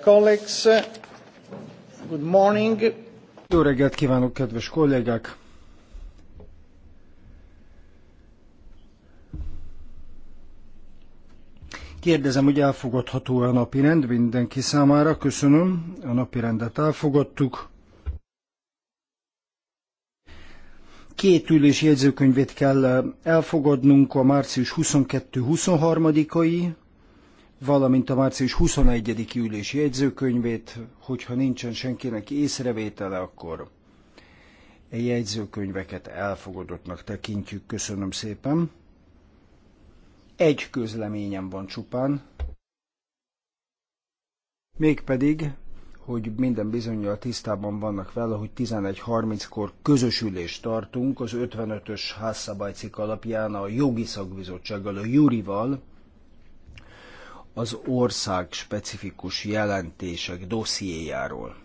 colleagues, good morning. Jó reggelt kívánok, kedves kollégák! Kérdezem, hogy elfogadható a napi rend mindenki számára. Köszönöm, a napi rendet elfogadtuk. Két ülés jegyzőkönyvét kell elfogadnunk a március 22-23-ai, valamint a március 21. ülési jegyzőkönyvét, hogyha nincsen senkinek észrevétele, akkor a e jegyzőkönyveket elfogadottnak tekintjük. Köszönöm szépen. Egy közleményem van csupán, mégpedig, hogy minden bizonyal tisztában vannak vele, hogy 11.30-kor közösülést tartunk az 55-ös házszabálycik alapján a jogi szakbizottsággal, a Jurival, az ország specifikus jelentések dossziéjáról.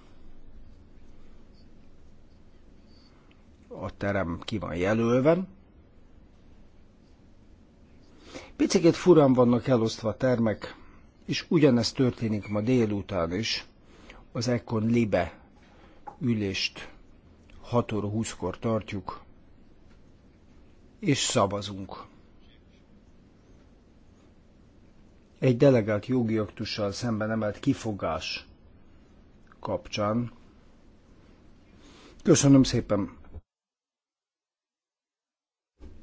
A terem ki van jelölve. Picikét furán vannak elosztva a termek, és ugyanezt történik ma délután is. Az Econ Libe ülést 6 óra 20-kor tartjuk, és szavazunk egy delegált jogi aktussal szemben emelt kifogás kapcsán. Köszönöm szépen!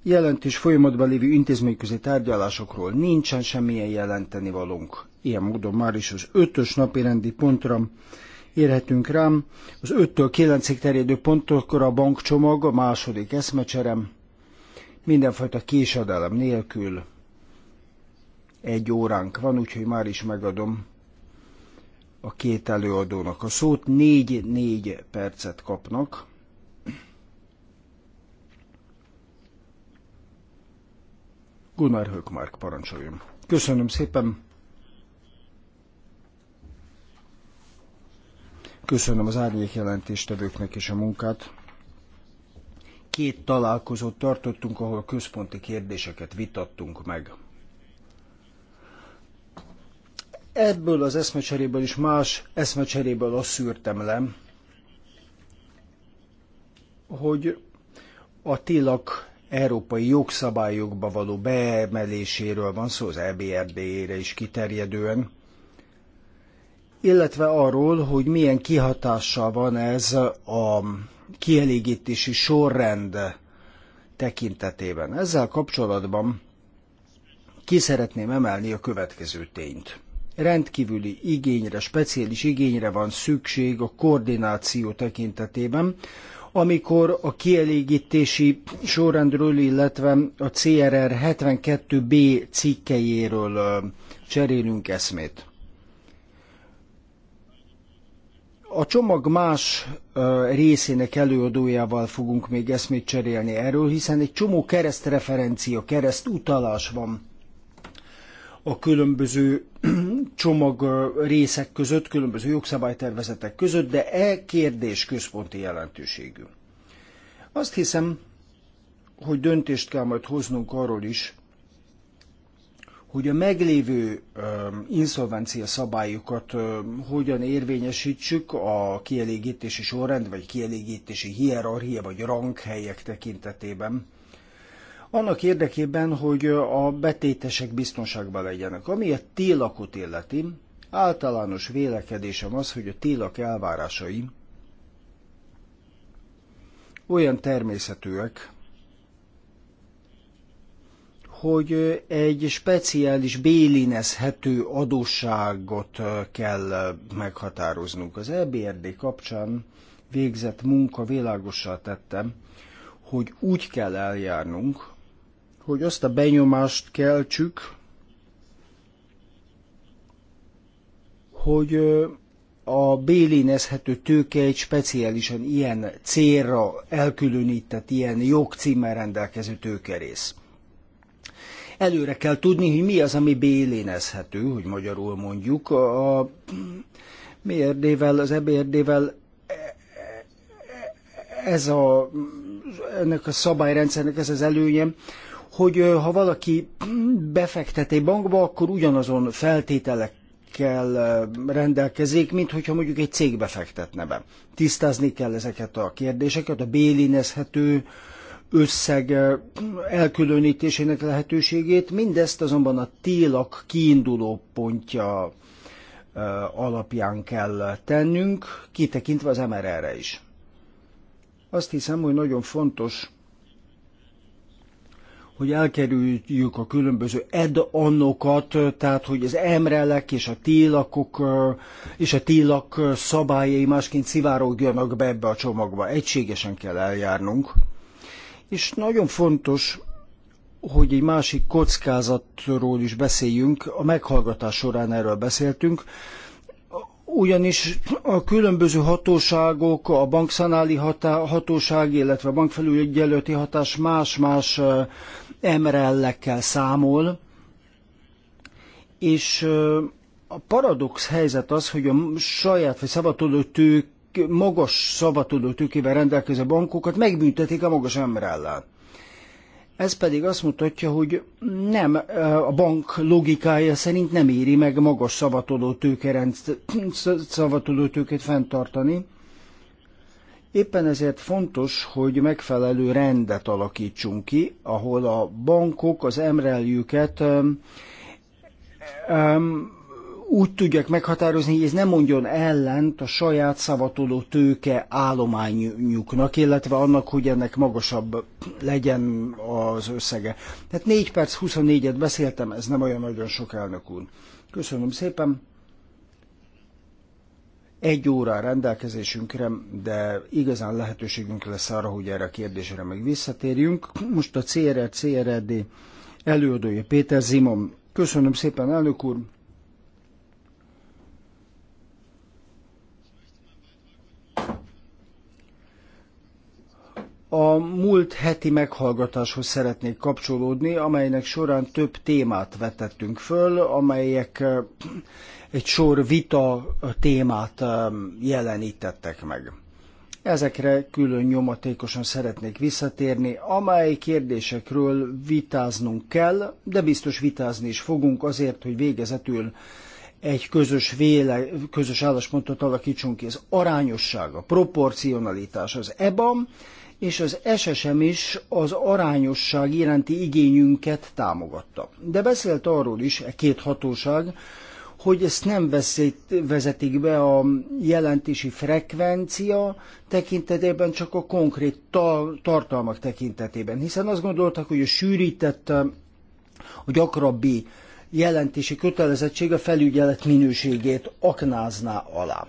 Jelentés folyamatban lévő intézményközi tárgyalásokról nincsen semmilyen jelenteni valunk. Ilyen módon már is az ötös napi rendi pontra érhetünk rám. Az 5-től 9-ig terjedő pontokra a bankcsomag, a második eszmecserem, mindenfajta késedelem nélkül egy óránk van, úgyhogy már is megadom a két előadónak a szót. Négy-négy percet kapnak. Gunnar Hökmark parancsoljon. Köszönöm szépen. Köszönöm az árnyék jelentéstevőknek és a munkát. Két találkozót tartottunk, ahol központi kérdéseket vitattunk meg. ebből az eszmecseréből is más eszmecseréből azt szűrtem le, hogy a tilak európai jogszabályokba való beemeléséről van szó, az EBRD-re is kiterjedően, illetve arról, hogy milyen kihatással van ez a kielégítési sorrend tekintetében. Ezzel kapcsolatban ki szeretném emelni a következő tényt rendkívüli igényre, speciális igényre van szükség a koordináció tekintetében, amikor a kielégítési sorrendről, illetve a CRR 72B cikkejéről cserélünk eszmét. A csomag más részének előadójával fogunk még eszmét cserélni erről, hiszen egy csomó keresztreferencia, keresztutalás van a különböző csomag részek között, különböző jogszabálytervezetek között, de e kérdés központi jelentőségű. Azt hiszem, hogy döntést kell majd hoznunk arról is, hogy a meglévő inszolvencia szabályokat hogyan érvényesítsük a kielégítési sorrend, vagy kielégítési hierarchia, vagy ranghelyek tekintetében annak érdekében, hogy a betétesek biztonságban legyenek. Ami a télakot illeti, általános vélekedésem az, hogy a télak elvárásai olyan természetűek, hogy egy speciális bélinezhető adósságot kell meghatároznunk. Az EBRD kapcsán végzett munka világosá tettem, hogy úgy kell eljárnunk, hogy azt a benyomást keltsük, hogy a bélénezhető tőke egy speciálisan ilyen célra elkülönített, ilyen jogcímmel rendelkező tőkerész. Előre kell tudni, hogy mi az, ami bélénezhető, hogy magyarul mondjuk. A mérdével, az ebérdével e, e, e, ez a, ennek a szabályrendszernek ez az előnye, hogy ha valaki befektet egy bankba, akkor ugyanazon feltételekkel rendelkezik, mint hogyha mondjuk egy cégbe fektetne be. Tisztázni kell ezeket a kérdéseket, a bélinezhető összeg elkülönítésének lehetőségét, mindezt azonban a télak kiinduló pontja alapján kell tennünk, kitekintve az MRR-re is. Azt hiszem, hogy nagyon fontos, hogy elkerüljük a különböző ed-annokat, tehát hogy az emrelek és a tílakok és a tílak szabályai másként szivárogjanak be ebbe a csomagba. Egységesen kell eljárnunk. És nagyon fontos, hogy egy másik kockázatról is beszéljünk, a meghallgatás során erről beszéltünk, ugyanis a különböző hatóságok, a bankszanáli hatá hatóság, illetve a bankfelügyeleti hatás más-más emrellekkel számol, és a paradox helyzet az, hogy a saját vagy szabadtudó tők, magas szabadtudó tőkével rendelkező bankokat megbüntetik a magas emrellel. Ez pedig azt mutatja, hogy nem, a bank logikája szerint nem éri meg magas szabadtudó tőkét fenntartani, Éppen ezért fontos, hogy megfelelő rendet alakítsunk ki, ahol a bankok az emreljüket um, um, úgy tudják meghatározni, hogy ez nem mondjon ellent a saját szavatoló tőke állományuknak, illetve annak, hogy ennek magasabb legyen az összege. Tehát 4 perc 24-et beszéltem, ez nem olyan nagyon sok elnök úr. Köszönöm szépen! egy óra rendelkezésünkre, de igazán lehetőségünk lesz arra, hogy erre a kérdésre meg visszatérjünk. Most a CRD, e, e CRD előadója Péter Zimom. Köszönöm szépen, elnök úr! A múlt heti meghallgatáshoz szeretnék kapcsolódni, amelynek során több témát vetettünk föl, amelyek egy sor vita témát um, jelenítettek meg. Ezekre külön nyomatékosan szeretnék visszatérni, amely kérdésekről vitáznunk kell, de biztos vitázni is fogunk azért, hogy végezetül egy közös, véle, közös álláspontot alakítsunk ki. Az arányosság, a proporcionalitás, az EBAM és az SSM is az arányosság iránti igényünket támogatta. De beszélt arról is, e két hatóság, hogy ezt nem veszít, vezetik be a jelentési frekvencia tekintetében, csak a konkrét tar tartalmak tekintetében. Hiszen azt gondolták, hogy a sűrített, a gyakrabbi jelentési kötelezettség a felügyelet minőségét aknázná alá.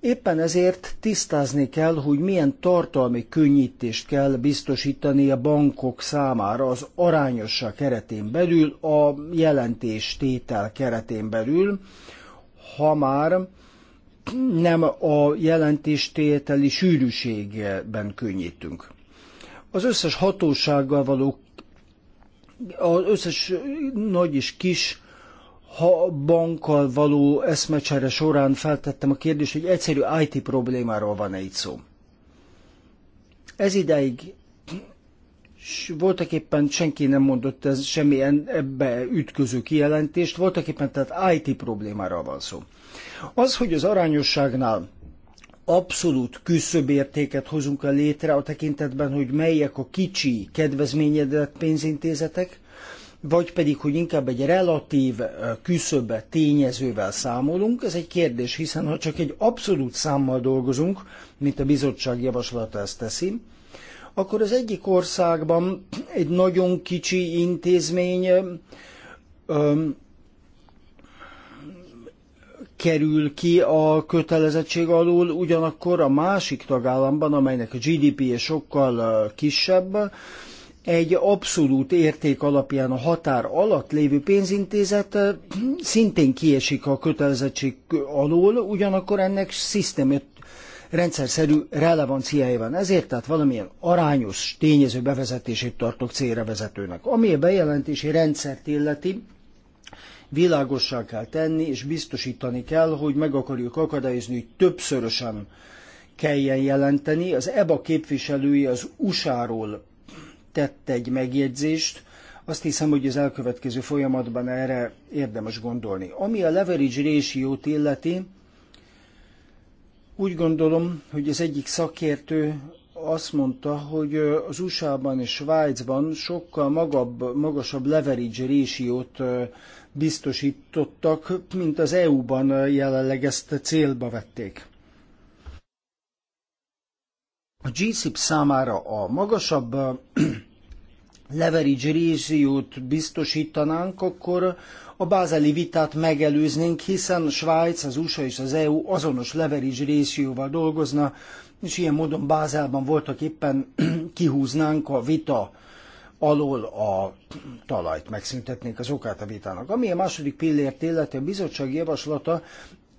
Éppen ezért tisztázni kell, hogy milyen tartalmi könnyítést kell biztosítani a bankok számára az arányosság keretén belül, a jelentéstétel keretén belül, ha már nem a jelentéstételi sűrűségben könnyítünk. Az összes hatósággal való, az összes nagy és kis ha bankkal való eszmecsere során feltettem a kérdést, hogy egyszerű IT problémáról van-e itt szó. Ez ideig voltak éppen senki nem mondott ez, semmi ebbe ütköző kijelentést, voltak éppen tehát IT problémáról van szó. Az, hogy az arányosságnál abszolút küszöbértéket hozunk el létre a tekintetben, hogy melyek a kicsi kedvezményedett pénzintézetek, vagy pedig, hogy inkább egy relatív küszöbe tényezővel számolunk. Ez egy kérdés, hiszen ha csak egy abszolút számmal dolgozunk, mint a bizottság javaslata ezt teszi, akkor az egyik országban egy nagyon kicsi intézmény öm, kerül ki a kötelezettség alól, ugyanakkor a másik tagállamban, amelynek a GDP-je sokkal kisebb, egy abszolút érték alapján a határ alatt lévő pénzintézet szintén kiesik a kötelezettség alól, ugyanakkor ennek szisztemet szerű relevanciája van. Ezért tehát valamilyen arányos tényező bevezetését tartok célra vezetőnek. Ami a bejelentési rendszert illeti, világossá kell tenni, és biztosítani kell, hogy meg akarjuk akadályozni, hogy többszörösen kelljen jelenteni. Az EBA képviselői az USA-ról tett egy megjegyzést, azt hiszem, hogy az elkövetkező folyamatban erre érdemes gondolni. Ami a leverage ratio-t illeti, úgy gondolom, hogy az egyik szakértő azt mondta, hogy az USA-ban és Svájcban sokkal magabb, magasabb leverage résiót biztosítottak, mint az EU-ban jelenleg ezt célba vették. A GSIP számára a magasabb leverage ratio biztosítanánk, akkor a bázeli vitát megelőznénk, hiszen Svájc, az USA és az EU azonos leverage ratio dolgozna, és ilyen módon Bázelban voltak éppen kihúznánk a vita alól a talajt, megszüntetnénk az okát a vitának. Ami a második pillért illeti, a bizottság javaslata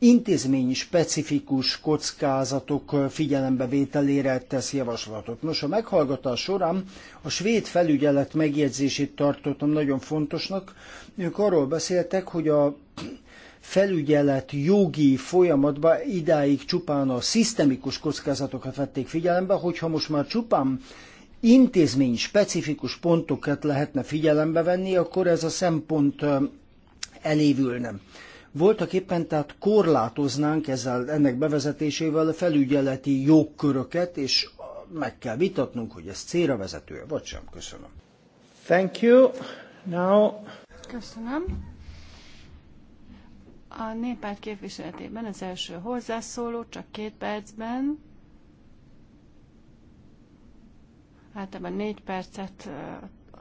intézményi specifikus kockázatok figyelembevételére tesz javaslatot. Nos, a meghallgatás során a svéd felügyelet megjegyzését tartottam nagyon fontosnak. Ők arról beszéltek, hogy a felügyelet jogi folyamatban idáig csupán a szisztemikus kockázatokat vették figyelembe, hogyha most már csupán intézmény specifikus pontokat lehetne figyelembe venni, akkor ez a szempont elévülne. Voltak éppen tehát korlátoznánk ezzel, ennek bevezetésével a felügyeleti jogköröket, és meg kell vitatnunk, hogy ez célra vezető, vagy sem. Köszönöm. Thank you. Now... Köszönöm. A néppárt képviseletében az első hozzászóló, csak két percben. Általában négy percet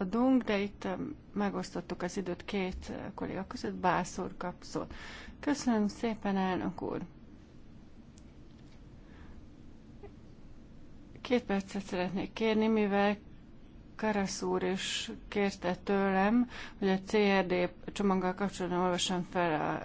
adunk, de itt megosztottuk az időt két kolléga között, Bászor úr kap szót. Köszönöm szépen, elnök úr! Két percet szeretnék kérni, mivel Karasz úr is kérte tőlem, hogy a CRD csomaggal kapcsolatban olvasom fel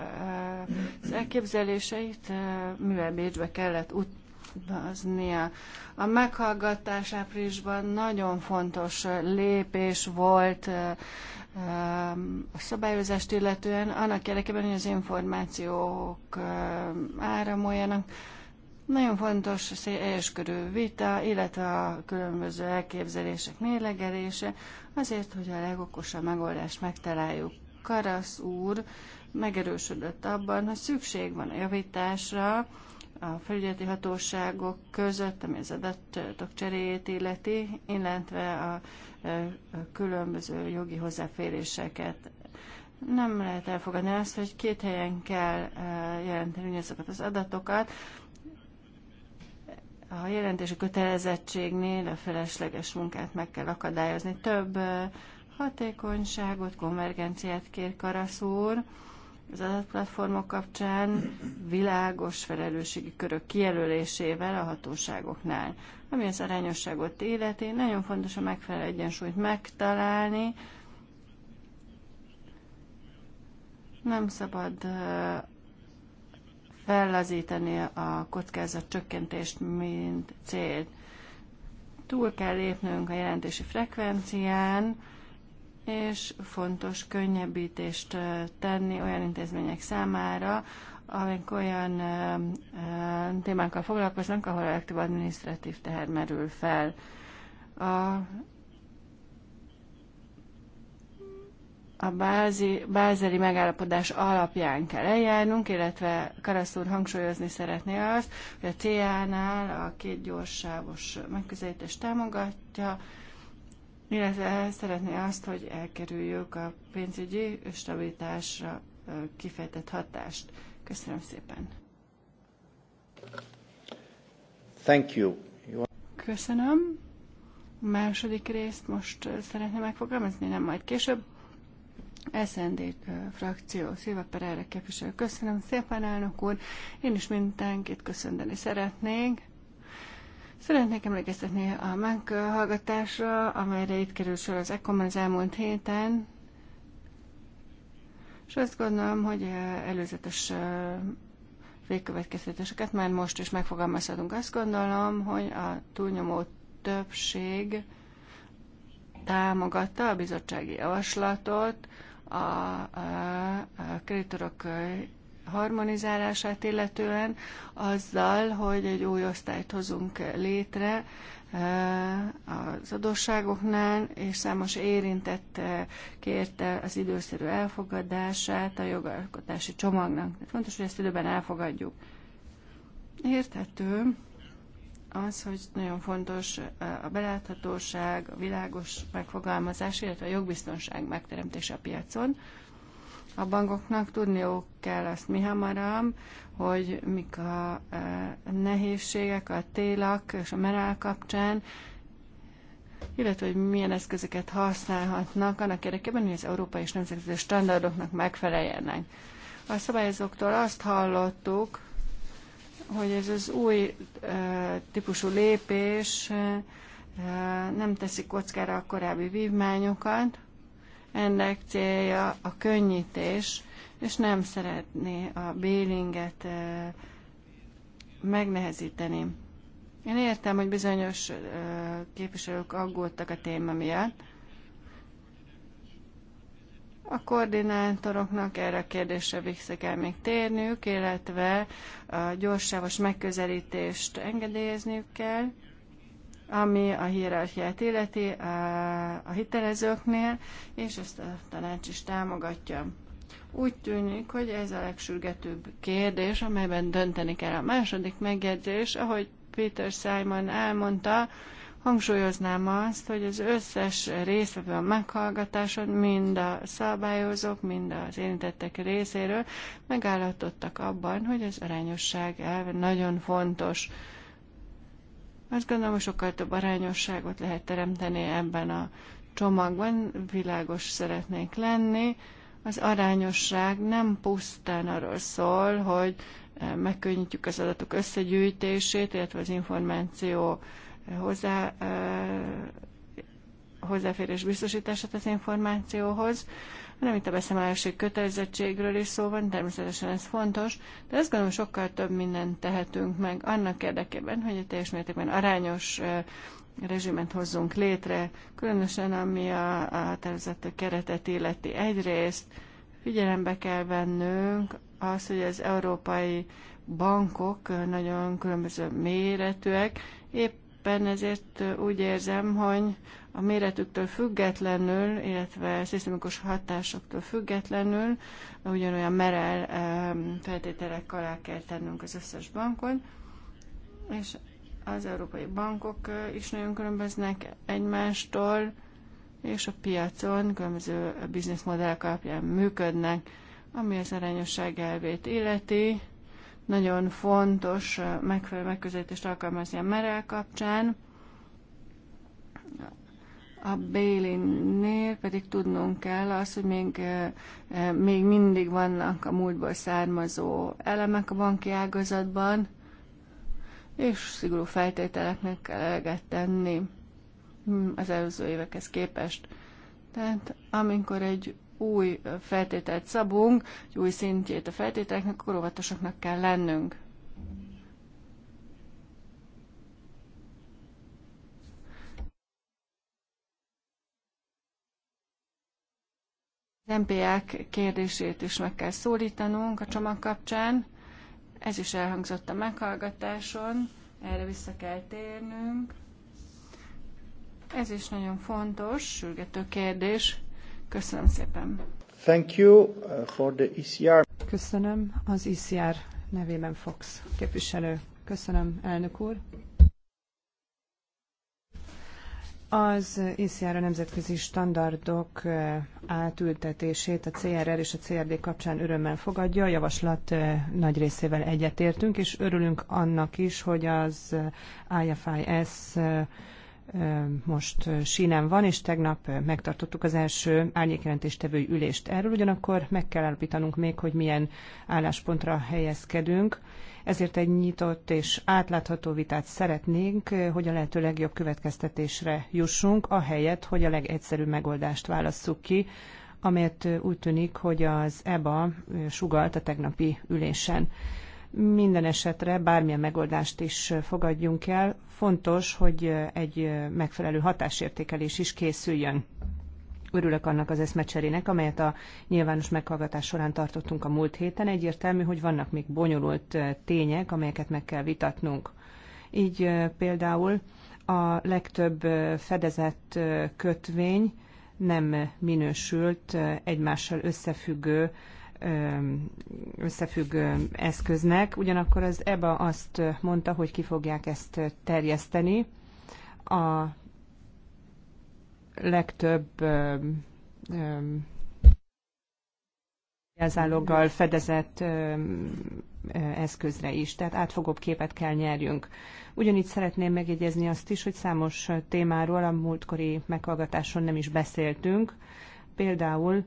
az elképzeléseit, mivel Bécsbe kellett ut- alkalmaznia. A meghallgatás áprilisban nagyon fontos lépés volt a szabályozást illetően, annak érdekében, hogy az információk áramoljanak. Nagyon fontos széles körű vita, illetve a különböző elképzelések mélegelése, azért, hogy a legokosabb megoldást megtaláljuk. Karasz úr megerősödött abban, hogy szükség van a javításra, a felügyeleti hatóságok között, ami az adatok cseréjét illeti, illetve a különböző jogi hozzáféréseket. Nem lehet elfogadni azt, hogy két helyen kell jelenteni ezeket az adatokat. A jelentési kötelezettségnél a felesleges munkát meg kell akadályozni. Több hatékonyságot, konvergenciát kér Karasz úr az adatplatformok kapcsán világos felelősségi körök kijelölésével a hatóságoknál. Ami az arányosságot illeti, nagyon fontos a megfelelő egyensúlyt megtalálni. Nem szabad fellazítani a kockázat csökkentést, mint célt. Túl kell lépnünk a jelentési frekvencián, és fontos könnyebbítést tenni olyan intézmények számára, amik olyan témákkal foglalkoznak, ahol elektív administratív teher merül fel. A a bázi, bázeli megállapodás alapján kell eljárnunk, illetve Karasz úr hangsúlyozni szeretné azt, hogy a ca nál a két gyorsávos megközelítést támogatja, illetve szeretné azt, hogy elkerüljük a pénzügyi stabilitásra kifejtett hatást. Köszönöm szépen. Thank you. you Köszönöm. A második részt most szeretném megfogalmazni, nem majd később. SND frakció, Szilva Perelre képviselő. Köszönöm szépen, elnök úr. Én is mindenkit köszönteni szeretnék. Szeretnék emlékeztetni a meghallgatásra, amelyre itt kerül sor az ECOM az elmúlt héten, és azt gondolom, hogy előzetes végkövetkeztetéseket már most is megfogalmazhatunk. Azt gondolom, hogy a túlnyomó többség támogatta a bizottsági javaslatot, a, a, a kreditorok harmonizálását illetően, azzal, hogy egy új osztályt hozunk létre eh, az adósságoknál, és számos érintett eh, kérte az időszerű elfogadását a jogalkotási csomagnak. De fontos, hogy ezt időben elfogadjuk. Érthető az, hogy nagyon fontos eh, a beláthatóság, a világos megfogalmazás, illetve a jogbiztonság megteremtése a piacon a bankoknak tudniuk kell ezt mi hamarabb, hogy mik a e, nehézségek a télak és a merál kapcsán, illetve hogy milyen eszközöket használhatnak annak érdekében, hogy az európai és nemzetközi standardoknak megfeleljenek. A szabályozóktól azt hallottuk, hogy ez az új e, típusú lépés e, nem teszi kockára a korábbi vívmányokat, ennek célja a könnyítés, és nem szeretné a bélinget megnehezíteni. Én értem, hogy bizonyos képviselők aggódtak a téma miatt. A koordinátoroknak erre a kérdésre vissza kell még térniük, illetve a gyorsávos megközelítést engedélyezniük kell ami a hierarchiát illeti a hitelezőknél, és ezt a tanács is támogatja. Úgy tűnik, hogy ez a legsürgetőbb kérdés, amelyben dönteni kell. A második megjegyzés, ahogy Peter Simon elmondta, hangsúlyoznám azt, hogy az összes részvevő a meghallgatáson, mind a szabályozók, mind az érintettek részéről megállapodtak abban, hogy az arányosság elve nagyon fontos. Azt gondolom, hogy sokkal több arányosságot lehet teremteni ebben a csomagban, világos szeretnék lenni. Az arányosság nem pusztán arról szól, hogy eh, megkönnyítjük az adatok összegyűjtését, illetve az információ eh, hozzá, eh, hozzáférés biztosítását az információhoz, hanem itt a beszámolási kötelezettségről is szó van, természetesen ez fontos, de azt gondolom sokkal több mindent tehetünk meg annak érdekében, hogy a teljes mértékben arányos rezsimet hozzunk létre, különösen ami a, a határozott keretet illeti. Egyrészt figyelembe kell vennünk az, hogy az európai bankok nagyon különböző méretűek, épp Éppen ezért úgy érzem, hogy a méretüktől függetlenül, illetve szisztemikus hatásoktól függetlenül ugyanolyan merel feltételek alá kell tennünk az összes bankon, és az európai bankok is nagyon különböznek egymástól, és a piacon különböző bizniszmodellek alapján működnek, ami az arányosság elvét illeti, nagyon fontos megfelelő megközelítést alkalmazni a merel kapcsán. A Bélinnél pedig tudnunk kell az, hogy még, még mindig vannak a múltból származó elemek a banki ágazatban, és szigorú feltételeknek kell eleget tenni hm, az előző évekhez képest. Tehát amikor egy új feltételt szabunk, egy új szintjét a feltételeknek, akkor óvatosaknak kell lennünk. Az MPA-k kérdését is meg kell szólítanunk a csomag kapcsán. Ez is elhangzott a meghallgatáson, erre vissza kell térnünk. Ez is nagyon fontos, sürgető kérdés. Köszönöm szépen. Thank you uh, for the ECR. Köszönöm az ICR e nevében Fox képviselő. Köszönöm, elnök úr. Az ICR e a nemzetközi standardok uh, átültetését a CRR és a CRD kapcsán örömmel fogadja. A javaslat uh, nagy részével egyetértünk, és örülünk annak is, hogy az IFIS most sínen van, és tegnap megtartottuk az első árnyékjelentéstevő ülést. Erről ugyanakkor meg kell állapítanunk még, hogy milyen álláspontra helyezkedünk. Ezért egy nyitott és átlátható vitát szeretnénk, hogy a lehető legjobb következtetésre jussunk, ahelyett, hogy a legegyszerűbb megoldást válasszuk ki, amelyet úgy tűnik, hogy az EBA sugalt a tegnapi ülésen. Minden esetre bármilyen megoldást is fogadjunk el, fontos, hogy egy megfelelő hatásértékelés is készüljön. Örülök annak az eszmecserének, amelyet a nyilvános meghallgatás során tartottunk a múlt héten. Egyértelmű, hogy vannak még bonyolult tények, amelyeket meg kell vitatnunk. Így például a legtöbb fedezett kötvény nem minősült egymással összefüggő összefüggő eszköznek. Ugyanakkor az EBA azt mondta, hogy ki fogják ezt terjeszteni. A legtöbb jelzáloggal fedezett eszközre is, tehát átfogóbb képet kell nyerjünk. Ugyanígy szeretném megjegyezni azt is, hogy számos témáról a múltkori meghallgatáson nem is beszéltünk, például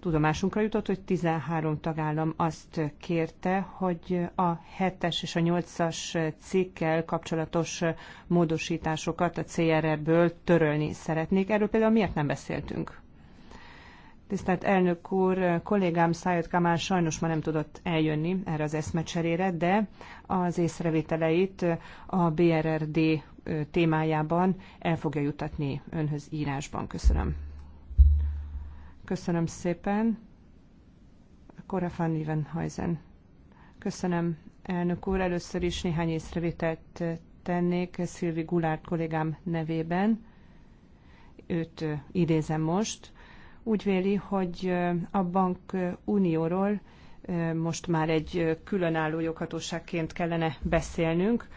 tudomásunkra jutott, hogy 13 tagállam azt kérte, hogy a 7-es és a 8-as cikkel kapcsolatos módosításokat a CRR-ből törölni szeretnék. Erről például miért nem beszéltünk? Tisztelt elnök úr, kollégám Szájot Kamán sajnos már nem tudott eljönni erre az eszmecserére, de az észrevételeit a BRRD témájában el fogja jutatni önhöz írásban. Köszönöm. Köszönöm szépen. Kora van Lievenhuizen. Köszönöm, elnök úr. Először is néhány észrevételt tennék Szilvi Gulárd kollégám nevében. Őt idézem most. Úgy véli, hogy a bank unióról most már egy különálló joghatóságként kellene beszélnünk,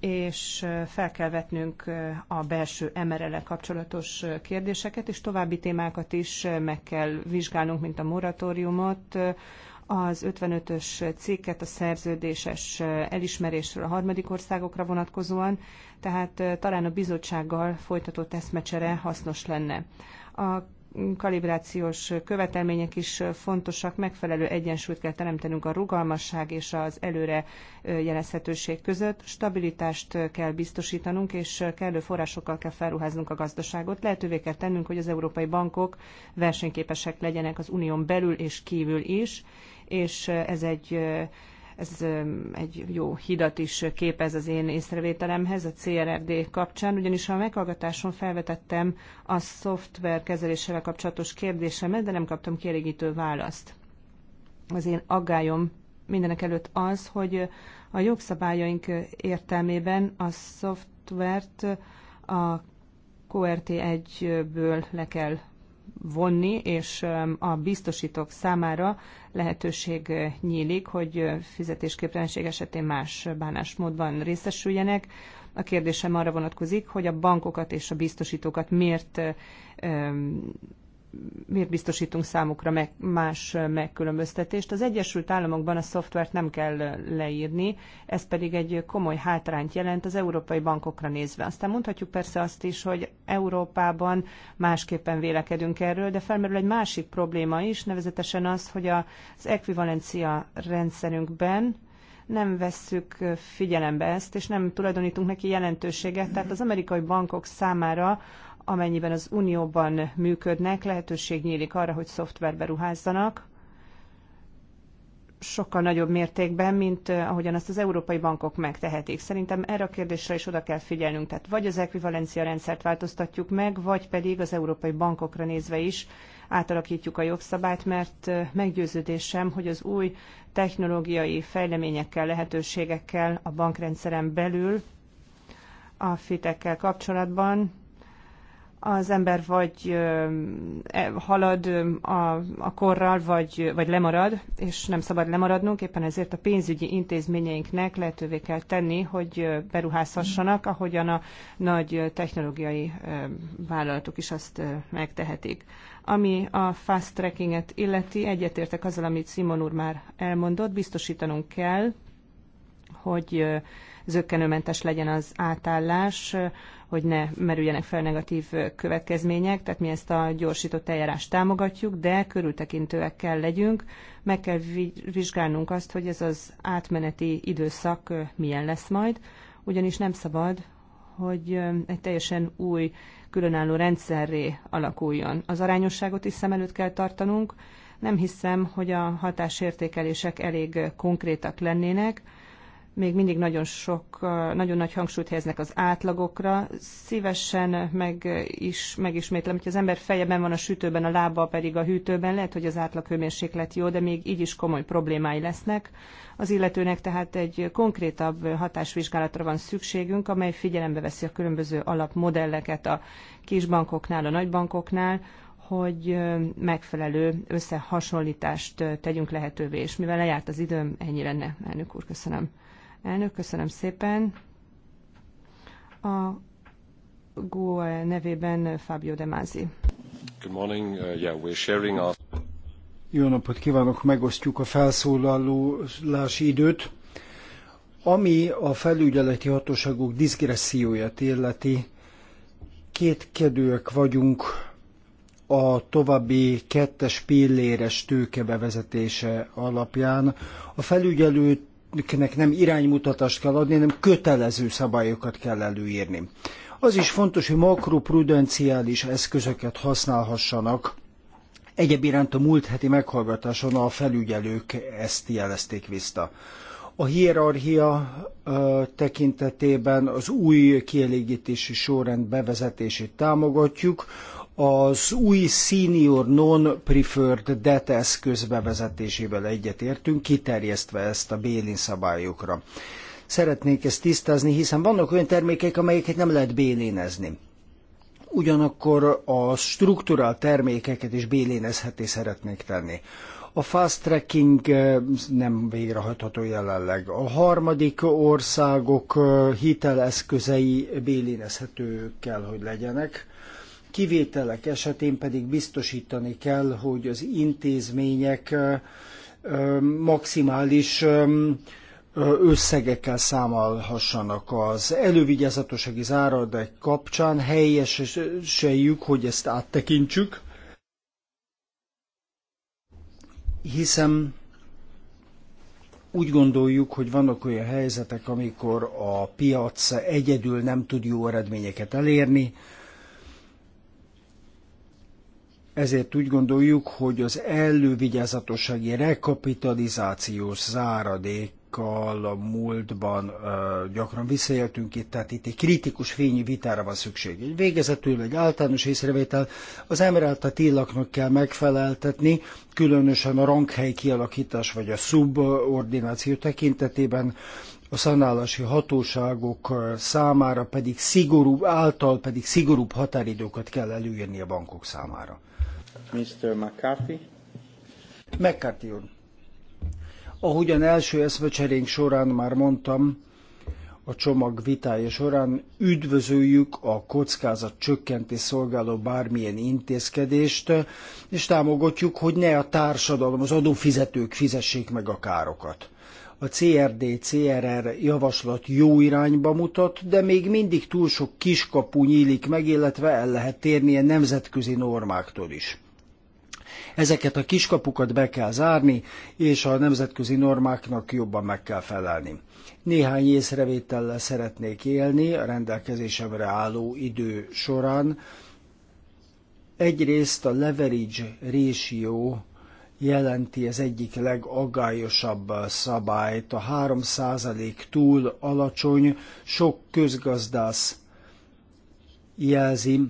és fel kell vetnünk a belső mrl kapcsolatos kérdéseket, és további témákat is meg kell vizsgálnunk, mint a moratóriumot, az 55-ös cikket a szerződéses elismerésről a harmadik országokra vonatkozóan, tehát talán a bizottsággal folytatott eszmecsere hasznos lenne. A kalibrációs követelmények is fontosak, megfelelő egyensúlyt kell teremtenünk a rugalmasság és az előre jelezhetőség között, stabilitást kell biztosítanunk, és kellő forrásokkal kell felruháznunk a gazdaságot. Lehetővé kell tennünk, hogy az európai bankok versenyképesek legyenek az unión belül és kívül is, és ez egy ez egy jó hidat is képez az én észrevételemhez a CRFD kapcsán, ugyanis a meghallgatáson felvetettem a szoftver kezelésével kapcsolatos kérdésemet, de nem kaptam kielégítő választ. Az én aggályom mindenek előtt az, hogy a jogszabályaink értelmében a szoftvert a QRT1-ből le kell vonni, és um, a biztosítók számára lehetőség uh, nyílik, hogy uh, fizetésképtelenség esetén más bánásmódban részesüljenek. A kérdésem arra vonatkozik, hogy a bankokat és a biztosítókat miért uh, um, miért biztosítunk számukra meg, más megkülönböztetést. Az Egyesült Államokban a szoftvert nem kell leírni, ez pedig egy komoly hátrányt jelent az európai bankokra nézve. Aztán mondhatjuk persze azt is, hogy Európában másképpen vélekedünk erről, de felmerül egy másik probléma is, nevezetesen az, hogy az ekvivalencia rendszerünkben nem vesszük figyelembe ezt, és nem tulajdonítunk neki jelentőséget. Tehát az amerikai bankok számára amennyiben az Unióban működnek, lehetőség nyílik arra, hogy szoftverbe ruházzanak, sokkal nagyobb mértékben, mint eh, ahogyan azt az európai bankok megtehetik. Szerintem erre a kérdésre is oda kell figyelnünk. Tehát vagy az ekvivalencia rendszert változtatjuk meg, vagy pedig az európai bankokra nézve is átalakítjuk a jogszabályt, mert eh, meggyőződésem, hogy az új technológiai fejleményekkel, lehetőségekkel a bankrendszeren belül a fitekkel kapcsolatban az ember vagy e, halad a, a korral, vagy, vagy lemarad, és nem szabad lemaradnunk, éppen ezért a pénzügyi intézményeinknek lehetővé kell tenni, hogy beruházhassanak, ahogyan a nagy technológiai vállalatok is azt megtehetik. Ami a fast trackinget illeti, egyetértek azzal, amit Simon úr már elmondott, biztosítanunk kell, hogy zöggenőmentes legyen az átállás, hogy ne merüljenek fel negatív következmények, tehát mi ezt a gyorsított eljárást támogatjuk, de körültekintőek kell legyünk, meg kell vizsgálnunk azt, hogy ez az átmeneti időszak milyen lesz majd, ugyanis nem szabad, hogy egy teljesen új, különálló rendszerré alakuljon. Az arányosságot is szem előtt kell tartanunk. Nem hiszem, hogy a hatásértékelések elég konkrétak lennének még mindig nagyon sok, nagyon nagy hangsúlyt helyeznek az átlagokra. Szívesen meg is, megismétlem, hogy az ember fejeben van a sütőben, a lába pedig a hűtőben, lehet, hogy az átlag hőmérséklet jó, de még így is komoly problémái lesznek. Az illetőnek tehát egy konkrétabb hatásvizsgálatra van szükségünk, amely figyelembe veszi a különböző alapmodelleket a kisbankoknál, a nagybankoknál, hogy megfelelő összehasonlítást tegyünk lehetővé, és mivel lejárt az időm, ennyi lenne, elnök úr, köszönöm. Elnök, köszönöm szépen. A GUE nevében Fábio De Mázi. Good morning. Uh, yeah, we're sharing our... Jó napot kívánok, megosztjuk a felszólalási időt. Ami a felügyeleti hatóságok diszgresszióját illeti, kétkedőek vagyunk a további kettes pilléres tőkebevezetése alapján. A felügyelőt nek nem iránymutatást kell adni, hanem kötelező szabályokat kell előírni. Az is fontos, hogy makroprudenciális eszközöket használhassanak. Egyéb iránt a múlt heti meghallgatáson a felügyelők ezt jelezték vissza. A hierarchia ö, tekintetében az új kielégítési sorrend bevezetését támogatjuk, az új senior non-preferred debt eszköz bevezetésével egyetértünk, kiterjesztve ezt a bélin szabályokra. Szeretnék ezt tisztázni, hiszen vannak olyan termékek, amelyeket nem lehet bélénezni. Ugyanakkor a strukturált termékeket is bélénezheté szeretnék tenni. A fast tracking eh, nem végrehajtható jelenleg. A harmadik országok eh, hiteleszközei bélénezhető kell, hogy legyenek Kivételek esetén pedig biztosítani kell, hogy az intézmények maximális összegekkel számolhassanak. Az elővigyázatossági záradék kapcsán helyeseljük, hogy ezt áttekintsük, hiszen úgy gondoljuk, hogy vannak olyan helyzetek, amikor a piac egyedül nem tud jó eredményeket elérni, ezért úgy gondoljuk, hogy az elővigyázatossági rekapitalizációs záradékkal a múltban gyakran visszaéltünk itt, tehát itt egy kritikus fényi vitára van szükség. Egy végezetül egy általános észrevétel az emerelt a tillaknak kell megfeleltetni, különösen a ranghely kialakítás vagy a szubordináció tekintetében, a szanálási hatóságok számára pedig szigorúbb, által pedig szigorúbb határidőket kell előírni a bankok számára. Mr. McCarthy. McCarthy úr. Ahogyan első eszmecserénk során már mondtam, a csomag vitája során üdvözöljük a kockázat csökkentés szolgáló bármilyen intézkedést, és támogatjuk, hogy ne a társadalom, az adófizetők fizessék meg a károkat. A CRD-CRR javaslat jó irányba mutat, de még mindig túl sok kiskapu nyílik meg, illetve el lehet térni a nemzetközi normáktól is. Ezeket a kiskapukat be kell zárni, és a nemzetközi normáknak jobban meg kell felelni. Néhány észrevétellel szeretnék élni a rendelkezésemre álló idő során. Egyrészt a leverage ratio jelenti az egyik legaggályosabb szabályt. A 3% túl alacsony, sok közgazdász jelzi,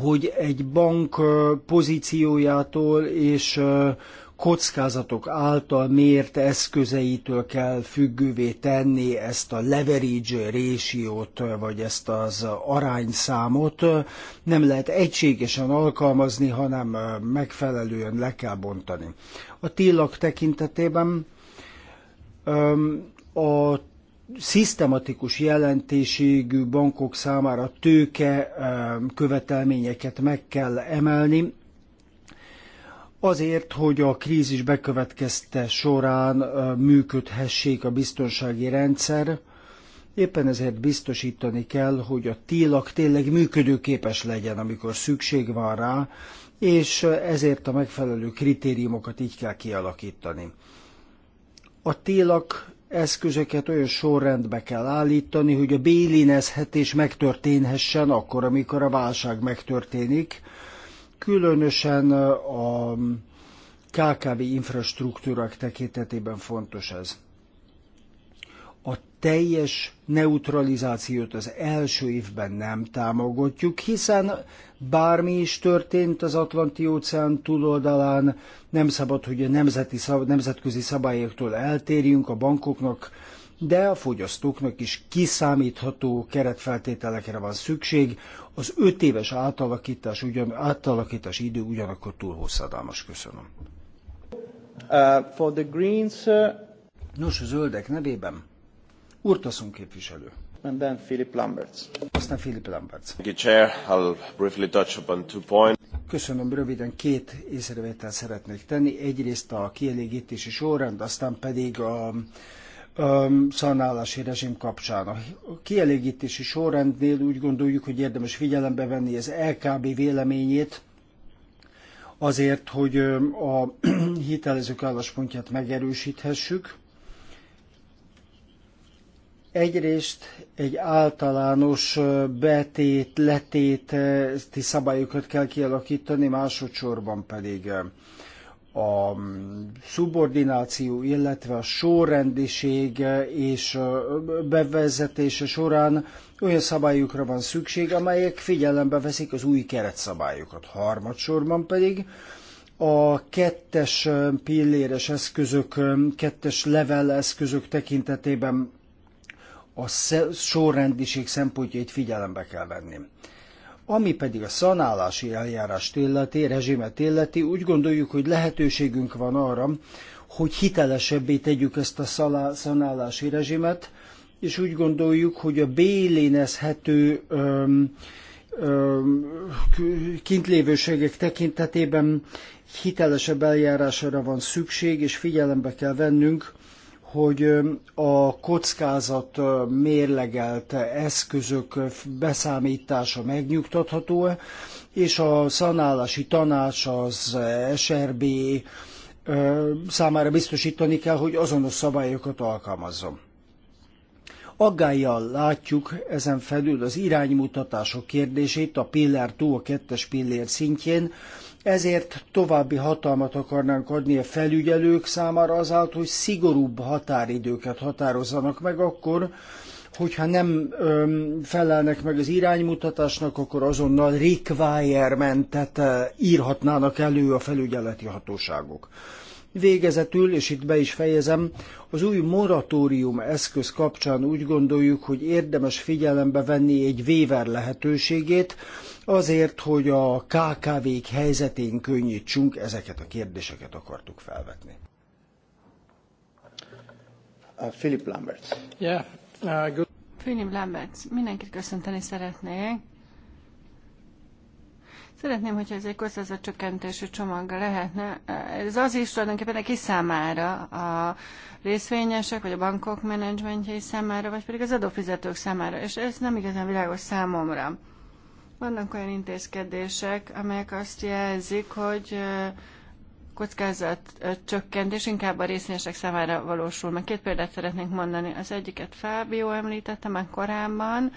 hogy egy bank pozíciójától és kockázatok által mért eszközeitől kell függővé tenni ezt a leverage résiót, vagy ezt az arányszámot. Nem lehet egységesen alkalmazni, hanem megfelelően le kell bontani. A tillak tekintetében a szisztematikus jelentéségű bankok számára tőke követelményeket meg kell emelni, azért, hogy a krízis bekövetkezte során működhessék a biztonsági rendszer, Éppen ezért biztosítani kell, hogy a tilak tényleg működőképes legyen, amikor szükség van rá, és ezért a megfelelő kritériumokat így kell kialakítani. A tilak eszközöket olyan sorrendbe kell állítani, hogy a bélinezhetés megtörténhessen akkor, amikor a válság megtörténik. Különösen a KKV infrastruktúrák tekintetében fontos ez teljes neutralizációt az első évben nem támogatjuk, hiszen bármi is történt az Atlanti-óceán túloldalán, nem szabad, hogy a nemzeti, nemzetközi szabályoktól eltérjünk a bankoknak, de a fogyasztóknak is kiszámítható keretfeltételekre van szükség. Az öt éves átalakítás, ugyan, átalakítás idő ugyanakkor túl hosszadalmas. Köszönöm. Uh, for the greens, uh... Nos, a zöldek nevében Urtaszon képviselő. And then Philip Lamberts. Aztán Philip Lamberts. Chair, I'll briefly touch upon two points. Köszönöm, röviden két észrevétel szeretnék tenni. Egyrészt a kielégítési sorrend, aztán pedig a, szanálási rezsim kapcsán. A kielégítési sorrendnél úgy gondoljuk, hogy érdemes figyelembe venni az LKB véleményét, azért, hogy a hitelezők álláspontját megerősíthessük, Egyrészt egy általános betét, letéti szabályokat kell kialakítani, másodszorban pedig a mm, szubordináció, illetve a sorrendiség és bevezetése során olyan szabályokra van szükség, amelyek figyelembe veszik az új keretszabályokat. Harmadsorban pedig a kettes pilléres eszközök, kettes level eszközök tekintetében a sorrendiség szempontjait figyelembe kell venni. Ami pedig a szanálási eljárást illeti, rezsimet illeti, úgy gondoljuk, hogy lehetőségünk van arra, hogy hitelesebbé tegyük ezt a szanálási rezsimet, és úgy gondoljuk, hogy a bélénezhető kintlévőségek tekintetében hitelesebb eljárásra van szükség, és figyelembe kell vennünk hogy a kockázat mérlegelt eszközök beszámítása megnyugtatható-e, és a szanálási tanács az SRB számára biztosítani kell, hogy azonos szabályokat alkalmazzon. Aggályjal látjuk ezen felül az iránymutatások kérdését a pillér 2 a kettes pillér szintjén, ezért további hatalmat akarnánk adni a felügyelők számára azáltal, hogy szigorúbb határidőket határozzanak meg akkor, hogyha nem öm, felelnek meg az iránymutatásnak, akkor azonnal requirementet írhatnának elő a felügyeleti hatóságok. Végezetül, és itt be is fejezem, az új moratórium eszköz kapcsán úgy gondoljuk, hogy érdemes figyelembe venni egy véver lehetőségét, azért, hogy a KKV-k helyzetén könnyítsünk, ezeket a kérdéseket akartuk felvetni. Uh, Philip Lambert. Yeah, uh, good. Philip Lambert, mindenkit köszönteni szeretnék. Szeretném, hogyha ez egy kockázatcsökkentésű csomag lehetne. Ez az is tulajdonképpen neki számára, a részvényesek vagy a bankok menedzsmentjei számára, vagy pedig az adófizetők számára, és ez nem igazán világos számomra. Vannak olyan intézkedések, amelyek azt jelzik, hogy kockázat csökkentés inkább a részvényesek számára valósul. Meg két példát szeretnék mondani. Az egyiket Fábio említette már korábban,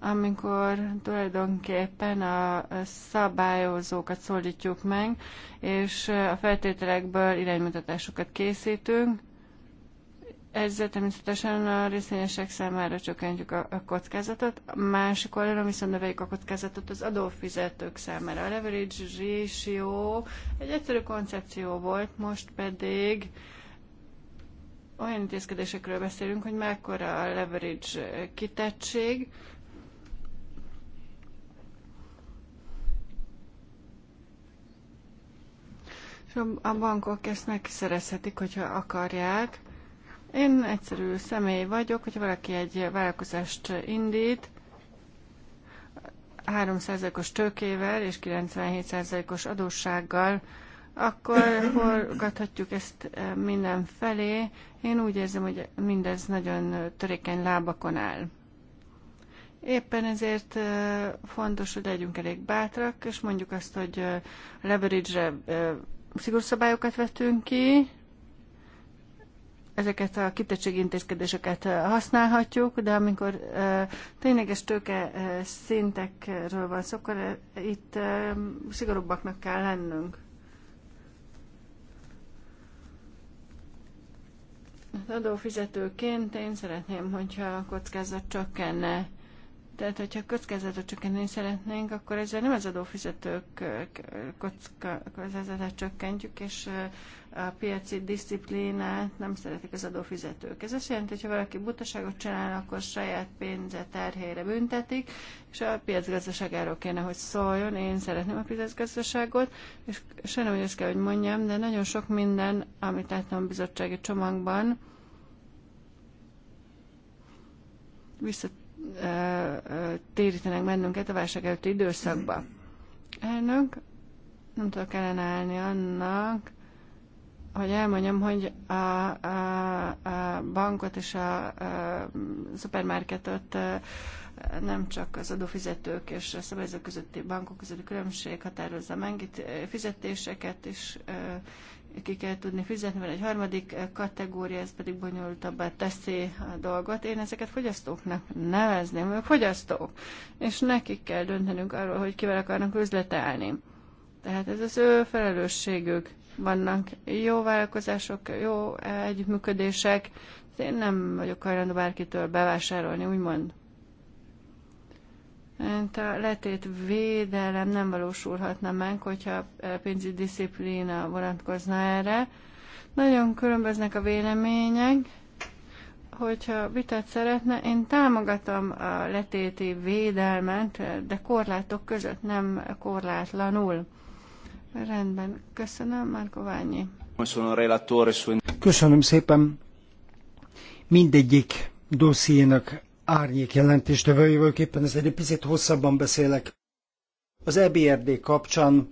amikor tulajdonképpen a szabályozókat szólítjuk meg, és a feltételekből iránymutatásokat készítünk, ezzel természetesen a részvényesek számára csökkentjük a, kockázatot, a másik oldalon viszont növeljük a kockázatot az adófizetők számára. A leverage ratio egy egyszerű koncepció volt, most pedig olyan intézkedésekről beszélünk, hogy mekkora a leverage kitettség, és a bankok ezt megszerezhetik, hogyha akarják. Én egyszerű személy vagyok, hogyha valaki egy vállalkozást indít, 3%-os tőkével és 97%-os adóssággal, akkor forgathatjuk ezt eh, mindenfelé. Én úgy érzem, hogy mindez nagyon törékeny lábakon áll. Éppen ezért eh, fontos, hogy legyünk elég bátrak, és mondjuk azt, hogy eh, leverage-re szigorú szabályokat vettünk ki, ezeket a kitettségi intézkedéseket eh, használhatjuk, de amikor eh, tényleges tőke eh, szintekről van szó, akkor itt szigorúbbaknak kell lennünk. Az hát adófizetőként én szeretném, hogyha a kockázat csökkenne. Tehát, hogyha kockázatot csökkenteni szeretnénk, akkor ezzel nem az adófizetők kockázatát csökkentjük, és a piaci disziplinát nem szeretik az adófizetők. Ez azt jelenti, hogy ha valaki butaságot csinál, akkor saját pénze terhére büntetik, és a piacgazdaság erről kéne, hogy szóljon. Én szeretném a piacgazdaságot, és sajnálom, hogy ezt kell, hogy mondjam, de nagyon sok minden, amit láttam a bizottsági csomagban, visszat térítenek bennünket a válság előtti időszakba. Elnök, nem tudok ellenállni annak, hogy elmondjam, hogy a, a, a bankot és a, a szupermarketot nem csak az adófizetők és a szabályozók közötti bankok közötti különbség határozza meg, itt fizetéseket is ki kell tudni fizetni, vagy egy harmadik eh, kategória, ez pedig bonyolultabbá teszi a dolgot. Én ezeket fogyasztóknak nevezném, mert fogyasztók, és nekik kell döntenünk arról, hogy kivel akarnak üzletelni. Tehát ez az ő felelősségük. Vannak jó vállalkozások, jó együttműködések, én nem vagyok hajlandó bárkitől bevásárolni, úgymond. A letét védelem nem valósulhatna meg, hogyha pénzügyi disziplína vonatkozna erre. Nagyon különböznek a vélemények, hogyha vitát szeretne, én támogatom a letéti védelmet, de korlátok között, nem korlátlanul. Rendben, köszönöm, Márko Ványi. Köszönöm szépen. Mindegyik dossziénak árnyék jelentést jövök ezért egy picit hosszabban beszélek. Az EBRD kapcsán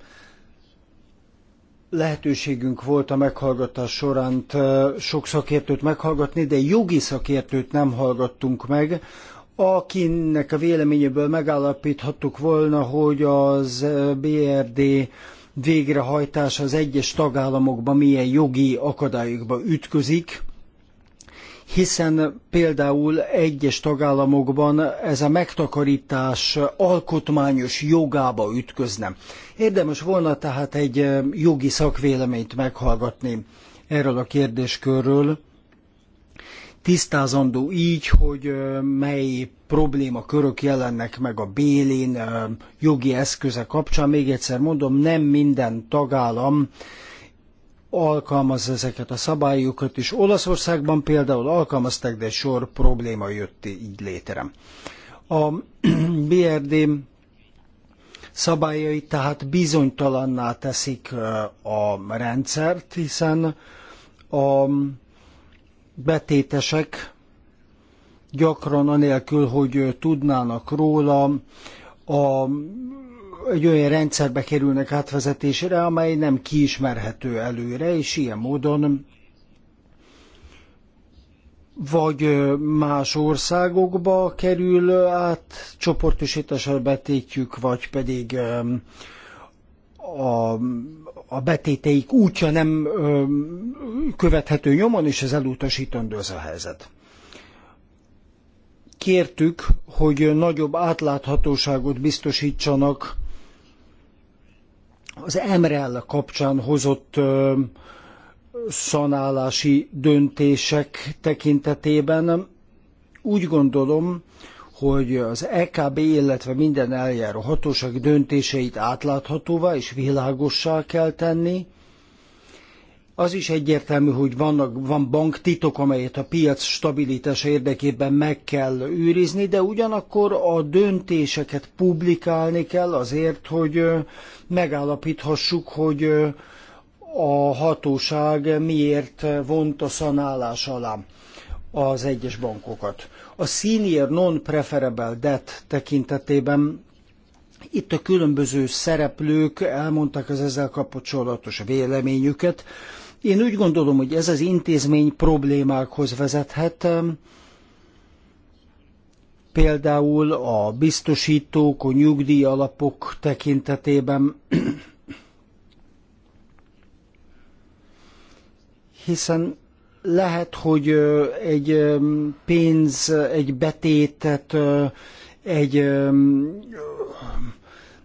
lehetőségünk volt a meghallgatás során sok szakértőt meghallgatni, de jogi szakértőt nem hallgattunk meg, akinek a véleményéből megállapíthattuk volna, hogy az e BRD végrehajtása az egyes tagállamokban milyen jogi akadályokba ütközik, hiszen például egyes tagállamokban ez a megtakarítás alkotmányos jogába ütközne. Érdemes volna tehát egy eh, jogi szakvéleményt meghallgatni erről a kérdéskörről, tisztázandó így, hogy eh, mely problémakörök jelennek meg a bélén eh, jogi eszköze kapcsán. Még egyszer mondom, nem minden tagállam alkalmazza ezeket a szabályokat, és Olaszországban például alkalmazták, de egy sor probléma jött így létre. A BRD szabályai tehát bizonytalanná teszik a rendszert, hiszen a betétesek gyakran anélkül, hogy tudnának róla, a egy olyan rendszerbe kerülnek átvezetésre, amely nem kiismerhető előre, és ilyen módon vagy más országokba kerül át csoportosításra betétjük, vagy pedig a, a betéteik útja nem követhető nyomon, és ez elutasítandó az a helyzet kértük, hogy nagyobb átláthatóságot biztosítsanak az MREL kapcsán hozott ö, szanálási döntések tekintetében úgy gondolom, hogy az EKB, illetve minden eljáró hatóság döntéseit átláthatóvá és világossá kell tenni, az is egyértelmű, hogy vannak, van banktitok, amelyet a piac stabilitása érdekében meg kell őrizni, de ugyanakkor a döntéseket publikálni kell azért, hogy megállapíthassuk, hogy a hatóság miért vont a szanálás alá az egyes bankokat. A senior non-preferable debt tekintetében itt a különböző szereplők elmondták az ezzel kapcsolatos véleményüket, én úgy gondolom, hogy ez az intézmény problémákhoz vezethet, például a biztosítók, a nyugdíj alapok tekintetében, hiszen lehet, hogy egy pénz, egy betétet, egy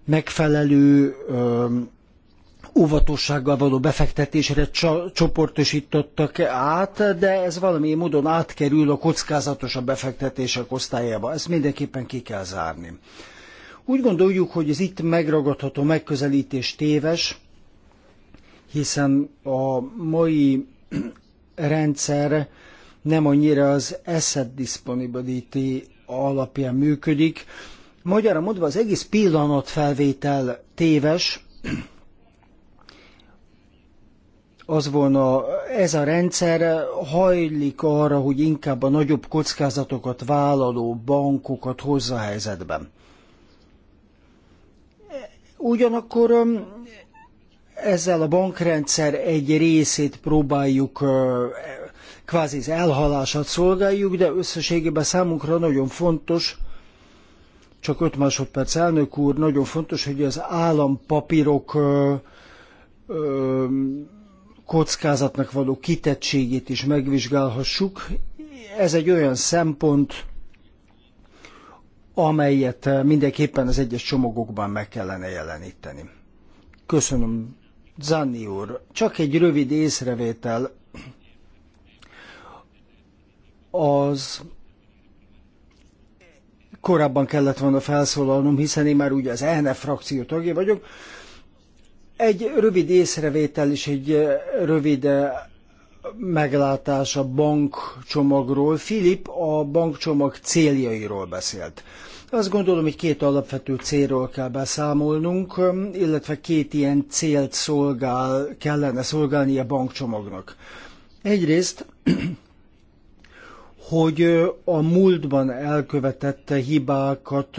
megfelelő óvatossággal való befektetésre csoportosítottak át, de ez valamilyen módon átkerül a kockázatosabb befektetések osztályába. Ezt mindenképpen ki kell zárni. Úgy gondoljuk, hogy az itt megragadható megközelítés téves, hiszen a mai rendszer nem annyira az asset disponibility alapján működik. Magyarra mondva az egész pillanatfelvétel téves, az volna, ez a rendszer hajlik arra, hogy inkább a nagyobb kockázatokat vállaló bankokat hozza a helyzetben. Ugyanakkor um, ezzel a bankrendszer egy részét próbáljuk uh, kvázi az elhalását szolgáljuk, de összességében számunkra nagyon fontos, csak 5 másodperc elnök úr, nagyon fontos, hogy az állampapírok uh, um, kockázatnak való kitettségét is megvizsgálhassuk. Ez egy olyan szempont, amelyet mindenképpen az egyes csomagokban meg kellene jeleníteni. Köszönöm, Zanni úr. Csak egy rövid észrevétel. Az korábban kellett volna felszólalnom, hiszen én már ugye az ELNE e frakció tagja vagyok, egy rövid észrevétel és egy eh, rövid eh, meglátás a bankcsomagról. Filip a bankcsomag céljairól beszélt. Azt gondolom, hogy két alapvető célról kell beszámolnunk, illetve két ilyen célt szolgál, kellene szolgálni a bankcsomagnak. Egyrészt, hogy eh, a múltban elkövetett hibákat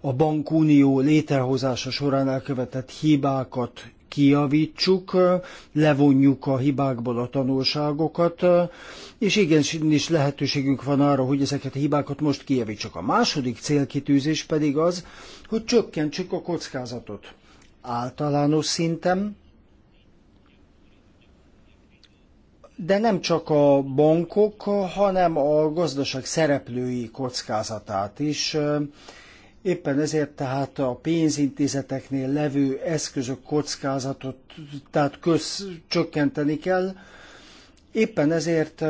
a bankunió létrehozása során elkövetett hibákat kijavítsuk, levonjuk a hibákból a tanulságokat, és igenis lehetőségünk van arra, hogy ezeket a hibákat most kijavítsuk. A második célkitűzés pedig az, hogy csökkentsük a kockázatot. Általános szinten, de nem csak a bankok, hanem a gazdaság szereplői kockázatát is Éppen ezért tehát a pénzintézeteknél levő eszközök kockázatot, tehát köz, csökkenteni kell. Éppen ezért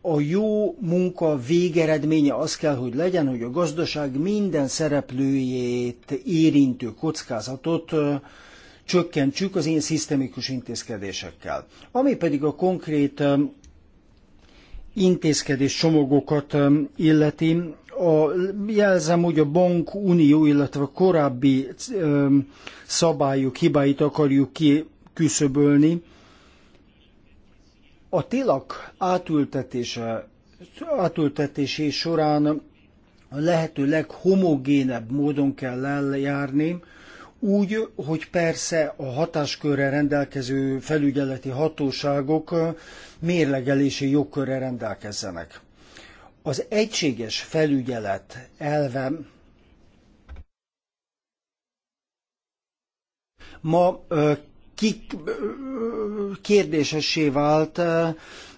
a jó munka végeredménye az kell, hogy legyen, hogy a gazdaság minden szereplőjét érintő kockázatot csökkentsük az én szisztemikus intézkedésekkel. Ami pedig a konkrét intézkedés csomagokat illeti, a, jelzem, hogy a bank unió, illetve a korábbi szabályok hibáit akarjuk kiküszöbölni. A tilak átültetése, átültetésé során a lehető leghomogénebb módon kell eljárni, úgy, hogy persze a hatáskörrel rendelkező felügyeleti hatóságok mérlegelési jogkörrel rendelkezzenek. Az egységes felügyelet elve ma kik kérdésessé vált,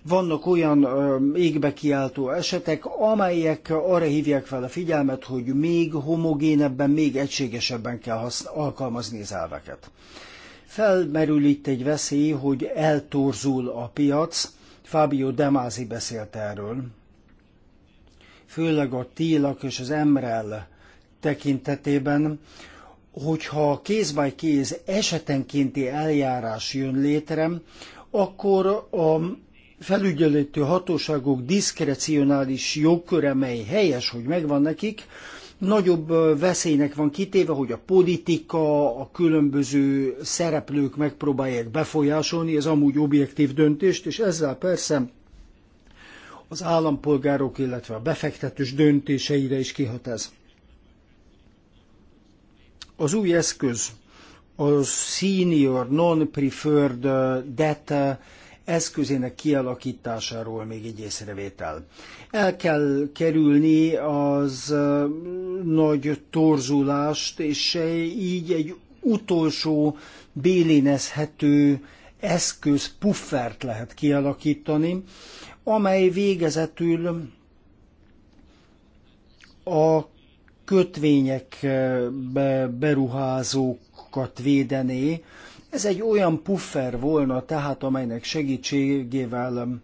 vannak olyan égbe kiáltó esetek, amelyek arra hívják fel a figyelmet, hogy még homogénebben, még egységesebben kell alkalmazni az elveket. Felmerül itt egy veszély, hogy eltorzul a piac, Fábio Demázi beszélt erről, főleg a TILAK és az EMREL tekintetében, hogyha a kéz by kéz esetenkénti eljárás jön létre, akkor a felügyelőtő hatóságok diszkrecionális jogköre, mely helyes, hogy megvan nekik, nagyobb veszélynek van kitéve, hogy a politika, a különböző szereplők megpróbálják befolyásolni az amúgy objektív döntést, és ezzel persze az állampolgárok, illetve a befektetős döntéseire is kihat ez. Az új eszköz, a senior non-preferred uh, debt uh, eszközének kialakításáról még egy észrevétel. El kell kerülni az uh, nagy torzulást, és így egy utolsó bélénezhető eszköz puffert lehet kialakítani, amely végezetül a kötvényekbe beruházókat védené. Ez egy olyan puffer volna, tehát amelynek segítségével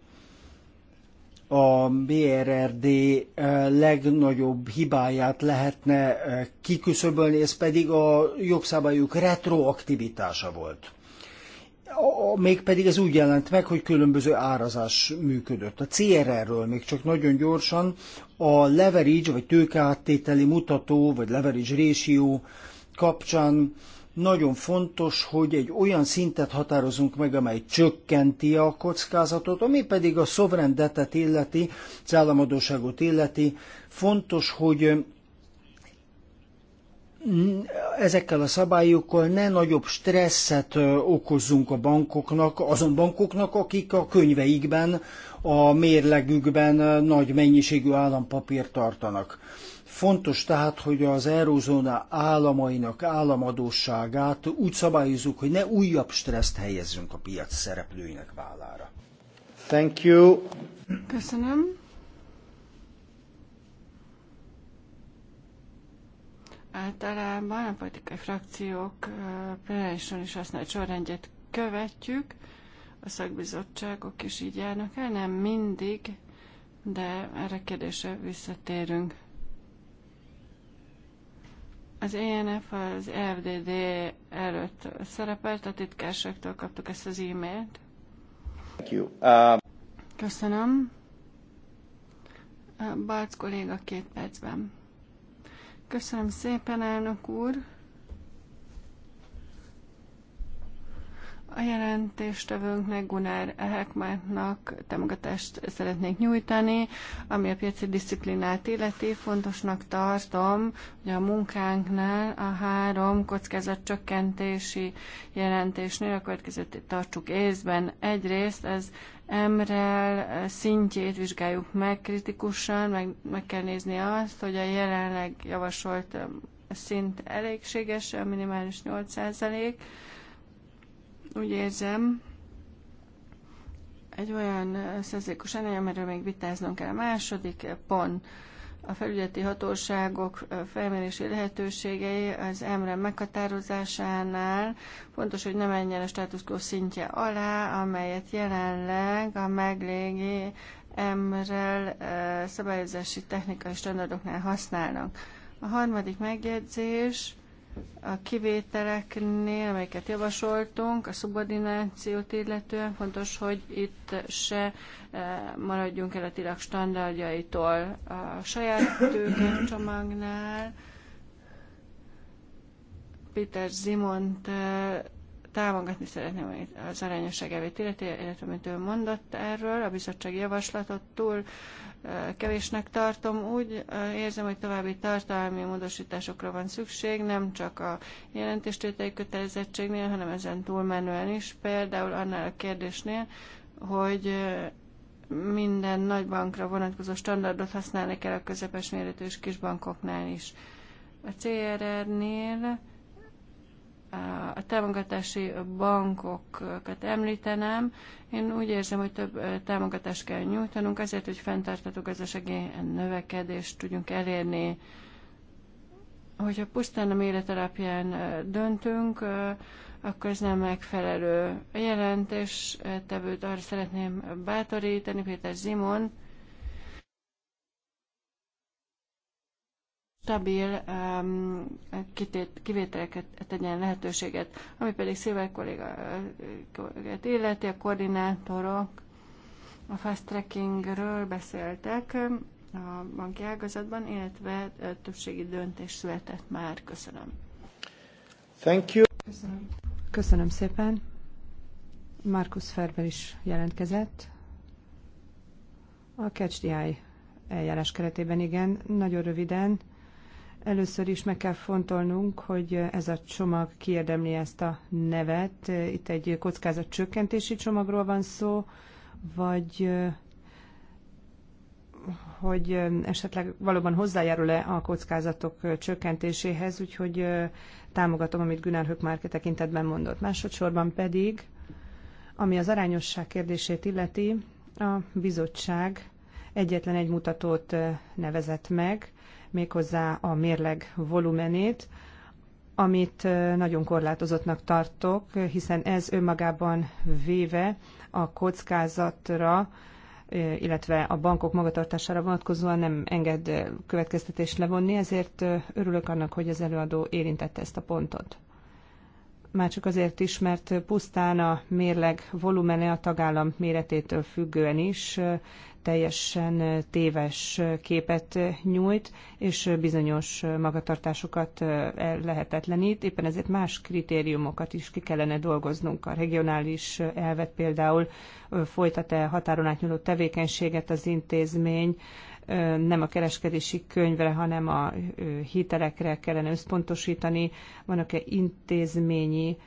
a BRRD eh, legnagyobb hibáját lehetne eh, kiküszöbölni, ez pedig a jogszabályok retroaktivitása volt mégpedig ez úgy jelent meg, hogy különböző árazás működött. A CRR-ről még csak nagyon gyorsan a leverage, vagy tőkeáttételi mutató, vagy leverage ratio kapcsán nagyon fontos, hogy egy olyan szintet határozunk meg, amely csökkenti a kockázatot, ami pedig a szovrendetet illeti, az államadóságot illeti. Fontos, hogy ezekkel a szabályokkal ne nagyobb stresszet okozzunk a bankoknak, azon bankoknak, akik a könyveikben, a mérlegükben nagy mennyiségű állampapírt tartanak. Fontos tehát, hogy az eurozóna államainak államadóságát úgy szabályozzuk, hogy ne újabb stresszt helyezzünk a piac szereplőinek vállára. Thank you. Köszönöm. Általában a politikai frakciók plenárison is használt sorrendjét követjük, a szakbizottságok is így járnak el, nem mindig, de erre kérdésre visszatérünk. Az ENF az e FDD előtt szerepelt, a titkárságtól kaptuk ezt az e-mailt. Uh, Köszönöm. Balc kolléga két percben. Köszönöm szépen, elnök úr. A jelentéstevőnknek, Gunár Hekmártnak támogatást szeretnék nyújtani, ami a piaci disziplinát illeti. Fontosnak tartom, hogy a munkánknál a három kockázatcsökkentési jelentésnél a következőt tartsuk észben. Egyrészt ez Emrel eh, szintjét vizsgáljuk meg kritikusan, meg, meg kell nézni azt, hogy a jelenleg javasolt eh, szint elégséges, a minimális 8%. Úgy érzem, egy olyan eh, százalékos ennél, amiről még vitáznunk kell. A második pont a felügyeleti hatóságok felmérési lehetőségei az emre meghatározásánál fontos, hogy ne menjen a status quo szintje alá, amelyet jelenleg a meglégi emrel szabályozási technikai standardoknál használnak. A harmadik megjegyzés a kivételeknél, amelyeket javasoltunk, a szubordinációt illetően fontos, hogy itt se eh, maradjunk el a tilak standardjaitól a saját tőkencsomagnál. Péter Zimont eh, támogatni szeretném az arányosság elvét illeti, illetve amit ő mondott erről, a bizottsági javaslatot túl kevésnek tartom. Úgy érzem, hogy további tartalmi módosításokra van szükség, nem csak a jelentéstételi kötelezettségnél, hanem ezen túlmenően is. Például annál a kérdésnél, hogy minden nagybankra vonatkozó standardot használni kell a közepes méretű és kisbankoknál is. A CRR-nél a támogatási bankokat említenem. Én úgy érzem, hogy több támogatást kell nyújtanunk azért, hogy fenntartható gazdasági növekedést tudjunk elérni. Hogyha pusztán a méret alapján döntünk, akkor ez nem megfelelő. jelentés. Tevőt arra szeretném bátorítani, Péter Zimon, stabil um, kitét, kivételeket tegyen lehetőséget, ami pedig Szilver uh, kollégát illeti, a koordinátorok a fast trackingről beszéltek um, a banki ágazatban, illetve uh, többségi döntés született már. Köszönöm. Thank you. Köszönöm. Köszönöm szépen. Markus Ferber is jelentkezett. A Eye eljárás keretében igen, nagyon röviden Először is meg kell fontolnunk, hogy ez a csomag kiérdemli ezt a nevet. Itt egy kockázat csökkentési csomagról van szó, vagy hogy esetleg valóban hozzájárul-e a kockázatok csökkentéséhez, úgyhogy támogatom, amit Günár Hökmárke tekintetben mondott. Másodszorban pedig, ami az arányosság kérdését illeti, a bizottság egyetlen egy mutatót nevezett meg, méghozzá a mérleg volumenét, amit nagyon korlátozottnak tartok, hiszen ez önmagában véve a kockázatra, illetve a bankok magatartására vonatkozóan nem enged következtetést levonni, ezért örülök annak, hogy az előadó érintette ezt a pontot. Már csak azért is, mert pusztán a mérleg volumene a tagállam méretétől függően is teljesen téves képet nyújt, és bizonyos magatartásokat lehetetlenít. Éppen ezért más kritériumokat is ki kellene dolgoznunk. A regionális elvet például folytat-e határon átnyúló tevékenységet az intézmény, nem a kereskedési könyvre, hanem a hitelekre kellene összpontosítani. Vannak-e intézményi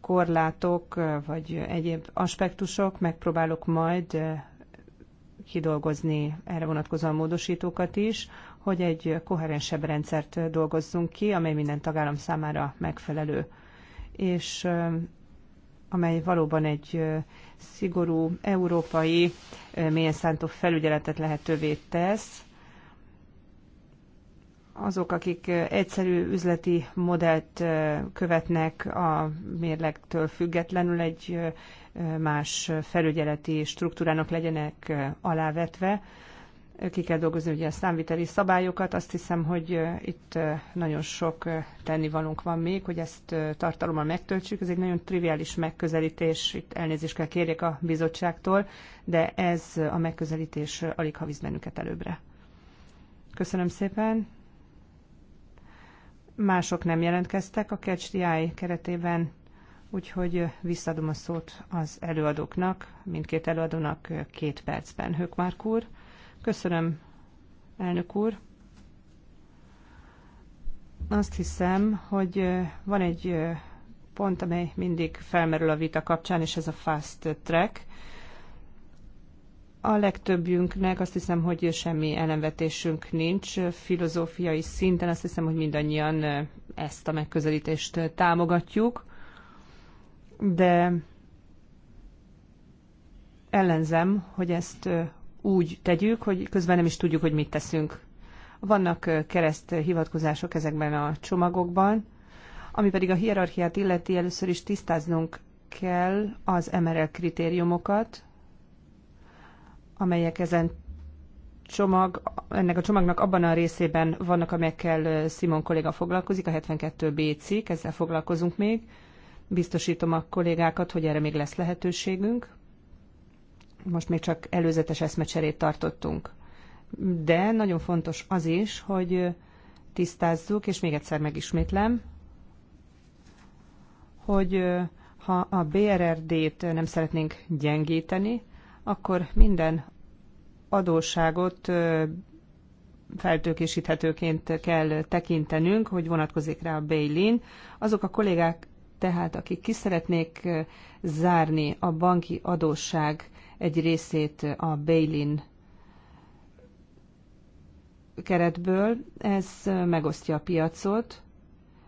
korlátok, vagy egyéb aspektusok, megpróbálok majd kidolgozni erre vonatkozóan módosítókat is, hogy egy koherensebb rendszert dolgozzunk ki, amely minden tagállam számára megfelelő, és amely valóban egy szigorú európai mélyen szántó felügyeletet lehetővé tesz, azok, akik egyszerű üzleti modellt követnek a mérlektől függetlenül egy más felügyeleti struktúrának legyenek alávetve. Ki kell dolgozni ugye a számviteli szabályokat. Azt hiszem, hogy itt nagyon sok tennivalónk van még, hogy ezt tartalommal megtöltsük. Ez egy nagyon triviális megközelítés, itt elnézést kell kérjek a bizottságtól, de ez a megközelítés alig havíz bennünket előbbre. Köszönöm szépen. Mások nem jelentkeztek a CatchDI keretében úgyhogy visszadom a szót az előadóknak, mindkét előadónak két percben. már úr, köszönöm, elnök úr. Azt hiszem, hogy van egy pont, amely mindig felmerül a vita kapcsán, és ez a fast track. A legtöbbünknek azt hiszem, hogy semmi ellenvetésünk nincs filozófiai szinten, azt hiszem, hogy mindannyian ezt a megközelítést támogatjuk de ellenzem, hogy ezt úgy tegyük, hogy közben nem is tudjuk, hogy mit teszünk. Vannak kereszt hivatkozások ezekben a csomagokban, ami pedig a hierarchiát illeti, először is tisztáznunk kell az MRL kritériumokat, amelyek ezen csomag, ennek a csomagnak abban a részében vannak, amelyekkel Simon kolléga foglalkozik, a 72B cikk, ezzel foglalkozunk még, Biztosítom a kollégákat, hogy erre még lesz lehetőségünk. Most még csak előzetes eszmecserét tartottunk. De nagyon fontos az is, hogy tisztázzuk, és még egyszer megismétlem, hogy ha a BRRD-t nem szeretnénk gyengíteni, akkor minden adósságot feltőkésíthetőként kell tekintenünk, hogy vonatkozik rá a bail-in. Azok a kollégák, tehát akik ki szeretnék zárni a banki adósság egy részét a bailin keretből, ez megosztja a piacot,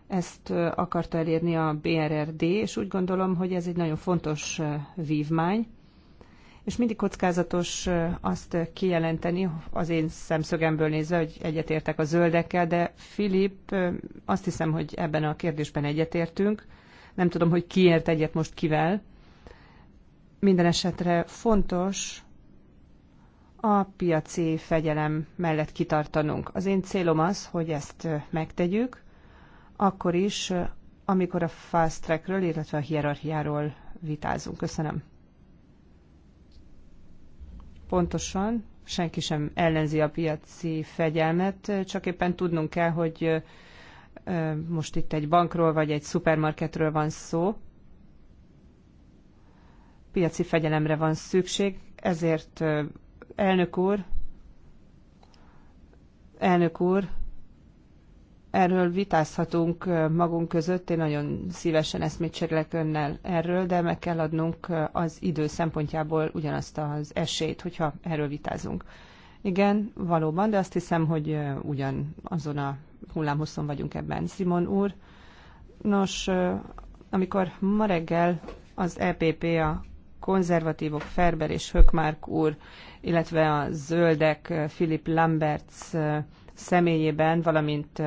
ezt akarta elérni a BRRD, és úgy gondolom, hogy ez egy nagyon fontos vívmány, és mindig kockázatos azt kijelenteni, az én szemszögemből nézve, hogy egyetértek a zöldekkel, de Filip, azt hiszem, hogy ebben a kérdésben egyetértünk, nem tudom, hogy kiért egyet most kivel. Minden esetre fontos a piaci fegyelem mellett kitartanunk. Az én célom az, hogy ezt megtegyük, akkor is, amikor a fast trackről, illetve a hierarchiáról vitázunk. Köszönöm. Pontosan, senki sem ellenzi a piaci fegyelmet, csak éppen tudnunk kell, hogy most itt egy bankról vagy egy szupermarketről van szó, piaci fegyelemre van szükség, ezért elnök úr, elnök úr, erről vitázhatunk magunk között, én nagyon szívesen eszmét önnel erről, de meg kell adnunk az idő szempontjából ugyanazt az esélyt, hogyha erről vitázunk. Igen, valóban, de azt hiszem, hogy ugyanazon a hullámhosszon vagyunk ebben. Simon úr, nos, amikor ma reggel az EPP, a konzervatívok Ferber és Hökmárk úr, illetve a zöldek Philip Lamberts személyében, valamint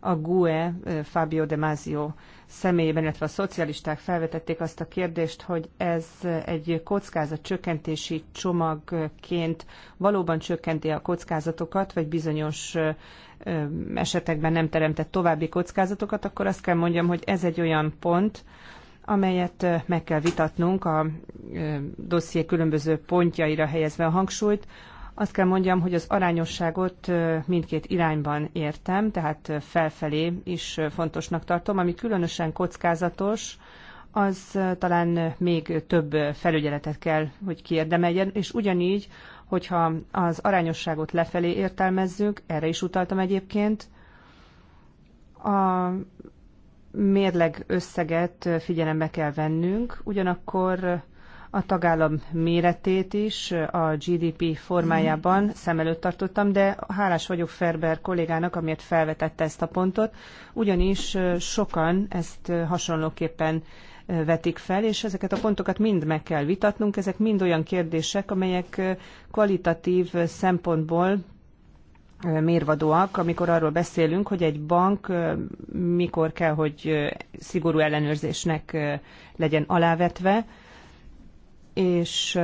a GUE Fabio De Mazio személyében, illetve a szocialisták felvetették azt a kérdést, hogy ez egy kockázat csökkentési csomagként valóban csökkenti a kockázatokat, vagy bizonyos esetekben nem teremtett további kockázatokat, akkor azt kell mondjam, hogy ez egy olyan pont, amelyet meg kell vitatnunk a dosszié különböző pontjaira helyezve a hangsúlyt. Azt kell mondjam, hogy az arányosságot mindkét irányban értem, tehát felfelé is fontosnak tartom, ami különösen kockázatos, az talán még több felügyeletet kell, hogy kiérdemeljen, és ugyanígy hogyha az arányosságot lefelé értelmezzük, erre is utaltam egyébként, a mérleg összeget figyelembe kell vennünk, ugyanakkor a tagállam méretét is a GDP formájában szem előtt tartottam, de hálás vagyok Ferber kollégának, amiért felvetette ezt a pontot, ugyanis sokan ezt hasonlóképpen vetik fel, és ezeket a pontokat mind meg kell vitatnunk. Ezek mind olyan kérdések, amelyek kvalitatív szempontból mérvadóak, amikor arról beszélünk, hogy egy bank mikor kell, hogy szigorú ellenőrzésnek legyen alávetve, és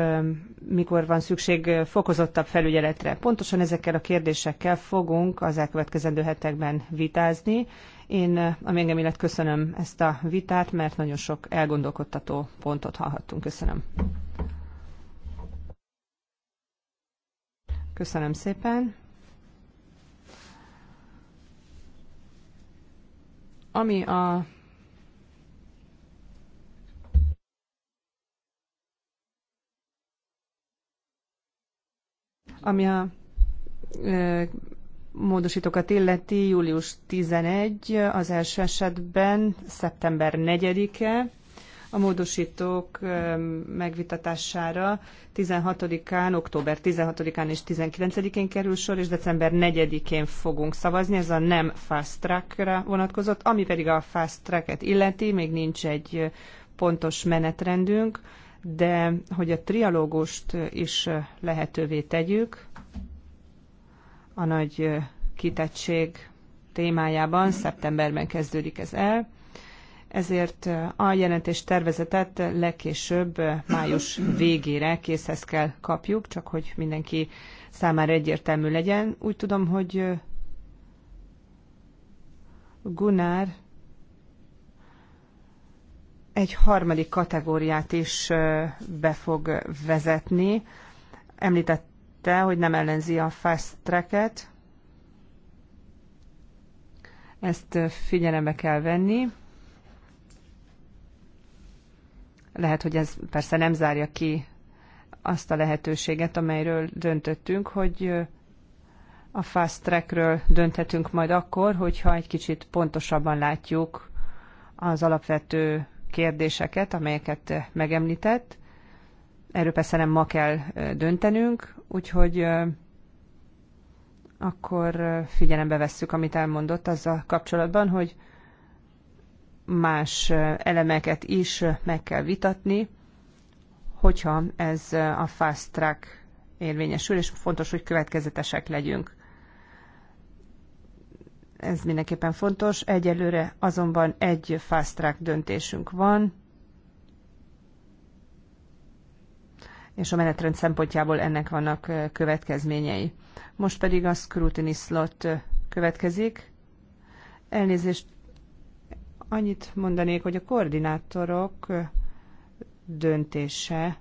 mikor van szükség fokozottabb felügyeletre. Pontosan ezekkel a kérdésekkel fogunk az elkövetkezendő hetekben vitázni, én, eh, a engem illet, köszönöm ezt a vitát, mert nagyon sok elgondolkodtató pontot hallhattunk. Köszönöm. Köszönöm szépen. Ami a ami a eh, módosítókat illeti július 11 az első esetben, szeptember 4-e, a módosítók megvitatására 16-án, október 16-án és 19-én kerül sor, és december 4-én fogunk szavazni. Ez a nem fast trackra vonatkozott, ami pedig a fast tracket illeti, még nincs egy pontos menetrendünk, de hogy a trialógust is lehetővé tegyük, a nagy kitettség témájában, szeptemberben kezdődik ez el, ezért a jelentés tervezetet legkésőbb május végére készhez kell kapjuk, csak hogy mindenki számára egyértelmű legyen. Úgy tudom, hogy Gunár egy harmadik kategóriát is be fog vezetni. Említett említette, hogy nem ellenzi a fast tracket. Ezt figyelembe kell venni. Lehet, hogy ez persze nem zárja ki azt a lehetőséget, amelyről döntöttünk, hogy a fast trackről dönthetünk majd akkor, hogyha egy kicsit pontosabban látjuk az alapvető kérdéseket, amelyeket megemlített, Erről persze nem ma kell döntenünk, úgyhogy akkor figyelembe vesszük, amit elmondott azzal kapcsolatban, hogy más elemeket is meg kell vitatni, hogyha ez a fast track érvényesül, és fontos, hogy következetesek legyünk. Ez mindenképpen fontos. Egyelőre azonban egy fast track döntésünk van, és a menetrend szempontjából ennek vannak következményei. Most pedig a scrutiny slot következik. Elnézést, annyit mondanék, hogy a koordinátorok döntése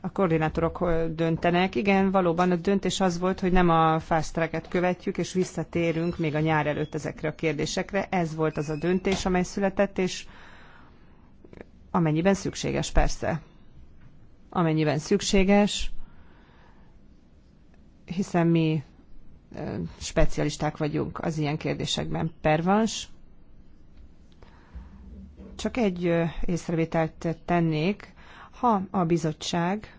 a koordinátorok döntenek. Igen, valóban a döntés az volt, hogy nem a fast track követjük, és visszatérünk még a nyár előtt ezekre a kérdésekre. Ez volt az a döntés, amely született, és amennyiben szükséges, persze amennyiben szükséges, hiszen mi specialisták vagyunk az ilyen kérdésekben. Pervans. Csak egy észrevételt tennék. Ha a bizottság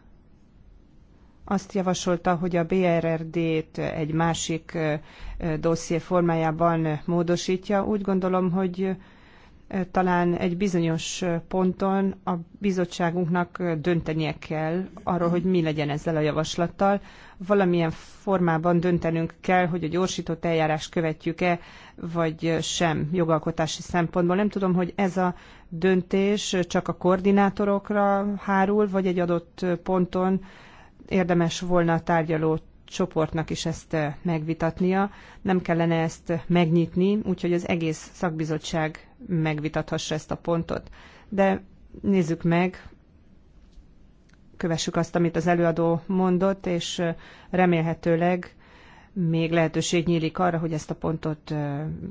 azt javasolta, hogy a BRRD-t egy másik dosszié formájában módosítja, úgy gondolom, hogy talán egy bizonyos ponton a bizottságunknak döntenie kell arról, hogy mi legyen ezzel a javaslattal. Valamilyen formában döntenünk kell, hogy a gyorsított eljárás követjük-e, vagy sem jogalkotási szempontból. Nem tudom, hogy ez a döntés csak a koordinátorokra hárul, vagy egy adott ponton érdemes volna a tárgyalót csoportnak is ezt megvitatnia, nem kellene ezt megnyitni, úgyhogy az egész szakbizottság megvitathassa ezt a pontot. De nézzük meg, kövessük azt, amit az előadó mondott, és remélhetőleg még lehetőség nyílik arra, hogy ezt a pontot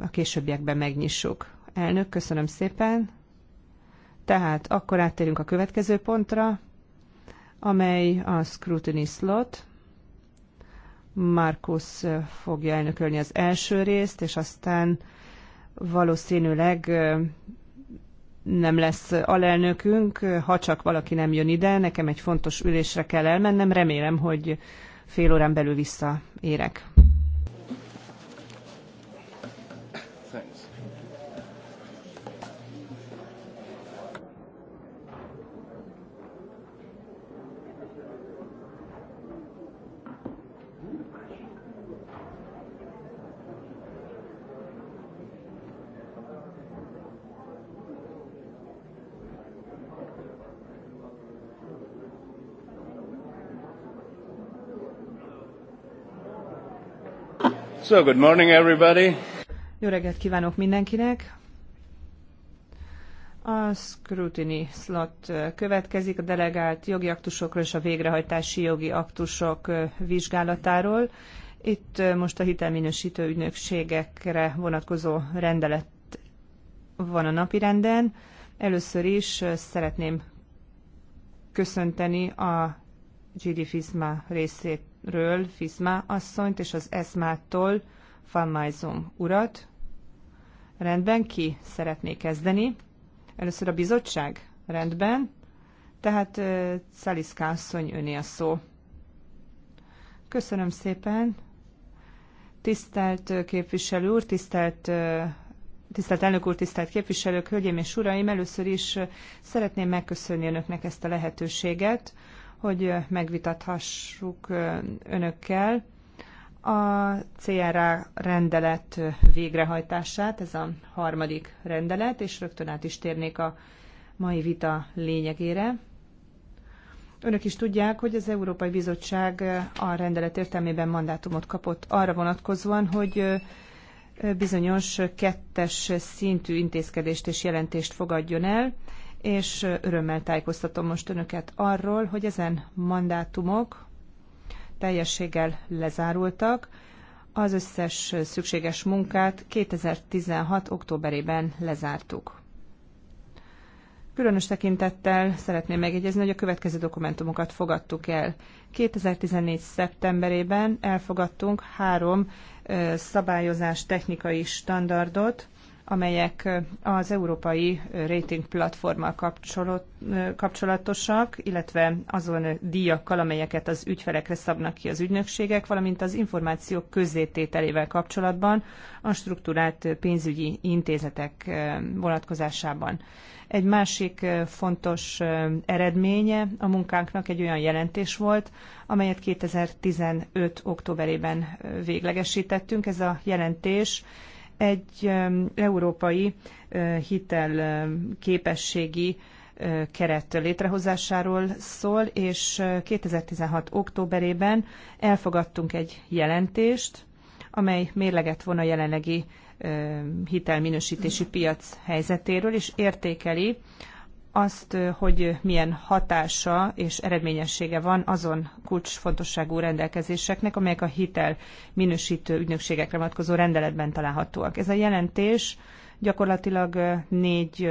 a későbbiekben megnyissuk. Elnök, köszönöm szépen. Tehát akkor áttérünk a következő pontra, amely a scrutiny slot. Markus fogja elnökölni az első részt, és aztán valószínűleg nem lesz alelnökünk, ha csak valaki nem jön ide, nekem egy fontos ülésre kell elmennem, remélem, hogy fél órán belül visszaérek. So, good morning everybody. Jó reggelt kívánok mindenkinek. A scrutiny slot következik a delegált jogi aktusokról és a végrehajtási jogi aktusok vizsgálatáról. Itt most a hitelminősítő ügynökségekre vonatkozó rendelet van a napirenden. Először is szeretném köszönteni a GD FISMA részét ről Fizma asszonyt és az Eszmától Falmájzom urat. Rendben, ki szeretné kezdeni? Először a bizottság? Rendben. Tehát Szaliszka asszony öné a szó. Köszönöm szépen. Tisztelt képviselő úr, tisztelt Tisztelt elnök úr, tisztelt képviselők, hölgyeim és uraim, először is szeretném megköszönni önöknek ezt a lehetőséget, hogy megvitathassuk önökkel a CRA rendelet végrehajtását, ez a harmadik rendelet, és rögtön át is térnék a mai vita lényegére. Önök is tudják, hogy az Európai Bizottság a rendelet értelmében mandátumot kapott arra vonatkozóan, hogy bizonyos kettes szintű intézkedést és jelentést fogadjon el és örömmel tájékoztatom most önöket arról, hogy ezen mandátumok teljességgel lezárultak. Az összes szükséges munkát 2016. októberében lezártuk. Különös tekintettel szeretném megjegyezni, hogy a következő dokumentumokat fogadtuk el. 2014. szeptemberében elfogadtunk három szabályozás technikai standardot, amelyek az európai rating platformmal kapcsolatosak, illetve azon díjakkal, amelyeket az ügyfelekre szabnak ki az ügynökségek, valamint az információk közzétételével kapcsolatban a struktúrált pénzügyi intézetek vonatkozásában. Egy másik fontos eredménye a munkánknak egy olyan jelentés volt, amelyet 2015. októberében véglegesítettünk. Ez a jelentés egy európai hitel képességi keret létrehozásáról szól, és 2016. októberében elfogadtunk egy jelentést, amely mérleget von a jelenlegi hitelminősítési piac helyzetéről, és értékeli azt, hogy milyen hatása és eredményessége van azon kulcsfontosságú rendelkezéseknek, amelyek a hitel minősítő ügynökségekre vonatkozó rendeletben találhatóak. Ez a jelentés gyakorlatilag négy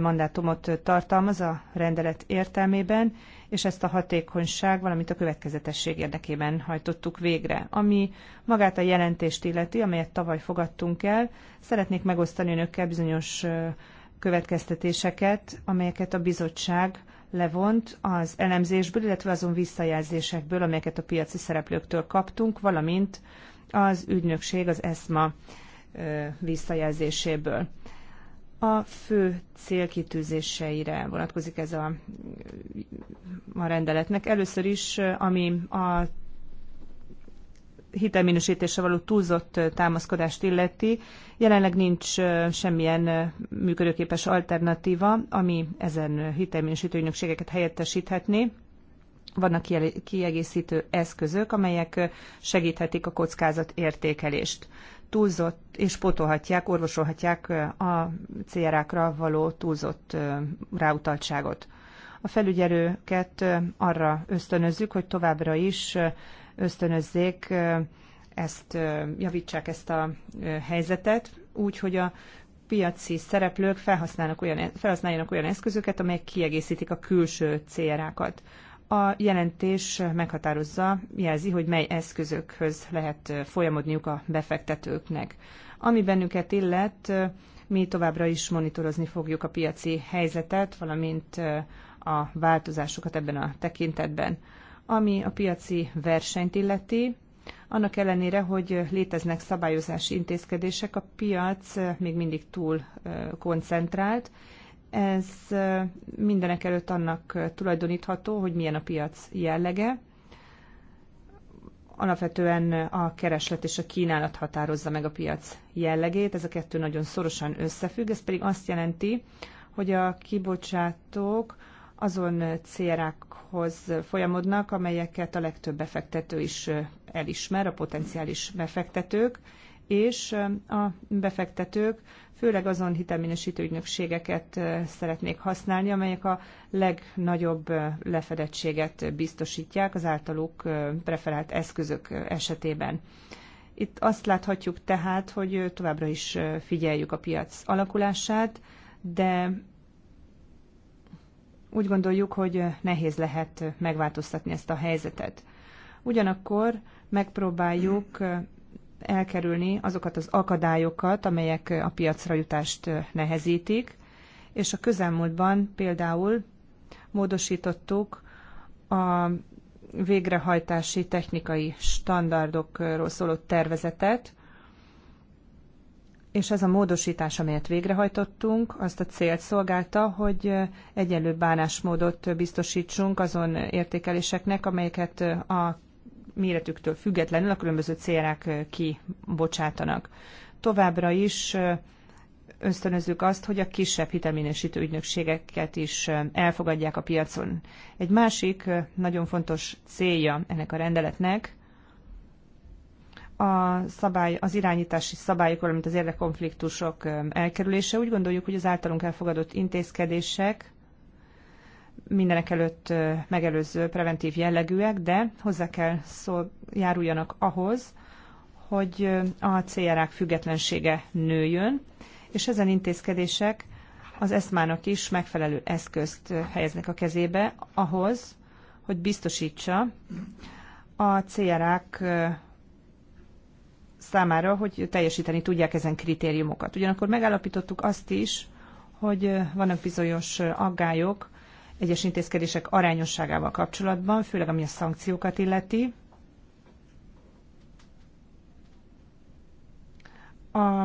mandátumot tartalmaz a rendelet értelmében, és ezt a hatékonyság, valamint a következetesség érdekében hajtottuk végre. Ami magát a jelentést illeti, amelyet tavaly fogadtunk el, szeretnék megosztani önökkel bizonyos következtetéseket, amelyeket a bizottság levont az elemzésből, illetve azon visszajelzésekből, amelyeket a piaci szereplőktől kaptunk, valamint az ügynökség, az ESMA visszajelzéséből. A fő célkitűzéseire vonatkozik ez a, a rendeletnek. Először is, ami a hitelminősítésre való túlzott támaszkodást illeti, jelenleg nincs semmilyen működőképes alternatíva, ami ezen hitelminősítő ügynökségeket helyettesíthetné. Vannak kiegészítő eszközök, amelyek segíthetik a kockázat értékelést. Túlzott és potolhatják, orvosolhatják a CRA-kra való túlzott ráutaltságot. A felügyelőket arra ösztönözzük, hogy továbbra is ösztönözzék, ezt javítsák ezt a helyzetet, úgy, hogy a piaci szereplők felhasználnak olyan, e-, felhasználjanak olyan eszközöket, amelyek kiegészítik a külső CRA-kat. A jelentés meghatározza, jelzi, hogy mely eszközökhöz lehet folyamodniuk a befektetőknek. Ami bennünket illet, mi továbbra is monitorozni fogjuk a piaci helyzetet, valamint a változásokat ebben a tekintetben. Ami a piaci versenyt illeti, annak ellenére, hogy léteznek szabályozási intézkedések, a piac még mindig túl koncentrált. Ez mindenek előtt annak tulajdonítható, hogy milyen a piac jellege. Alapvetően a kereslet és a kínálat határozza meg a piac jellegét, ez a kettő nagyon szorosan összefügg, ez pedig azt jelenti, hogy a kibocsátók azon célrákhoz folyamodnak, amelyeket a legtöbb befektető is elismer, a potenciális befektetők, és a befektetők főleg azon hitelminősítő ügynökségeket szeretnék használni, amelyek a legnagyobb lefedettséget biztosítják az általuk preferált eszközök esetében. Itt azt láthatjuk tehát, hogy továbbra is figyeljük a piac alakulását, de úgy gondoljuk, hogy nehéz lehet megváltoztatni ezt a helyzetet. Ugyanakkor megpróbáljuk elkerülni azokat az akadályokat, amelyek a piacra jutást nehezítik, és a közelmúltban például módosítottuk a végrehajtási technikai standardokról szóló tervezetet, és ez a módosítás, amelyet végrehajtottunk, azt a célt szolgálta, hogy egyenlő bánásmódot biztosítsunk azon értékeléseknek, amelyeket a méretüktől függetlenül a különböző célrák kibocsátanak. Továbbra is ösztönözzük azt, hogy a kisebb hitelminősítő ügynökségeket is elfogadják a piacon. Egy másik nagyon fontos célja ennek a rendeletnek a szabály, az irányítási szabályokról, mint az érdekonfliktusok elkerülése. Úgy gondoljuk, hogy az általunk elfogadott intézkedések mindenek előtt megelőző preventív jellegűek, de hozzá kell szó, járuljanak ahhoz, hogy a CRák függetlensége nőjön, és ezen intézkedések az eszmának is megfelelő eszközt helyeznek a kezébe ahhoz, hogy biztosítsa a CRA-k számára, hogy teljesíteni tudják ezen kritériumokat. Ugyanakkor megállapítottuk azt is, hogy vannak bizonyos aggályok egyes intézkedések arányosságával kapcsolatban, főleg ami a szankciókat illeti. A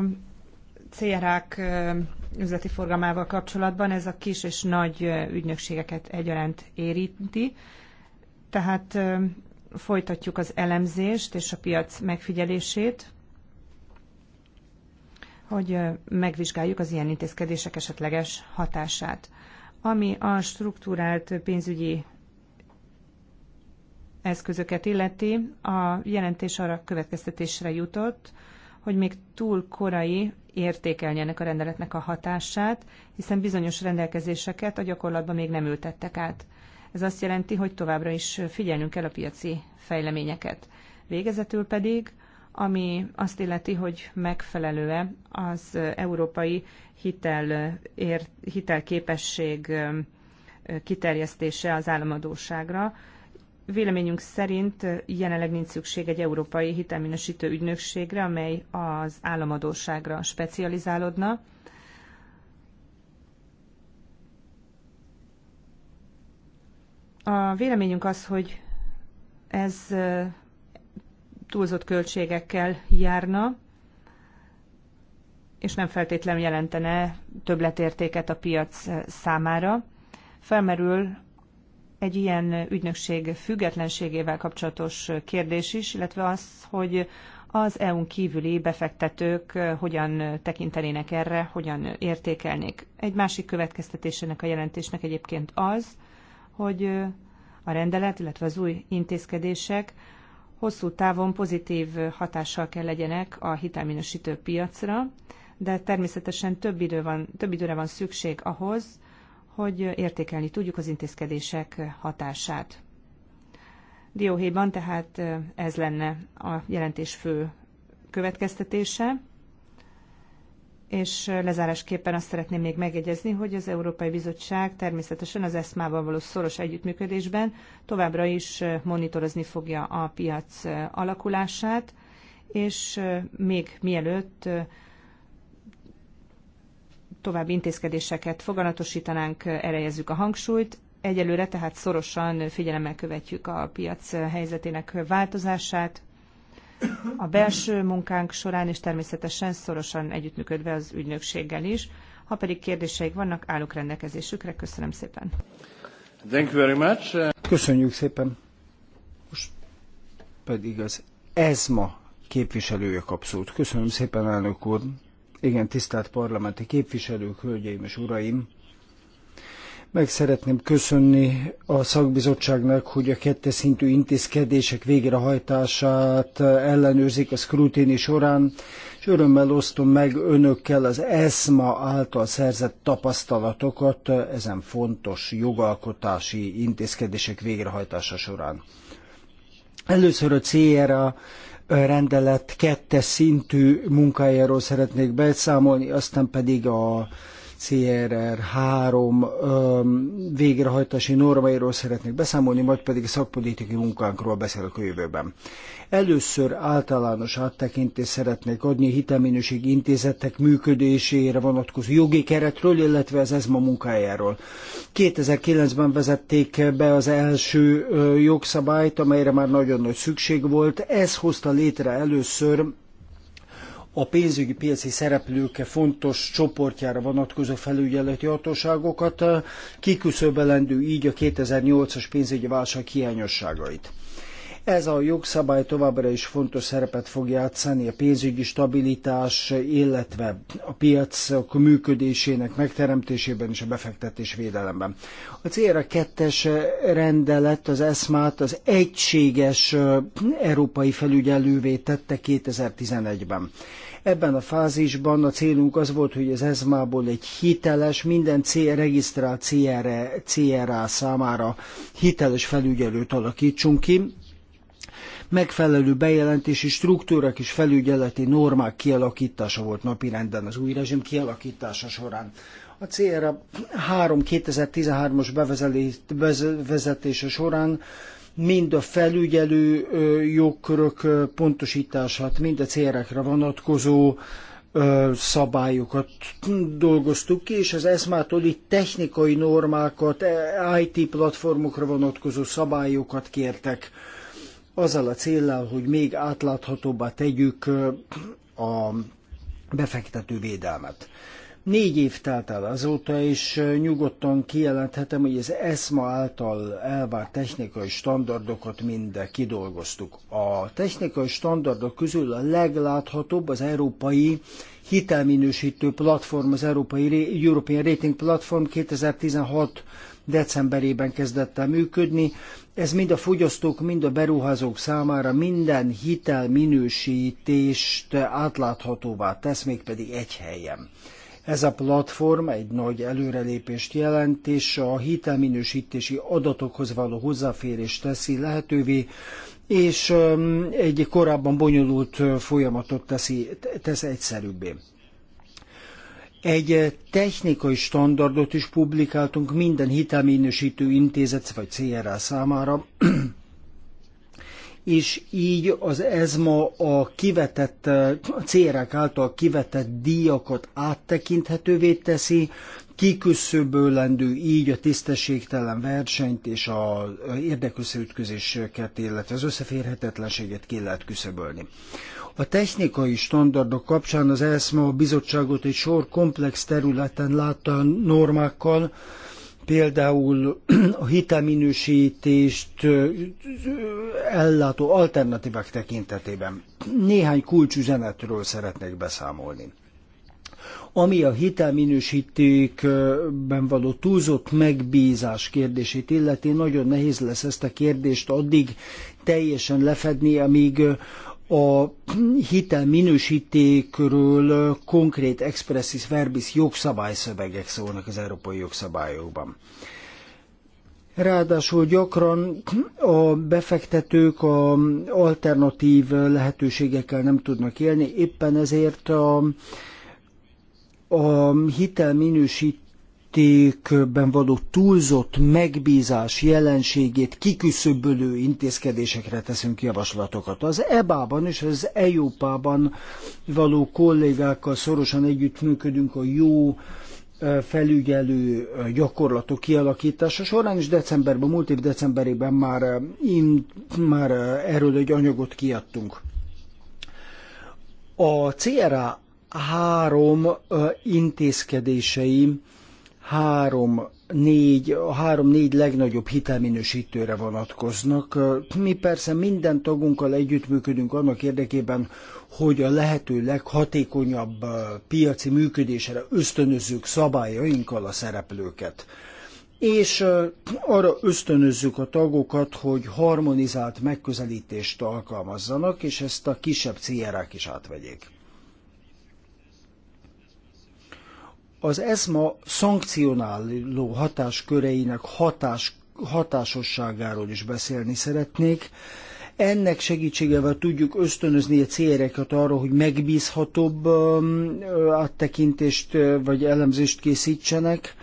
CRA-k üzleti forgalmával kapcsolatban ez a kis és nagy ügynökségeket egyaránt érinti, tehát folytatjuk az elemzést és a piac megfigyelését, hogy megvizsgáljuk az ilyen intézkedések esetleges hatását. Ami a struktúrált pénzügyi eszközöket illeti, a jelentés arra következtetésre jutott, hogy még túl korai értékelni ennek a rendeletnek a hatását, hiszen bizonyos rendelkezéseket a gyakorlatban még nem ültettek át. Ez azt jelenti, hogy továbbra is figyelnünk kell a piaci fejleményeket. Végezetül pedig, ami azt illeti, hogy megfelelő-e az európai hitel, ér, hitelképesség kiterjesztése az államadóságra. Véleményünk szerint jelenleg nincs szükség egy európai hitelminősítő ügynökségre, amely az államadóságra specializálódna A véleményünk az, hogy ez túlzott költségekkel járna, és nem feltétlenül jelentene többletértéket a piac számára. Felmerül egy ilyen ügynökség függetlenségével kapcsolatos kérdés is, illetve az, hogy az EU-n kívüli befektetők hogyan tekintenének erre, hogyan értékelnék. Egy másik következtetésének a jelentésnek egyébként az, hogy a rendelet, illetve az új intézkedések hosszú távon pozitív hatással kell legyenek a hitelminősítő piacra, de természetesen több, idő van, több időre van szükség ahhoz, hogy értékelni tudjuk az intézkedések hatását. Dióhéjban tehát ez lenne a jelentés fő következtetése és lezárásképpen azt szeretném még megjegyezni, hogy az Európai Bizottság természetesen az ESMA-val való szoros együttműködésben továbbra is monitorozni fogja a piac alakulását, és még mielőtt további intézkedéseket foganatosítanánk, erejezzük a hangsúlyt. Egyelőre tehát szorosan figyelemmel követjük a piac helyzetének változását, a belső munkánk során, és természetesen szorosan együttműködve az ügynökséggel is. Ha pedig kérdéseik vannak, állok rendelkezésükre. Köszönöm szépen. Thank you very much. Köszönjük szépen. Most pedig az ESMA képviselője kap Köszönöm szépen, elnök úr. Igen, tisztelt parlamenti képviselők, hölgyeim és uraim! Meg szeretném köszönni a szakbizottságnak, hogy a kettes szintű intézkedések végrehajtását ellenőrzik a szkrutini során, és örömmel osztom meg önökkel az ESMA által szerzett tapasztalatokat ezen fontos jogalkotási intézkedések végrehajtása során. Először a CRA rendelet kettes szintű munkájáról szeretnék beszámolni, aztán pedig a CRR 3 végrehajtási normairól szeretnék beszámolni, majd pedig szakpolitikai munkánkról beszélek a jövőben. Először általános áttekintést szeretnék adni a hitelminőségi intézetek működésére vonatkozó jogi keretről, illetve az ESMA munkájáról. 2009-ben vezették be az első jogszabályt, amelyre már nagyon nagy szükség volt. Ez hozta létre először a pénzügyi piaci szereplők fontos csoportjára vonatkozó felügyeleti hatóságokat, eh, kiküszöbelendő így a 2008-as pénzügyi válság hiányosságait. Ez a jogszabály továbbra is fontos szerepet fog játszani a pénzügyi stabilitás, illetve a piacok működésének megteremtésében és a befektetés védelemben. A célra kettes rendelet az ESMÁT az egységes eh, európai felügyelővé tette 2011-ben. Ebben a fázisban a célunk az volt, hogy az ESMA-ból egy hiteles, minden C regisztrált CRA, CRA számára hiteles felügyelőt alakítsunk ki, megfelelő bejelentési struktúrák és felügyeleti normák kialakítása volt napirenden az új rezsim kialakítása során. A CRA 3 2013-os bevezetése során mind a felügyelő jogkörök pontosítását, mind a célekre vonatkozó szabályokat dolgoztuk ki, és az ESMA-tól itt technikai normákat, e, IT platformokra vonatkozó szabályokat kértek, azzal a céllal, hogy még átláthatóbbá tegyük a befektető védelmet. Négy év telt el azóta, és nyugodtan kijelenthetem, hogy az ESMA által elvárt technikai standardokat mind kidolgoztuk. A technikai standardok közül a legláthatóbb az európai hitelminősítő platform, az Európai European Rating Platform 2016 decemberében kezdett el működni. Ez mind a fogyasztók, mind a beruházók számára minden hitelminősítést átláthatóvá tesz, mégpedig egy helyen. Ez a platform egy nagy előrelépést jelent, és a hitelminősítési adatokhoz való hozzáférést teszi lehetővé, és egy korábban bonyolult folyamatot teszi, tesz egyszerűbbé. Egy technikai standardot is publikáltunk minden hitelminősítő intézet vagy CRA számára, és így az ESMA a kivetett, a cérek által kivetett díjakat áttekinthetővé teszi, kiküszöbölendő így a tisztességtelen versenyt és a érdekösszeütközéseket, illetve az összeférhetetlenséget ki lehet küszöbölni. A technikai standardok kapcsán az ESMA a bizottságot egy sor komplex területen látta normákkal, például a hitelminősítést ellátó alternatívák tekintetében. Néhány kulcsüzenetről szeretnék beszámolni. Ami a hitelminősítékben való túlzott megbízás kérdését illeti, nagyon nehéz lesz ezt a kérdést addig teljesen lefedni, amíg a hitel minősítékről konkrét expressis verbis jogszabályszövegek szólnak az európai jogszabályokban. Ráadásul gyakran a befektetők a alternatív lehetőségekkel nem tudnak élni, éppen ezért a, a hitel minősít mértékben való túlzott megbízás jelenségét kiküszöbölő intézkedésekre teszünk javaslatokat. Az EBA-ban és az EUPA-ban való kollégákkal szorosan együttműködünk a jó e, felügyelő e, gyakorlatok kialakítása során, és decemberben, múlt év decemberében már, e, in, már erről egy anyagot kiadtunk. A CRA három intézkedései három négy, a három-négy legnagyobb hitelminősítőre vonatkoznak. Mi persze minden tagunkkal együttműködünk annak érdekében, hogy a lehető leghatékonyabb piaci működésre ösztönözzük szabályainkkal a szereplőket. És arra ösztönözzük a tagokat, hogy harmonizált megközelítést alkalmazzanak, és ezt a kisebb cr is átvegyék. az ESMA szankcionáló hatásköreinek hatás, hatásosságáról is beszélni szeretnék. Ennek segítségével tudjuk ösztönözni a céreket arra, hogy megbízhatóbb um, áttekintést uh, vagy elemzést készítsenek.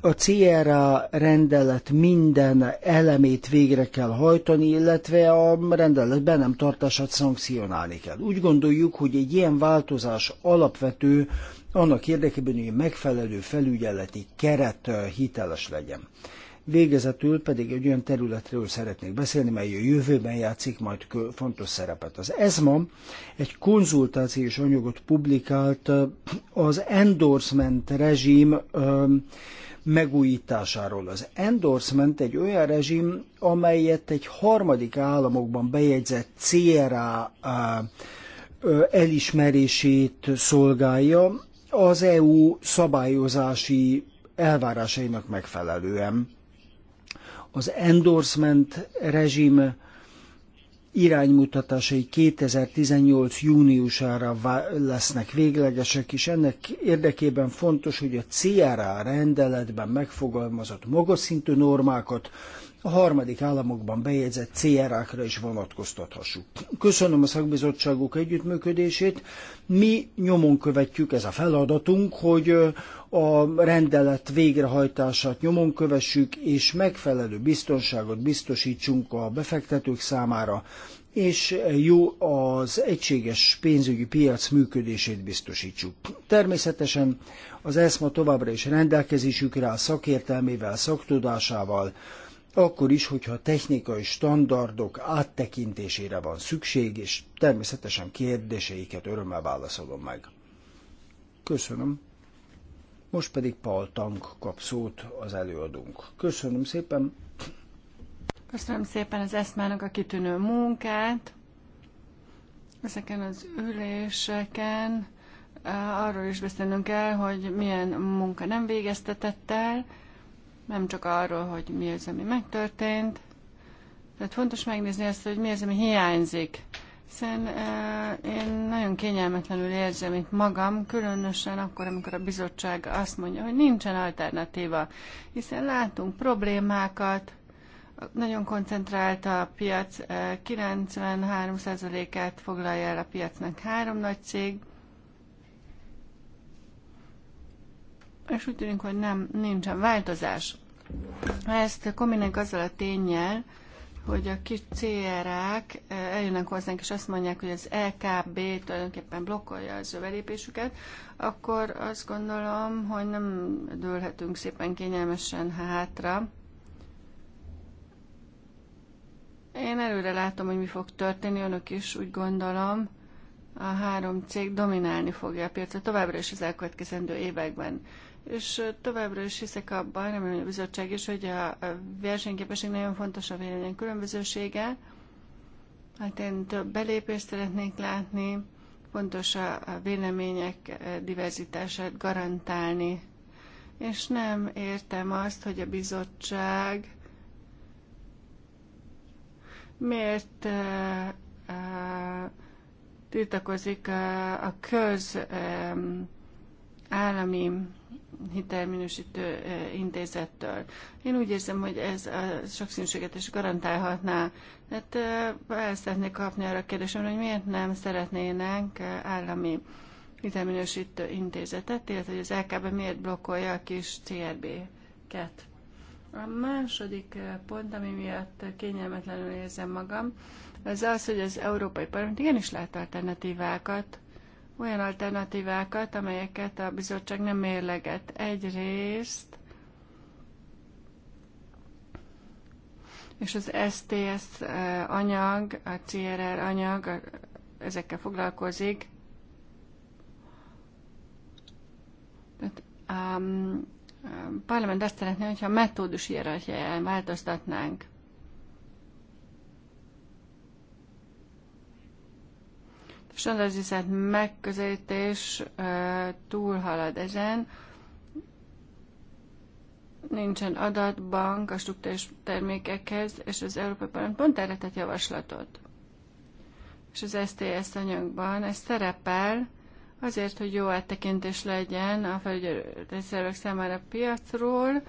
A CRA rendelet minden elemét végre kell hajtani, illetve a rendelet be nem tartását szankcionálni kell. Úgy gondoljuk, hogy egy ilyen változás alapvető annak érdekében, hogy megfelelő felügyeleti keret eh, hiteles legyen. Végezetül pedig egy olyan területről szeretnék beszélni, mely a jövőben játszik majd fontos szerepet. Az ESMA egy konzultációs anyagot publikált eh, az endorsement rezsim eh, megújításáról. Az endorsement egy olyan rezsim, amelyet egy harmadik államokban bejegyzett CRA elismerését szolgálja, az EU szabályozási elvárásainak megfelelően. Az endorsement rezsim iránymutatásai 2018 júniusára lesznek véglegesek, és ennek érdekében fontos, hogy a CRA rendeletben megfogalmazott magas szintű normákat a harmadik államokban bejegyzett CRA-kra is vonatkoztathassuk. Köszönöm a szakbizottságok együttműködését. Mi nyomon követjük, ez a feladatunk, hogy a rendelet végrehajtását nyomon kövessük, és megfelelő biztonságot biztosítsunk a befektetők számára, és jó az egységes pénzügyi piac működését biztosítsuk. Természetesen az ESMA továbbra is rendelkezésükre a szakértelmével, szaktudásával, akkor is, hogyha a technikai standardok áttekintésére van szükség, és természetesen kérdéseiket örömmel válaszolom meg. Köszönöm. Most pedig Paul Tank kap szót az előadónk. Köszönöm szépen. Köszönöm szépen az eszmának a kitűnő munkát. Ezeken az üléseken eh, arról is beszélnünk kell, hogy milyen munka nem végeztetett el, nem csak arról, hogy mi az, ami megtörtént, tehát fontos megnézni azt, hogy mi az, ami hiányzik. Hiszen uh, én nagyon kényelmetlenül érzem itt magam, különösen akkor, amikor a bizottság azt mondja, hogy nincsen alternatíva, hiszen látunk problémákat, nagyon koncentrált a piac, 93%-át eh, foglalja el a piacnak három nagy cég, és úgy tűnik, hogy nem, nincsen változás. Ezt kombináljuk azzal a tényel, hogy a kis CRA-k eh, eljönnek hozzánk, és azt mondják, hogy az LKB e tulajdonképpen blokkolja az övelépésüket, akkor azt gondolom, hogy nem dőlhetünk szépen kényelmesen hátra. Én előre látom, hogy mi fog történni, önök is úgy gondolom, a három cég dominálni fogja a piacot továbbra is az elkövetkezendő években és továbbra is hiszek abban, nem a bizottság is, hogy a versenyképesség nagyon fontos a vélemény különbözősége. Hát én több belépést szeretnék látni, fontos a vélemények diverzitását garantálni. És nem értem azt, hogy a bizottság miért tiltakozik a köz állami hitelminősítő intézettől. Én úgy érzem, hogy ez a sokszínűséget is garantálhatná. Hát el szeretnék kapni arra a kérdésemre, hogy miért nem szeretnének állami hitelminősítő intézetet, illetve hogy az LKB miért blokkolja a kis CRB-ket. A második pont, ami miatt kényelmetlenül érzem magam, az az, hogy az Európai Parlament igenis lát alternatívákat olyan alternatívákat, amelyeket a bizottság nem mérleget. Egyrészt, és az STS eh, anyag, a CRR anyag ezekkel foglalkozik. Tehát, um, a parlament azt szeretné, hogyha a metódus hierarchiáján változtatnánk. standardizált megközelítés túlhalad ezen. Nincsen adatbank a struktúrás termékekhez, és az Európai Parlament pont erre tett javaslatot. És az STS anyagban ez szerepel, azért, hogy jó áttekintés legyen a felügyelői szervek számára a piacról,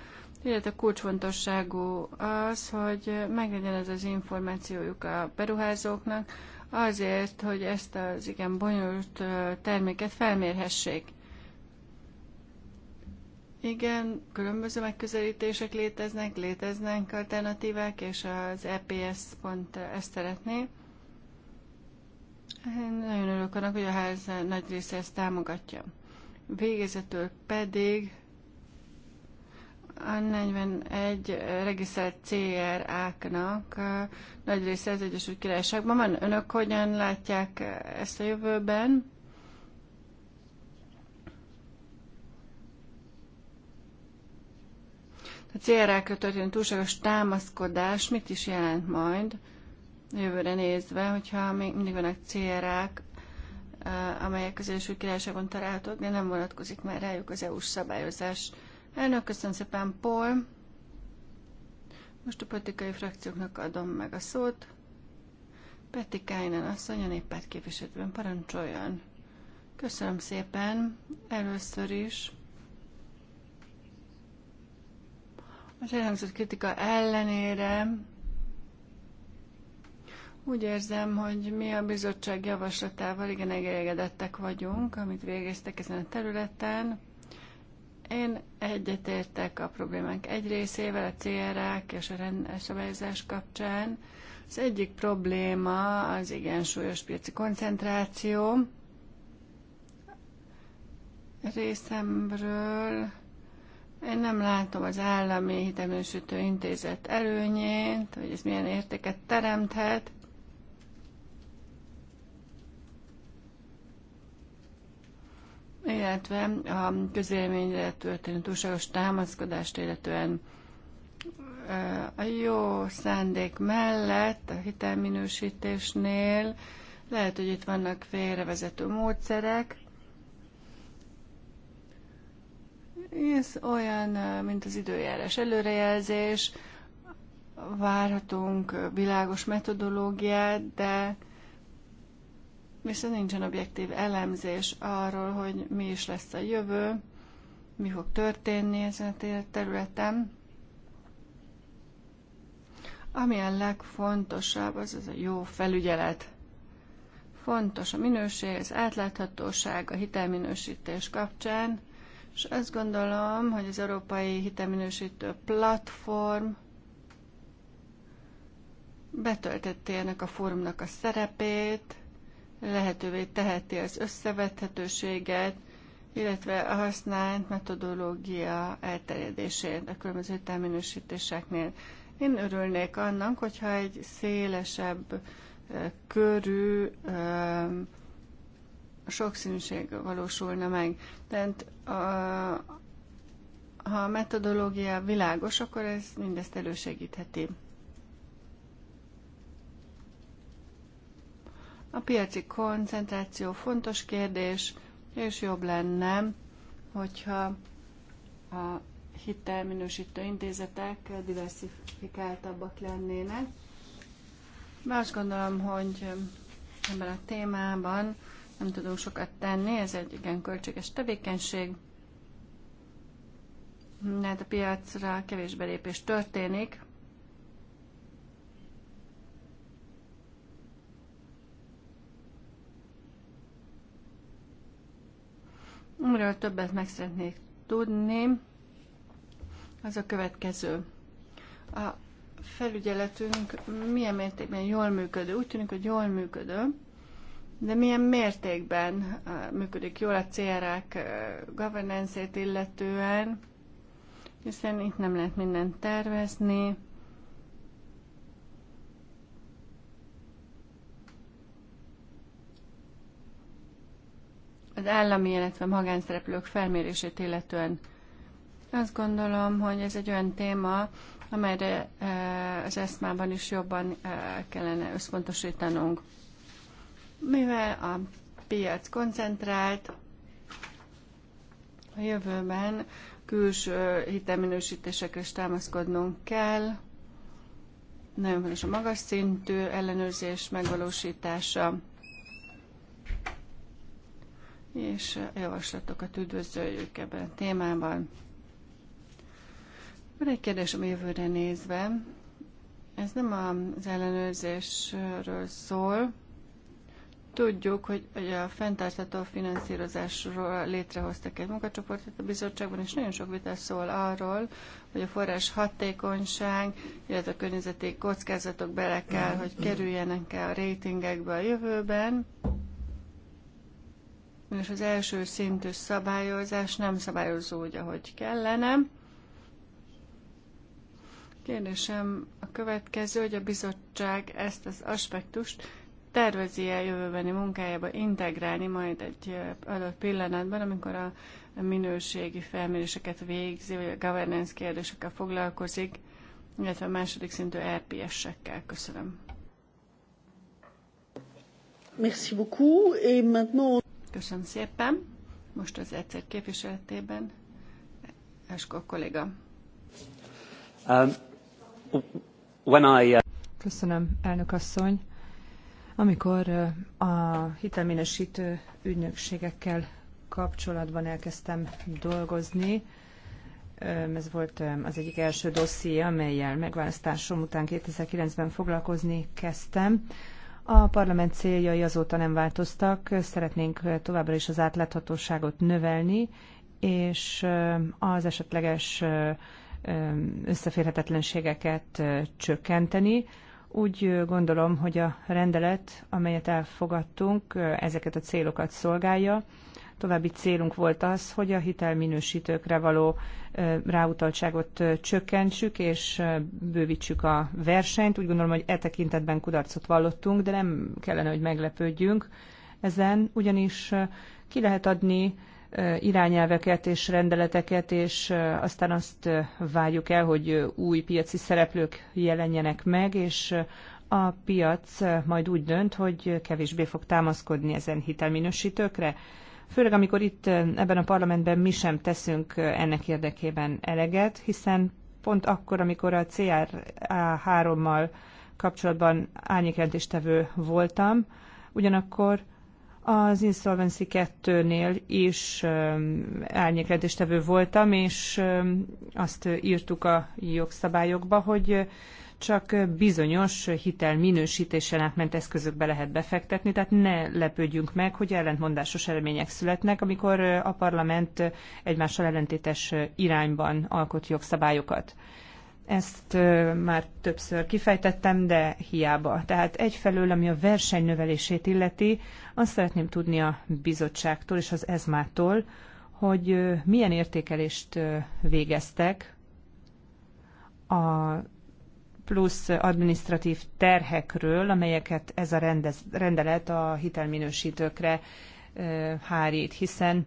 illetve kulcsfontosságú az, hogy meglegyen ez az információjuk a beruházóknak, azért, hogy ezt az igen bonyolult terméket felmérhessék. Igen, különböző megközelítések léteznek, léteznek alternatívák, és az EPS pont ezt szeretné. Én nagyon örülök annak, hogy a ház nagy része ezt támogatja. Végezetül pedig a 41 regisztrált CR knak nagy része az Egyesült Királyságban van. Önök hogyan látják ezt a jövőben? A CRA-kra történő túlságos támaszkodás mit is jelent majd jövőre nézve, hogyha még mindig vannak CRA-k, amelyek az Egyesült Királyságon találhatók, de nem vonatkozik már rájuk az EU-s szabályozás. Elnök, köszönöm szépen, Paul. Most a politikai frakcióknak adom meg a szót. Peti Kájnen asszony a néppárt képviselőben parancsoljon. Köszönöm szépen. Először is az elhangzott kritika ellenére úgy érzem, hogy mi a bizottság javaslatával igen elégedettek vagyunk, amit végeztek ezen a területen. Én egyetértek a problémánk egy részével, a CRA-k és a rendszabályozás kapcsán. Az egyik probléma az igen súlyos piaci koncentráció. Részemről én nem látom az állami hitelműsítő intézet előnyét, hogy ez milyen értéket teremthet. illetve a közélményre történő túlságos támaszkodást, illetően a jó szándék mellett a hitelminősítésnél lehet, hogy itt vannak félrevezető módszerek, ez olyan, mint az időjárás előrejelzés, várhatunk világos metodológiát, de viszont nincsen objektív elemzés arról, hogy mi is lesz a jövő, mi fog történni ezen a területen. Ami a legfontosabb, az az a jó felügyelet. Fontos a minőség, az átláthatóság a hitelminősítés kapcsán, és azt gondolom, hogy az Európai Hitelminősítő Platform betöltette ennek a fórumnak a szerepét, lehetővé teheti az összevethetőséget, illetve a használt metodológia elterjedését a különböző terminősítéseknél. Én örülnék annak, hogyha egy szélesebb körű sokszínűség valósulna meg. Tehát a, ha a metodológia világos, akkor ez mindezt elősegítheti. A piaci koncentráció fontos kérdés, és jobb lenne, hogyha a hitelminősítő intézetek diversifikáltabbak lennének. Bár azt gondolom, hogy ebben a témában nem tudunk sokat tenni, ez egy igen költséges tevékenység. Mert hát a piacra kevés belépés történik, Amiről többet meg szeretnék tudni, az a következő. A felügyeletünk milyen mértékben jól működő? Úgy tűnik, hogy jól működő, de milyen mértékben működik jól a CRA-k governance illetően, hiszen itt nem lehet mindent tervezni, az állami, illetve magánszereplők felmérését illetően. Azt gondolom, hogy ez egy olyan téma, amelyre e, az eszmában is jobban e, kellene összpontosítanunk. Mivel a piac koncentrált, a jövőben külső hitelminősítésekre is támaszkodnunk kell, nagyon fontos a magas szintű ellenőrzés megvalósítása és javaslatokat üdvözöljük ebben a témában. Van egy kérdésem jövőre nézve. Ez nem az ellenőrzésről szól. Tudjuk, hogy, a fenntartható finanszírozásról létrehoztak egy munkacsoportot a bizottságban, és nagyon sok vita szól arról, hogy a forrás hatékonyság, illetve a környezeti kockázatok bele kell, hogy kerüljenek-e a rétingekbe a jövőben és az első szintű szabályozás nem szabályozó úgy, ahogy kellene. Kérdésem a következő, hogy a bizottság ezt az aspektust tervezi-e jövőbeni munkájába integrálni majd egy adott pillanatban, amikor a minőségi felméréseket végzi, vagy a governance kérdésekkel foglalkozik, illetve a második szintű RPS-ekkel. Köszönöm. Merci beaucoup. Et maintenant... Köszönöm szépen. Most az egyszer képviseletében Esko kolléga. Um, when I, uh... Köszönöm, elnök asszony. Amikor uh, a hitelminősítő ügynökségekkel kapcsolatban elkezdtem dolgozni, um, ez volt um, az egyik első dosszié, amelyel megválasztásom után 2009-ben foglalkozni kezdtem. A parlament céljai azóta nem változtak, szeretnénk továbbra is az átláthatóságot növelni, és az esetleges összeférhetetlenségeket csökkenteni. Úgy gondolom, hogy a rendelet, amelyet elfogadtunk, ezeket a célokat szolgálja, További célunk volt az, hogy a hitelminősítőkre való ráutaltságot csökkentsük, és bővítsük a versenyt. Úgy gondolom, hogy e tekintetben kudarcot vallottunk, de nem kellene, hogy meglepődjünk ezen, ugyanis ki lehet adni irányelveket és rendeleteket, és aztán azt várjuk el, hogy új piaci szereplők jelenjenek meg, és a piac majd úgy dönt, hogy kevésbé fog támaszkodni ezen hitelminősítőkre főleg amikor itt eh, ebben a parlamentben mi sem teszünk eh, ennek érdekében eleget, hiszen pont akkor, amikor a CR3-mal kapcsolatban árnyékjelentéstevő voltam, ugyanakkor az Insolvency 2-nél is eh, árnyékjelentéstevő voltam, és azt írtuk a jogszabályokba, hogy csak bizonyos hitel hitelminősítésen átment eszközökbe lehet befektetni, tehát ne lepődjünk meg, hogy ellentmondásos eredmények születnek, amikor a parlament egymással ellentétes irányban alkot jogszabályokat. Ezt már többször kifejtettem, de hiába. Tehát egyfelől, ami a verseny növelését illeti, azt szeretném tudni a bizottságtól és az ezmától, hogy milyen értékelést végeztek a plusz administratív terhekről, amelyeket ez a rendez, rendelet a hitelminősítőkre hárít, hiszen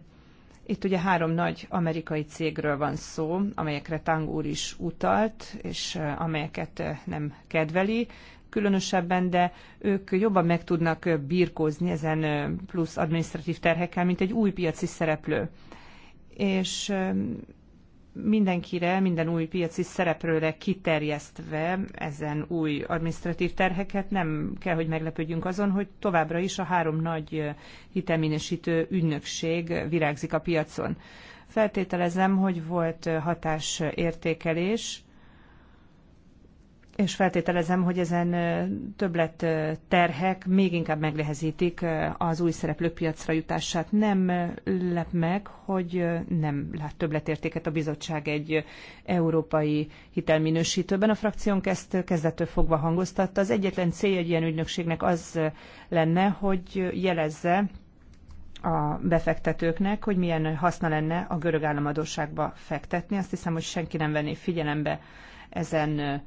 itt ugye három nagy amerikai cégről van szó, amelyekre Tang úr is utalt, és amelyeket nem kedveli különösebben, de ők jobban meg tudnak birkózni ezen plusz administratív terhekkel, mint egy új piaci szereplő. És mindenkire, minden új piaci szereplőre kiterjesztve ezen új administratív terheket, nem kell, hogy meglepődjünk azon, hogy továbbra is a három nagy hitelminősítő ügynökség virágzik a piacon. Feltételezem, hogy volt hatásértékelés, és feltételezem, hogy ezen többlet terhek még inkább megnehezítik az új szereplőpiacra piacra jutását. Nem lep meg, hogy nem lát többletértéket a bizottság egy európai hitelminősítőben. A frakciónk ezt kezdettől fogva hangoztatta. Az egyetlen cél egy ilyen ügynökségnek az lenne, hogy jelezze, a befektetőknek, hogy milyen haszna lenne a görög államadóságba fektetni. Azt hiszem, hogy senki nem venné figyelembe ezen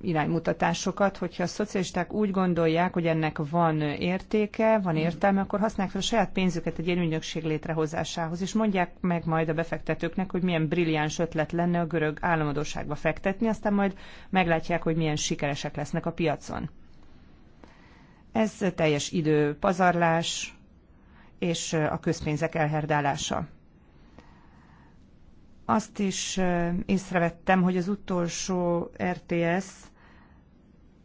iránymutatásokat, hogyha a szocialisták úgy gondolják, hogy ennek van értéke, van értelme, akkor használják fel a saját pénzüket egy ilyen létrehozásához, és mondják meg majd a befektetőknek, hogy milyen brilliáns ötlet lenne a görög államadóságba fektetni, aztán majd meglátják, hogy milyen sikeresek lesznek a piacon. Ez teljes idő pazarlás és a közpénzek elherdálása. Azt is észrevettem, hogy az utolsó RTS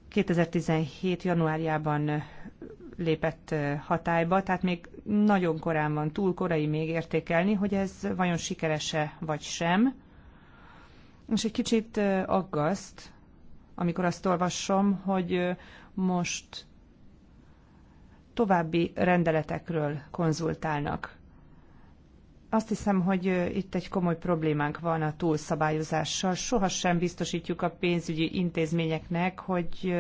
2017. januárjában lépett hatályba, tehát még nagyon korán van, túl korai még értékelni, hogy ez vajon sikerese vagy sem. És egy kicsit aggaszt, amikor azt olvasom, hogy most további rendeletekről konzultálnak. Azt hiszem, hogy itt egy komoly problémánk van a túlszabályozással. Sohasem biztosítjuk a pénzügyi intézményeknek, hogy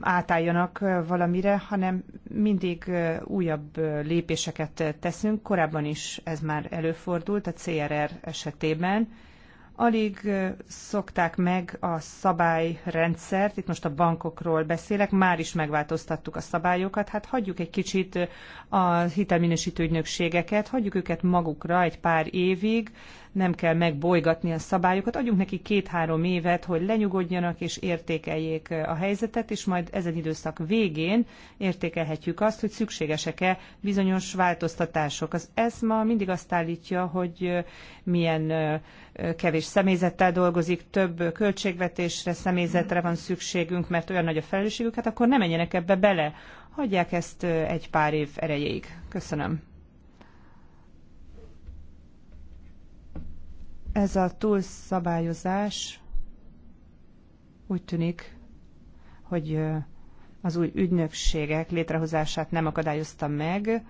átálljanak valamire, hanem mindig újabb lépéseket teszünk. Korábban is ez már előfordult a CRR esetében Alig szokták meg a szabályrendszert, itt most a bankokról beszélek, már is megváltoztattuk a szabályokat, hát hagyjuk egy kicsit a hitelminősítő ügynökségeket, hagyjuk őket magukra egy pár évig, nem kell megbolygatni a szabályokat, adjunk neki két-három évet, hogy lenyugodjanak és értékeljék eh, a helyzetet, és majd ezen időszak végén értékelhetjük azt, hogy szükségesek-e bizonyos változtatások. Az ESMA mindig azt állítja, hogy eh, milyen eh, kevés személyzettel dolgozik, több költségvetésre, személyzetre van szükségünk, mert olyan nagy a felelősségük, hát akkor nem menjenek ebbe bele. Hagyják ezt egy pár év erejéig. Köszönöm. Ez a túlszabályozás úgy tűnik, hogy az új ügynökségek létrehozását nem akadályozta meg.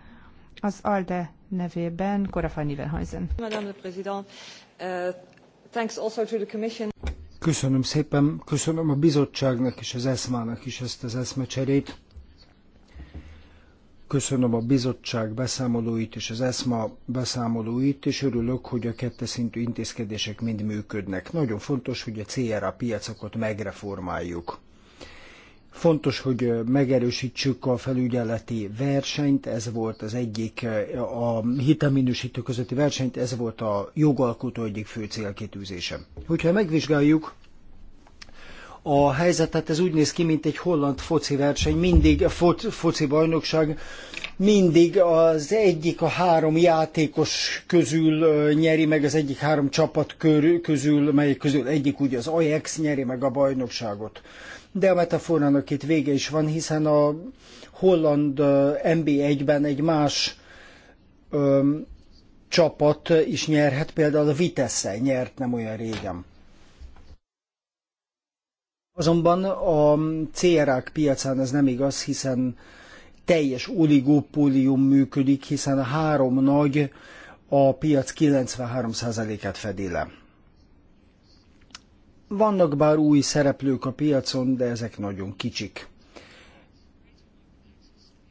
Az ALDE nevében Korafaj van euh, Köszönöm szépen, köszönöm a bizottságnak és az eszmának is ezt az eszmecserét. Köszönöm a bizottság beszámolóit és az ESMA beszámolóit, és örülök, hogy a kettes szintű intézkedések mind működnek. Nagyon fontos, hogy a CRA piacokat megreformáljuk. Fontos, hogy megerősítsük a felügyeleti versenyt, ez volt az egyik, a hitelminősítő közötti versenyt, ez volt a jogalkotó egyik fő célkitűzése. Hogyha megvizsgáljuk a helyzetet. Ez úgy néz ki, mint egy holland foci verseny, mindig a foci bajnokság, mindig az egyik a három játékos közül nyeri meg, az egyik három csapat közül, melyik közül egyik ugye az Ajax nyeri meg a bajnokságot. De a metaforának itt vége is van, hiszen a holland NB 1 ben egy más öm, csapat is nyerhet, például a Vitesse nyert nem olyan régen. Azonban a cra piacán ez nem igaz, hiszen teljes oligopólium működik, hiszen a három nagy a piac 93%-át fedi le. Vannak bár új szereplők a piacon, de ezek nagyon kicsik.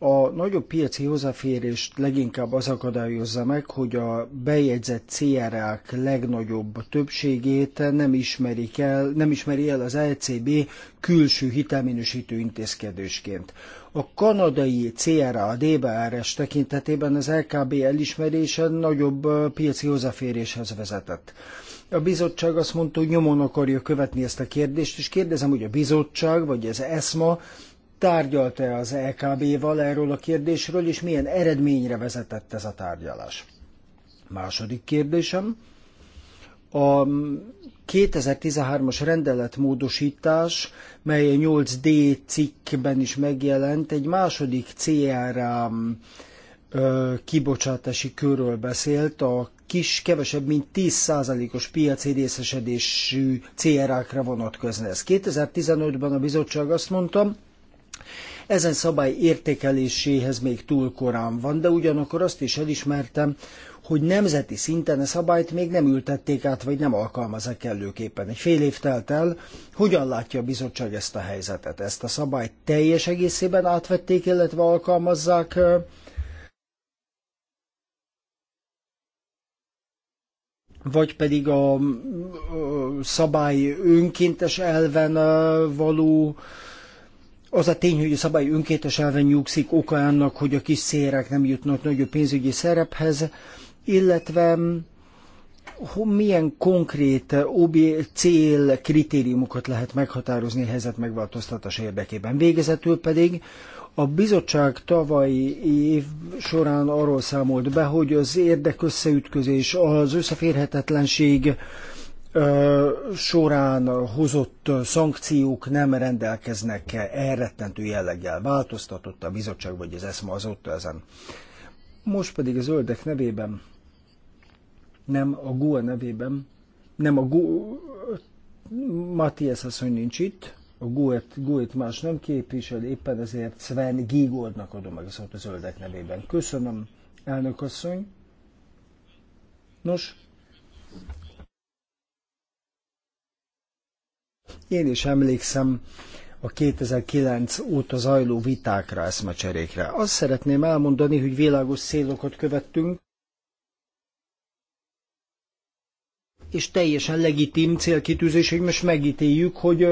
A nagyobb piaci hozzáférést leginkább az akadályozza meg, hogy a bejegyzett CRL-k legnagyobb többségét nem ismerik el, nem ismeri el az ECB külső hitelminősítő intézkedésként. A kanadai CRA, DBRS tekintetében az LKB elismerése nagyobb piaci hozzáféréshez vezetett. A bizottság azt mondta, hogy nyomon akarja követni ezt a kérdést, és kérdezem, hogy a bizottság vagy az ESMA tárgyalt e az LKB-val erről a kérdésről, és milyen eredményre vezetett ez a tárgyalás? Második kérdésem. A 2013-as rendeletmódosítás, mely a 8D cikkben is megjelent, egy második CRA kibocsátási körről beszélt, a kis, kevesebb, mint 10%-os piaci részesedésű CRA-kra vonatkozni. ez. 2015-ben a bizottság azt mondta, ezen szabály értékeléséhez még túl korán van, de ugyanakkor azt is elismertem, hogy nemzeti szinten a szabályt még nem ültették át, vagy nem alkalmazzák kellőképpen. Egy fél év telt el, hogyan látja a bizottság ezt a helyzetet? Ezt a szabályt teljes egészében átvették, illetve alkalmazzák? Vagy pedig a szabály önkéntes elven való az a tény, hogy a szabály önkétes elven nyugszik oka annak, hogy a kis szérek nem jutnak nagyobb pénzügyi szerephez, illetve milyen konkrét OB cél kritériumokat lehet meghatározni a helyzet megváltoztatása érdekében. Végezetül pedig a bizottság tavalyi év során arról számolt be, hogy az érdekösszeütközés, az összeférhetetlenség, során hozott szankciók nem rendelkeznek elrettentő jelleggel. Változtatott a bizottság vagy az ESMA ott ezen. Most pedig a zöldek nevében, nem a GUA e nevében, nem a GUA, e, Matthias asszony nincs itt, a GUA-t, GUA-t más nem képvisel, éppen ezért Sven Gigordnak adom meg a szót a zöldek nevében. Köszönöm, elnök asszony. Nos, Én is emlékszem a 2009 óta zajló vitákra, eszmecserékre. Azt szeretném elmondani, hogy világos célokat követtünk, és teljesen legitim célkitűzés, hogy most megítéljük, hogy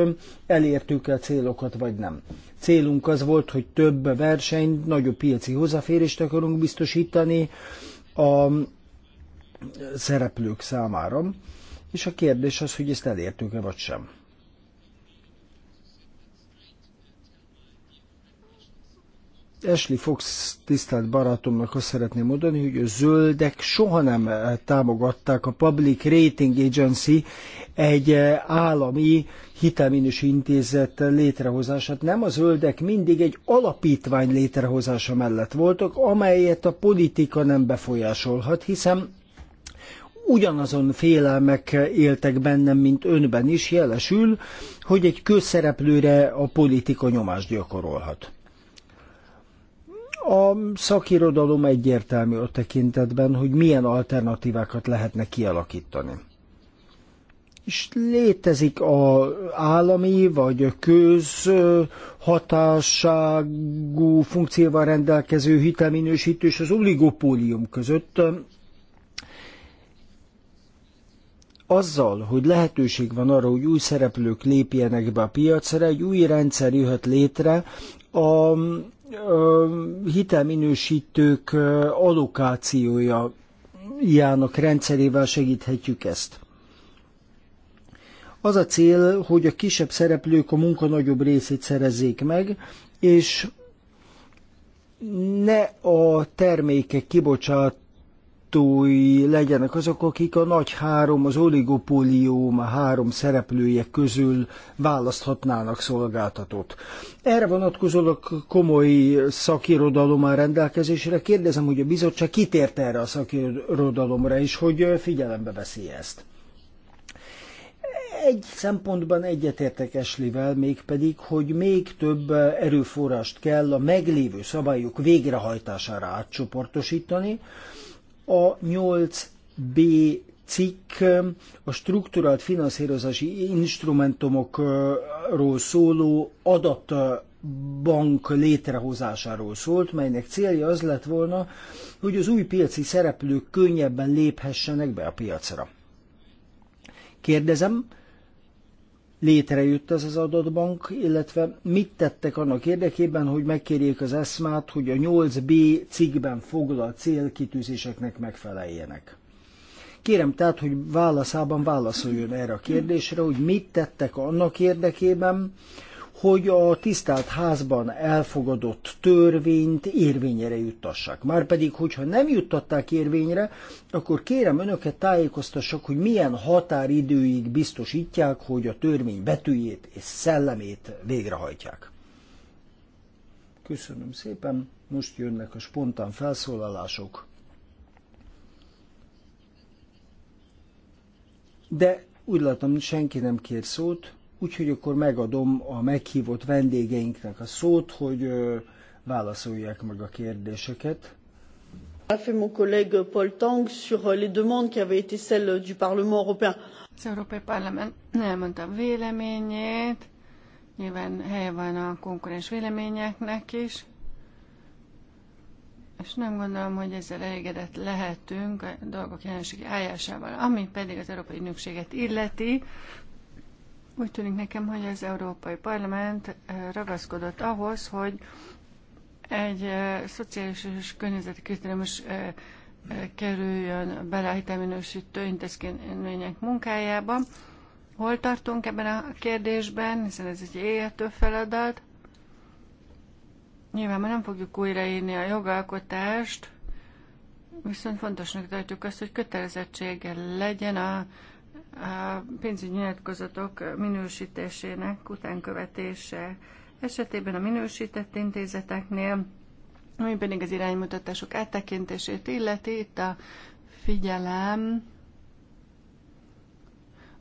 elértük-e célokat, vagy nem. Célunk az volt, hogy több verseny, nagyobb piaci hozzáférést akarunk biztosítani a szereplők számára, és a kérdés az, hogy ezt elértük-e, vagy sem. Ashley Fox tisztelt barátomnak azt szeretném mondani, hogy a zöldek soha nem eh, támogatták a Public Rating Agency egy eh, állami hitelminős intézet létrehozását. Nem a zöldek mindig egy alapítvány létrehozása mellett voltak, amelyet a politika nem befolyásolhat, hiszen ugyanazon félelmek eh, éltek bennem, mint önben is, jelesül, hogy egy közszereplőre a politika nyomást gyakorolhat. A szakirodalom egyértelmű a tekintetben, hogy milyen alternatívákat lehetne kialakítani. És létezik a állami vagy közhatásságú funkcióval rendelkező hitelminősítő és az oligopólium között, azzal, hogy lehetőség van arra, hogy új szereplők lépjenek be a piacra, egy új rendszer jöhet létre a hitelminősítők allokációja jának rendszerével segíthetjük ezt. Az a cél, hogy a kisebb szereplők a munka nagyobb részét szerezzék meg, és ne a termékek kibocsát gyártói legyenek azok, akik a nagy három, az oligopólium a három szereplője közül választhatnának szolgáltatót. Erre vonatkozólag komoly szakirodalom áll rendelkezésre. Kérdezem, hogy a bizottság kitért erre a szakirodalomra is, hogy figyelembe veszi ezt egy szempontban egyetértek Eslivel, mégpedig, hogy még több erőforrást kell a meglévő szabályok végrehajtására átcsoportosítani, a 8B cikk a strukturált finanszírozási instrumentumokról szóló adatbank létrehozásáról szólt, melynek célja az lett volna, hogy az új piaci szereplők könnyebben léphessenek be a piacra. Kérdezem, létrejött ez az adatbank, illetve mit tettek annak érdekében, hogy megkérjék az eszmát, hogy a 8B cikkben foglalt célkitűzéseknek megfeleljenek. Kérem tehát, hogy válaszában válaszoljon erre a kérdésre, hogy mit tettek annak érdekében, hogy a tisztelt házban elfogadott törvényt érvényre juttassák. Márpedig, hogyha nem juttatták érvényre, akkor kérem önöket tájékoztassak, hogy milyen határidőig biztosítják, hogy a törvény betűjét és szellemét végrehajtják. Köszönöm szépen, most jönnek a spontán felszólalások. De úgy látom, senki nem kér szót, Úgyhogy akkor megadom a meghívott vendégeinknek a szót, hogy válaszolják meg a kérdéseket. A fait mon collègue Paul Tang sur les demandes qui avaient été celles du Parlement européen. Az Európai Parlament elmondta véleményét, nyilván helye van a konkurens véleményeknek is, és nem gondolom, hogy ezzel elégedett lehetünk a dolgok jelenségi állásával. Ami pedig az Európai Ügynökséget illeti, úgy tűnik nekem, hogy az Európai Parlament eh, ragaszkodott ahhoz, hogy egy eh, szociális és környezeti kritériumos eh, kerüljön bele a hitelminősítő intézkedmények munkájába. Hol tartunk ebben a kérdésben, hiszen ez egy égető feladat. Nyilván már nem fogjuk újraírni a jogalkotást, viszont fontosnak tartjuk azt, hogy kötelezettsége legyen a a pénzügyi nyilatkozatok minősítésének utánkövetése esetében a minősített intézeteknél, ami pedig az iránymutatások áttekintését illeti, itt a figyelem,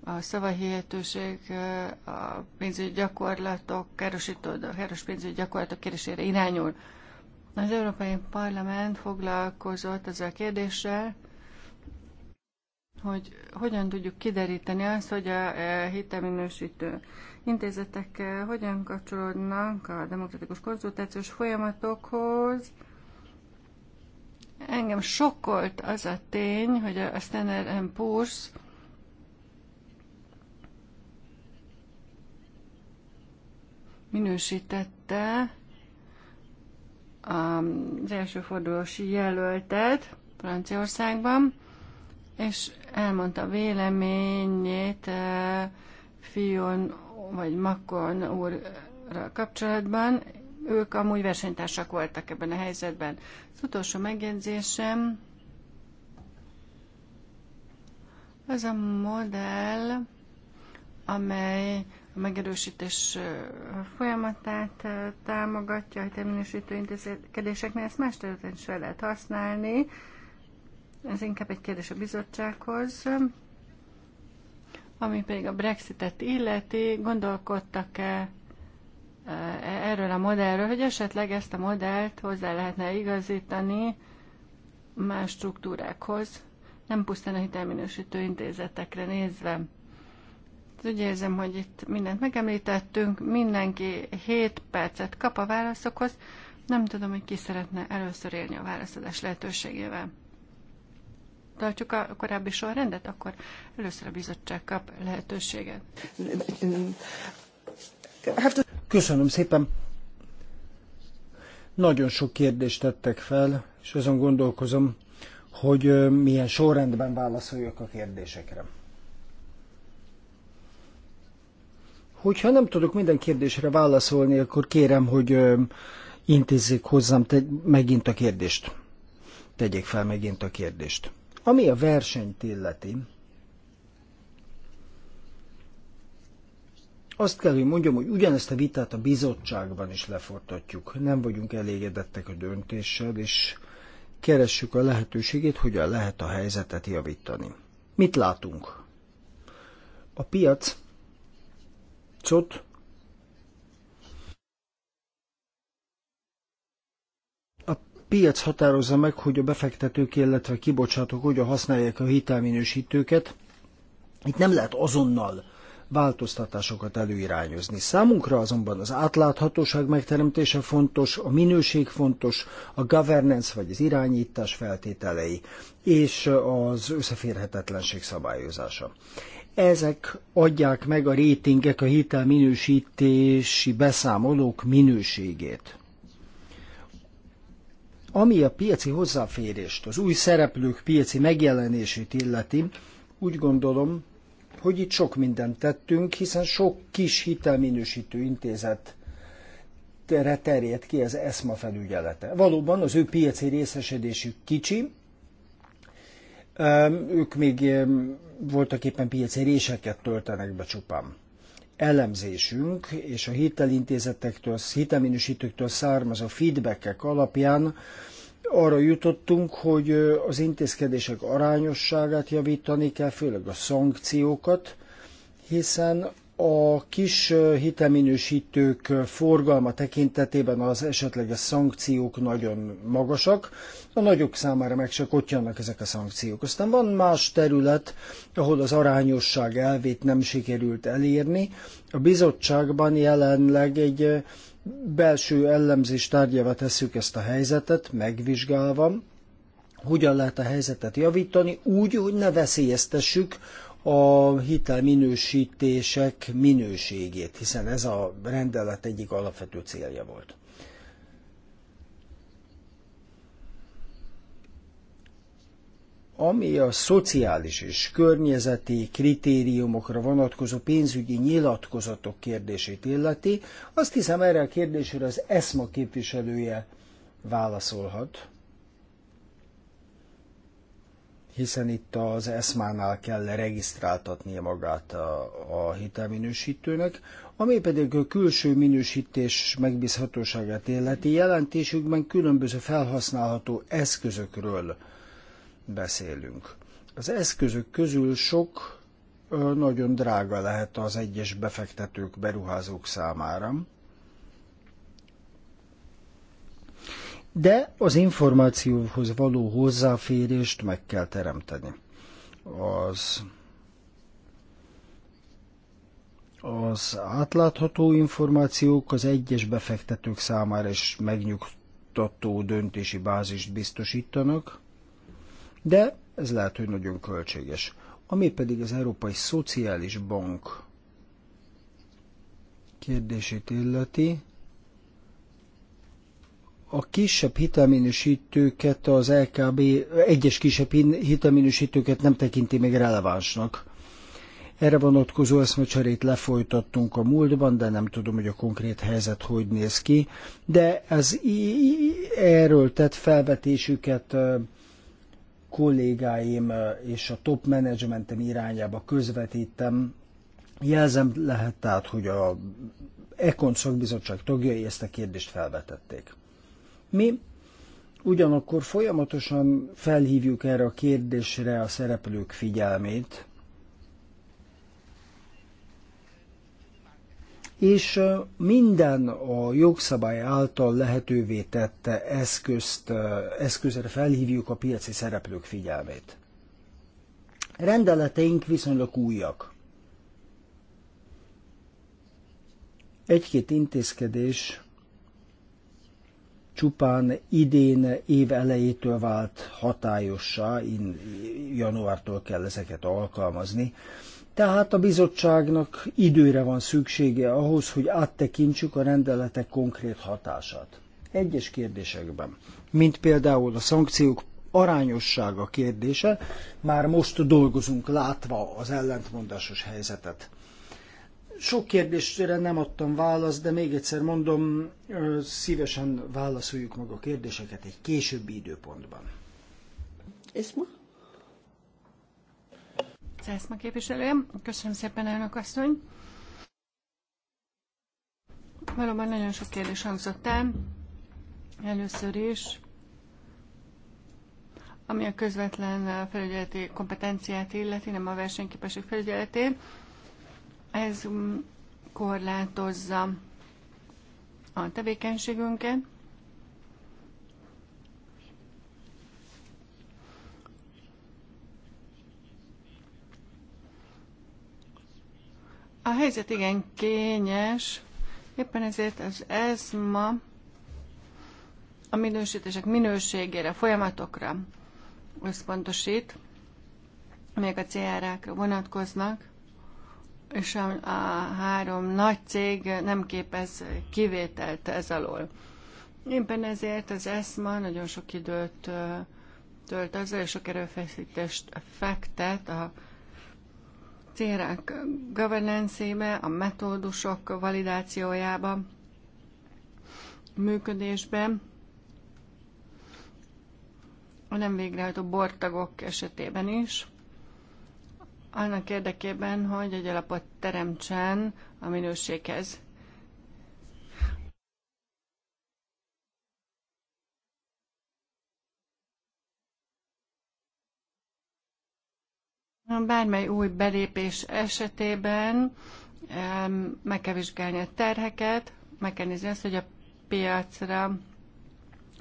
a szavahihetőség, a pénzügyi gyakorlatok, károsító, káros pénzügyi gyakorlatok kérésére irányul. Az Európai Parlament foglalkozott ezzel a kérdéssel, hogy hogyan tudjuk kideríteni azt, hogy a e, hitelminősítő intézetek hogyan kapcsolódnak a demokratikus konzultációs folyamatokhoz. Engem sokkolt az a tény, hogy a Standard Poor's minősítette az fordulós jelöltet Franciaországban, és elmondta véleményét eh, Fion vagy Makon úrral kapcsolatban. Ők amúgy versenytársak voltak ebben a helyzetben. Az utolsó megjegyzésem az a modell, amely a megerősítés eh, folyamatát eh, támogatja a hitelminősítő intézkedéseknél, ezt más területen is fel lehet használni, ez inkább egy kérdés a bizottsághoz. Ami pedig a Brexitet illeti, gondolkodtak-e e, erről a modellről, hogy esetleg ezt a modellt hozzá lehetne igazítani más struktúrákhoz, nem pusztán a hitelminősítő intézetekre nézve. Hát úgy érzem, hogy itt mindent megemlítettünk, mindenki 7 percet kap a válaszokhoz. Nem tudom, hogy ki szeretne először élni a válaszadás lehetőségével tartjuk a korábbi sorrendet, akkor először a bizottság kap lehetőséget. Köszönöm szépen. Nagyon sok kérdést tettek fel, és azon gondolkozom, hogy milyen sorrendben válaszoljak a kérdésekre. Hogyha nem tudok minden kérdésre válaszolni, akkor kérem, hogy intézzék hozzám te- megint a kérdést. Tegyék fel megint a kérdést. Ami a versenyt illeti, azt kell, hogy mondjam, hogy ugyanezt a vitát a bizottságban is lefortatjuk. Nem vagyunk elégedettek a döntéssel, és keressük a lehetőségét, hogyan lehet a helyzetet javítani. Mit látunk? A piac cot piac határozza meg, hogy a befektetők, illetve a kibocsátók hogyan használják a hitelminősítőket. Itt nem lehet azonnal változtatásokat előirányozni. Számunkra azonban az átláthatóság megteremtése fontos, a minőség fontos, a governance vagy az irányítás feltételei és az összeférhetetlenség szabályozása. Ezek adják meg a rétingek, a hitelminősítési beszámolók minőségét. Ami a piaci hozzáférést, az új szereplők piaci megjelenését illeti, úgy gondolom, hogy itt sok mindent tettünk, hiszen sok kis hitelminősítő intézet terjed ki az ESMA felügyelete. Valóban az ő piaci részesedésük kicsi, ők még voltak éppen piaci réseket töltenek be csupán elemzésünk és a hitelintézetektől, hitelminősítőktől származó feedbackek alapján arra jutottunk, hogy az intézkedések arányosságát javítani kell, főleg a szankciókat, hiszen a kis hiteminősítők forgalma tekintetében az esetleges szankciók nagyon magasak, a nagyok számára meg se kottyannak ezek a szankciók. Aztán van más terület, ahol az arányosság elvét nem sikerült elérni. A bizottságban jelenleg egy belső ellenzés tárgyává tesszük ezt a helyzetet, megvizsgálva, hogyan lehet a helyzetet javítani, úgy, hogy ne veszélyeztessük a hitelminősítések minőségét, hiszen ez a rendelet egyik alapvető célja volt. ami a szociális és környezeti kritériumokra vonatkozó pénzügyi nyilatkozatok kérdését illeti, azt hiszem erre a kérdésre az ESMA képviselője válaszolhat hiszen itt az ESMA-nál kell regisztráltatnia magát a, a hitelminősítőnek, ami pedig a külső minősítés megbízhatóságát illeti jelentésükben különböző felhasználható eszközökről beszélünk. Az eszközök közül sok nagyon drága lehet az egyes befektetők, beruházók számára. de az információhoz való hozzáférést meg kell teremteni. Az az átlátható információk az egyes befektetők számára is megnyugtató döntési bázist biztosítanak, de ez lehet, hogy nagyon költséges. Ami pedig az Európai Szociális Bank kérdését illeti, a kisebb hitelminősítőket az LKB, egyes kisebb hitelminősítőket nem tekinti még relevánsnak. Erre vonatkozó eszmecserét lefolytattunk a múltban, de nem tudom, hogy a konkrét helyzet hogy néz ki. De az erről tett felvetésüket kollégáim és a top menedzsmentem irányába közvetítem. Jelzem lehet tehát, hogy a Ekon szakbizottság tagjai ezt a kérdést felvetették. Mi ugyanakkor folyamatosan felhívjuk erre a kérdésre a szereplők figyelmét, és minden a jogszabály által lehetővé tette eszközt, eszközre felhívjuk a piaci szereplők figyelmét. Rendeleteink viszonylag újak. Egy-két intézkedés csupán idén év elejétől vált hatályossá, in, januártól kell ezeket alkalmazni. Tehát a bizottságnak időre van szüksége ahhoz, hogy áttekintsük a rendeletek konkrét hatását. Egyes kérdésekben, mint például a szankciók arányossága kérdése, már most dolgozunk látva az ellentmondásos helyzetet. Sok kérdésre nem adtam választ, de még egyszer mondom, szívesen válaszoljuk meg a kérdéseket egy későbbi időpontban. Eszma? Eszma képviselője, köszönöm szépen, elnök asszony. Valóban nagyon sok kérdés hangzott el. Először is, ami a közvetlen felügyeleti kompetenciát illeti, nem a versenyképesség felügyeletét ez korlátozza a tevékenységünket. A helyzet igen kényes, éppen ezért az ESMA a minősítések minőségére, folyamatokra összpontosít, amelyek a CRA-kra er vonatkoznak és a, a három nagy cég nem képez kivételt ez alól. Éppen ezért az ESMA nagyon sok időt tölt azzal, és sok erőfeszítést fektet a célrák governance a metódusok validációjába, működésbe, a nem végrehajtó bortagok esetében is annak érdekében, hogy egy alapot teremtsen a minőséghez. Bármely új belépés esetében meg kell vizsgálni a terheket, meg kell nézni azt, hogy a piacra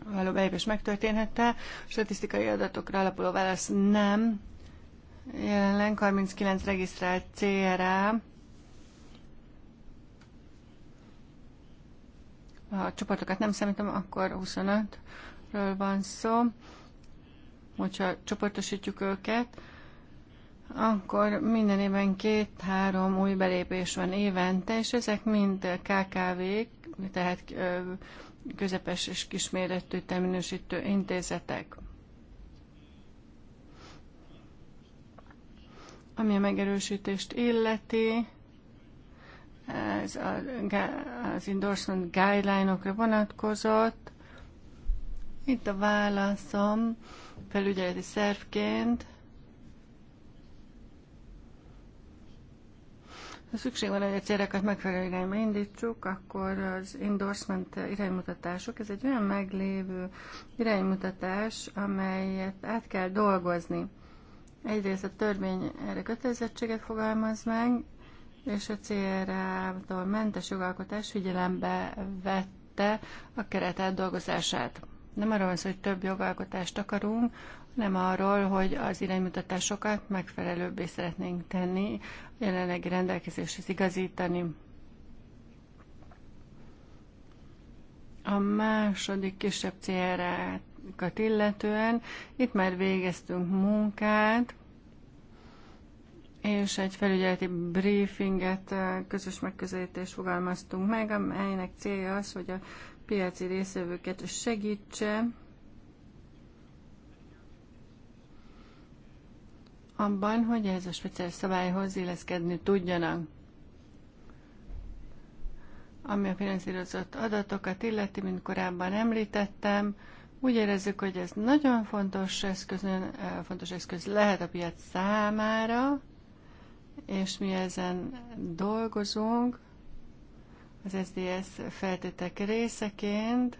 való belépés megtörténhette, e Statisztikai adatokra alapuló válasz nem, Jelenleg 39 regisztrált CRA. Ha a csoportokat nem számítom, akkor 25-ről van szó. Hogyha csoportosítjuk őket, akkor minden évben két-három új belépés van évente, és ezek mind KKV-k, tehát közepes és kisméretű terminősítő intézetek. Ami a megerősítést illeti, ez a, az endorsement guideline-okra vonatkozott. Itt a válaszom felügyeleti szervként. Ha szükség van, hogy a célokat megfelelő irányba indítsuk, akkor az endorsement iránymutatások, ez egy olyan meglévő iránymutatás, amelyet át kell dolgozni. Egyrészt a törvény erre kötelezettséget fogalmaz meg, és a CRA-tól mentes jogalkotás figyelembe vette a keret dolgozását. Nem arról van szó, hogy több jogalkotást akarunk, nem arról, hogy az iránymutatásokat megfelelőbbé szeretnénk tenni, a jelenlegi rendelkezéshez igazítani. A második kisebb CRA-t programokat illetően. Itt már végeztünk munkát, és egy felügyeleti briefinget, eh, közös megközelítést fogalmaztunk meg, amelynek célja az, hogy a piaci részvevőket segítse abban, hogy ez a speciális szabályhoz illeszkedni tudjanak. Ami a finanszírozott adatokat illeti, mint korábban említettem, úgy érezzük, hogy ez nagyon fontos eszköz, nagyon fontos eszköz lehet a piac számára, és mi ezen dolgozunk az SDS feltétek részeként,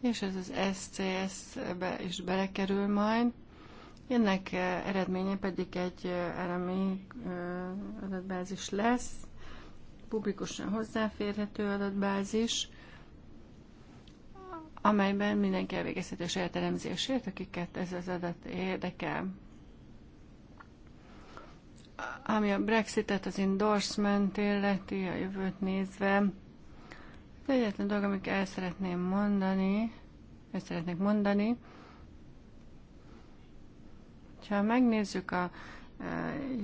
és ez az SCS-be is belekerül majd. Ennek eredménye pedig egy RMI adatbázis lesz, publikusan hozzáférhető adatbázis, amelyben mindenki elvégezheti a saját elemzését, akiket ez az adat érdekel. Ami a Brexitet, az endorsement illeti, a jövőt nézve, az egyetlen dolog, amit el szeretném mondani, el szeretnék mondani, ha megnézzük a e,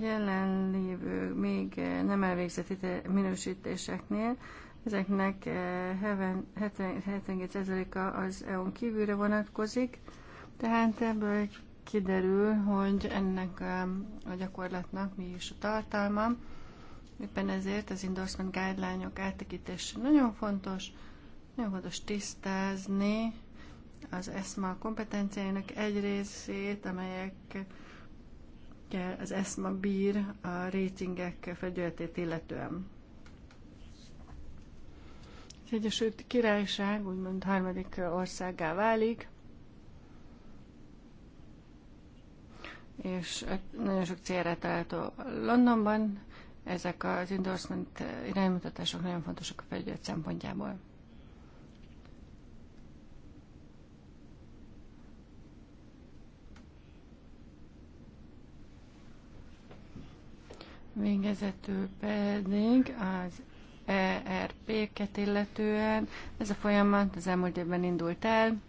jelenlévő még nem elvégzett minősítéseknél, Ezeknek 71 eh, a az EU-n kívülre vonatkozik, tehát ebből kiderül, hogy ennek eh, a gyakorlatnak mi is a tartalma. Éppen ezért az endorsement guideline -ok áttekintése nagyon fontos, nagyon fontos tisztázni az ESMA kompetenciáinak egy részét, amelyek az ESMA bír a ratingek felügyeletét illetően. Az Egyesült Királyság úgymond harmadik országá válik, és nagyon sok célra található Londonban. Ezek az endorsement iránymutatások nagyon fontosak a felügyelet szempontjából. Végezetül pedig az ERP-ket illetően. Ez a folyamat az elmúlt évben indult el,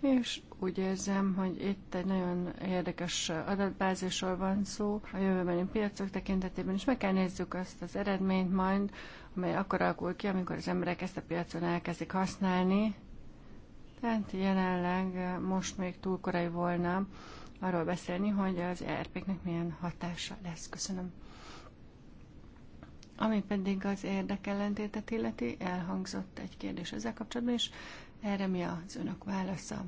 és úgy érzem, hogy itt egy nagyon érdekes adatbázisról van szó a jövőbeni piacok tekintetében, és meg kell nézzük azt az eredményt majd, amely akkor alakul ki, amikor az emberek ezt a piacon elkezdik használni. Tehát jelenleg most még túl korai volna arról beszélni, hogy az ERP-knek milyen hatása lesz. Köszönöm. Ami pedig az érdekellentétet illeti, elhangzott egy kérdés ezzel kapcsolatban, és erre mi az önök válasza?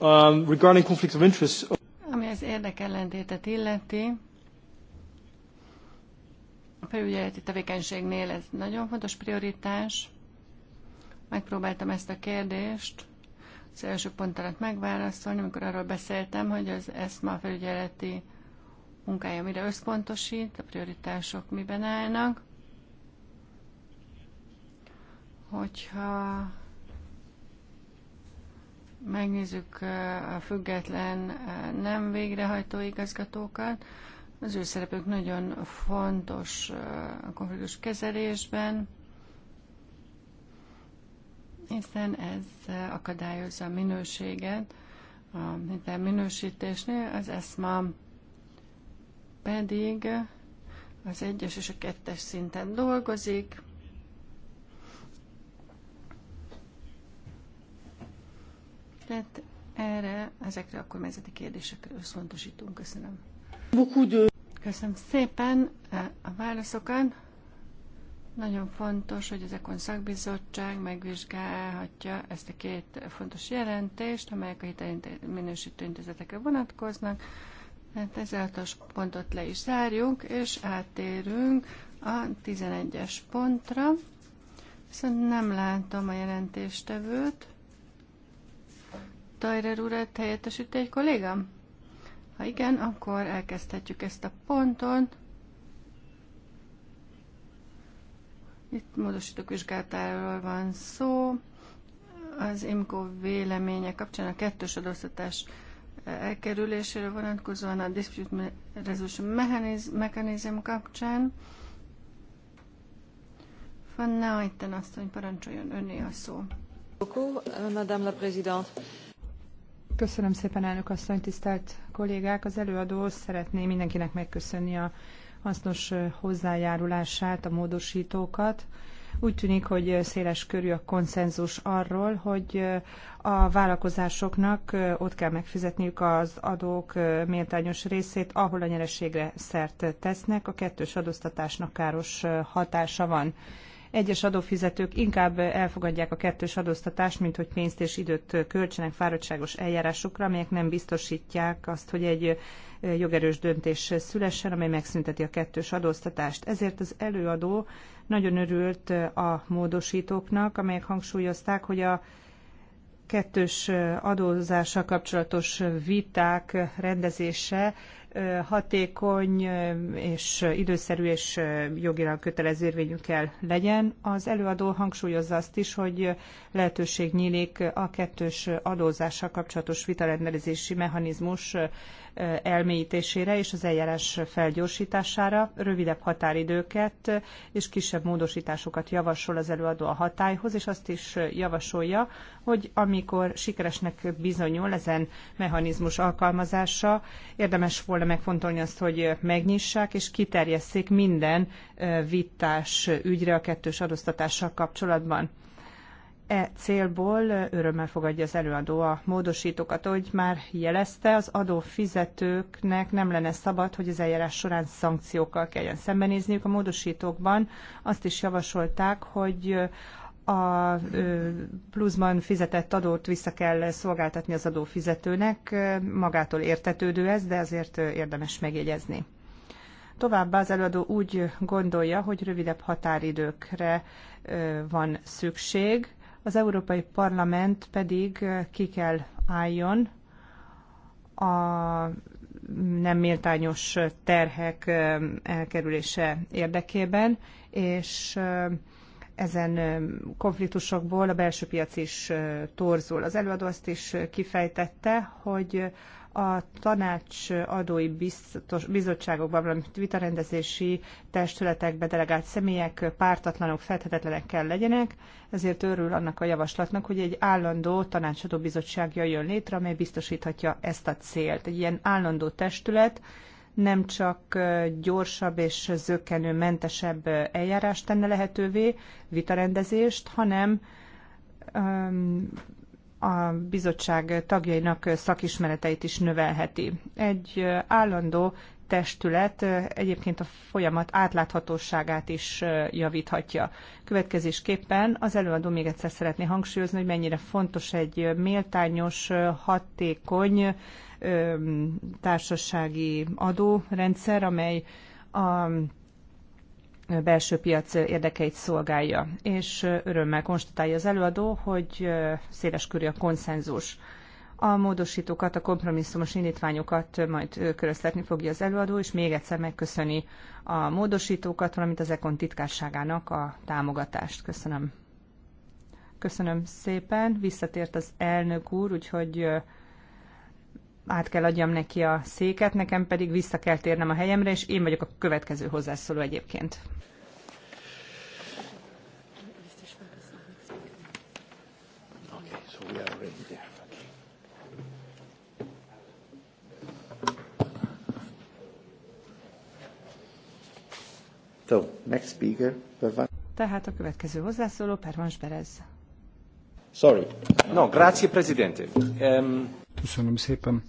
Um, regarding conflicts of interest... Uh, Ami az érdekellentétet illeti, a felügyeleti tevékenységnél ez nagyon fontos prioritás. Megpróbáltam ezt a kérdést az első pont alatt megválaszolni, amikor arról beszéltem, hogy az ESMA felügyeleti munkája mire összpontosít, a prioritások miben állnak. Hogyha megnézzük a független nem végrehajtó igazgatókat, az ő szerepük nagyon fontos a konfliktus kezelésben, hiszen ez akadályozza a minőséget, a minősítésnél az ESMA pedig az egyes és a kettes szinten dolgozik. Tehát erre, ezekre a kormányzati kérdésekre összpontosítunk. Köszönöm. Köszönöm szépen eh, a válaszokat. Nagyon fontos, hogy az Ekon szakbizottság megvizsgálhatja ezt a két fontos jelentést, amelyek a hitelminősítő intézetekre vonatkoznak. Hát ezzel a pontot le is zárjuk, és áttérünk a 11-es pontra. Viszont nem látom a jelentéstevőt. Tajrer urat hát helyettesít egy kollégám? Ha igen, akkor elkezdhetjük ezt a ponton. Itt módosítók vizsgálatáról van szó. Az IMCO véleménye kapcsán a kettős adóztatás elkerülésére vonatkozóan a dispute resolution mechanism kapcsán. Van azt, hogy parancsoljon önné a szó. Köszönöm szépen, elnök asszony, tisztelt kollégák! Az előadó szeretné mindenkinek megköszönni a hasznos hozzájárulását, a módosítókat. Úgy tűnik, hogy széles körű a konszenzus arról, hogy a vállalkozásoknak ott kell megfizetniük az adók méltányos részét, ahol a nyereségre szert tesznek, a kettős adóztatásnak káros hatása van egyes adófizetők inkább elfogadják a kettős adóztatást, mint hogy pénzt és időt költsenek fáradtságos eljárásokra, amelyek nem biztosítják azt, hogy egy jogerős döntés szülessen, amely megszünteti a kettős adóztatást. Ezért az előadó nagyon örült a módosítóknak, amelyek hangsúlyozták, hogy a kettős adózással kapcsolatos viták rendezése hatékony és időszerű és jogilag kötelező érvényű kell legyen. Az előadó hangsúlyozza azt is, hogy lehetőség nyílik a kettős adózással kapcsolatos vitarendezési mechanizmus elmélyítésére és az eljárás felgyorsítására, rövidebb határidőket és kisebb módosításokat javasol az előadó a hatályhoz, és azt is javasolja, hogy amikor sikeresnek bizonyul ezen mechanizmus alkalmazása, érdemes volna megfontolni azt, hogy megnyissák és kiterjesszék minden vitás ügyre a kettős adóztatással kapcsolatban. E célból örömmel fogadja az előadó a módosítókat, hogy már jelezte, az adófizetőknek nem lenne szabad, hogy az eljárás során szankciókkal kelljen szembenézniük. A módosítókban azt is javasolták, hogy a pluszban fizetett adót vissza kell szolgáltatni az adófizetőnek. Magától értetődő ez, de azért érdemes megjegyezni. Továbbá az előadó úgy gondolja, hogy rövidebb határidőkre van szükség, az Európai Parlament pedig ki kell álljon a nem méltányos terhek elkerülése érdekében, és ezen konfliktusokból a belső piac is torzul. Az előadó azt is kifejtette, hogy a tanács adói biztos, bizottságokban, valamint vitarendezési testületekbe delegált személyek pártatlanok, fedhetetlenek kell legyenek, ezért örül annak a javaslatnak, hogy egy állandó tanácsadó bizottság jön létre, amely biztosíthatja ezt a célt. Egy ilyen állandó testület nem csak gyorsabb és zökkenőmentesebb eljárást tenne lehetővé, vitarendezést, hanem a bizottság tagjainak szakismereteit is növelheti. Egy állandó testület egyébként a folyamat átláthatóságát is javíthatja. Következésképpen az előadó még egyszer szeretné hangsúlyozni, hogy mennyire fontos egy méltányos, hatékony társasági adórendszer, amely a belső piac érdekeit szolgálja. És örömmel konstatálja az előadó, hogy széles körű a konszenzus. A módosítókat, a kompromisszumos indítványokat majd köröztetni fogja az előadó, és még egyszer megköszöni a módosítókat, valamint az EKON titkárságának a támogatást. Köszönöm. Köszönöm szépen. Visszatért az elnök úr, úgyhogy át kell adjam neki a széket, nekem pedig vissza kell térnem a helyemre, és én vagyok a következő hozzászóló egyébként. So, next speaker, Pervan. Tehát a következő hozzászóló Pervan Sberez. Sorry. No, grazie, Presidente. Um... Köszönöm szépen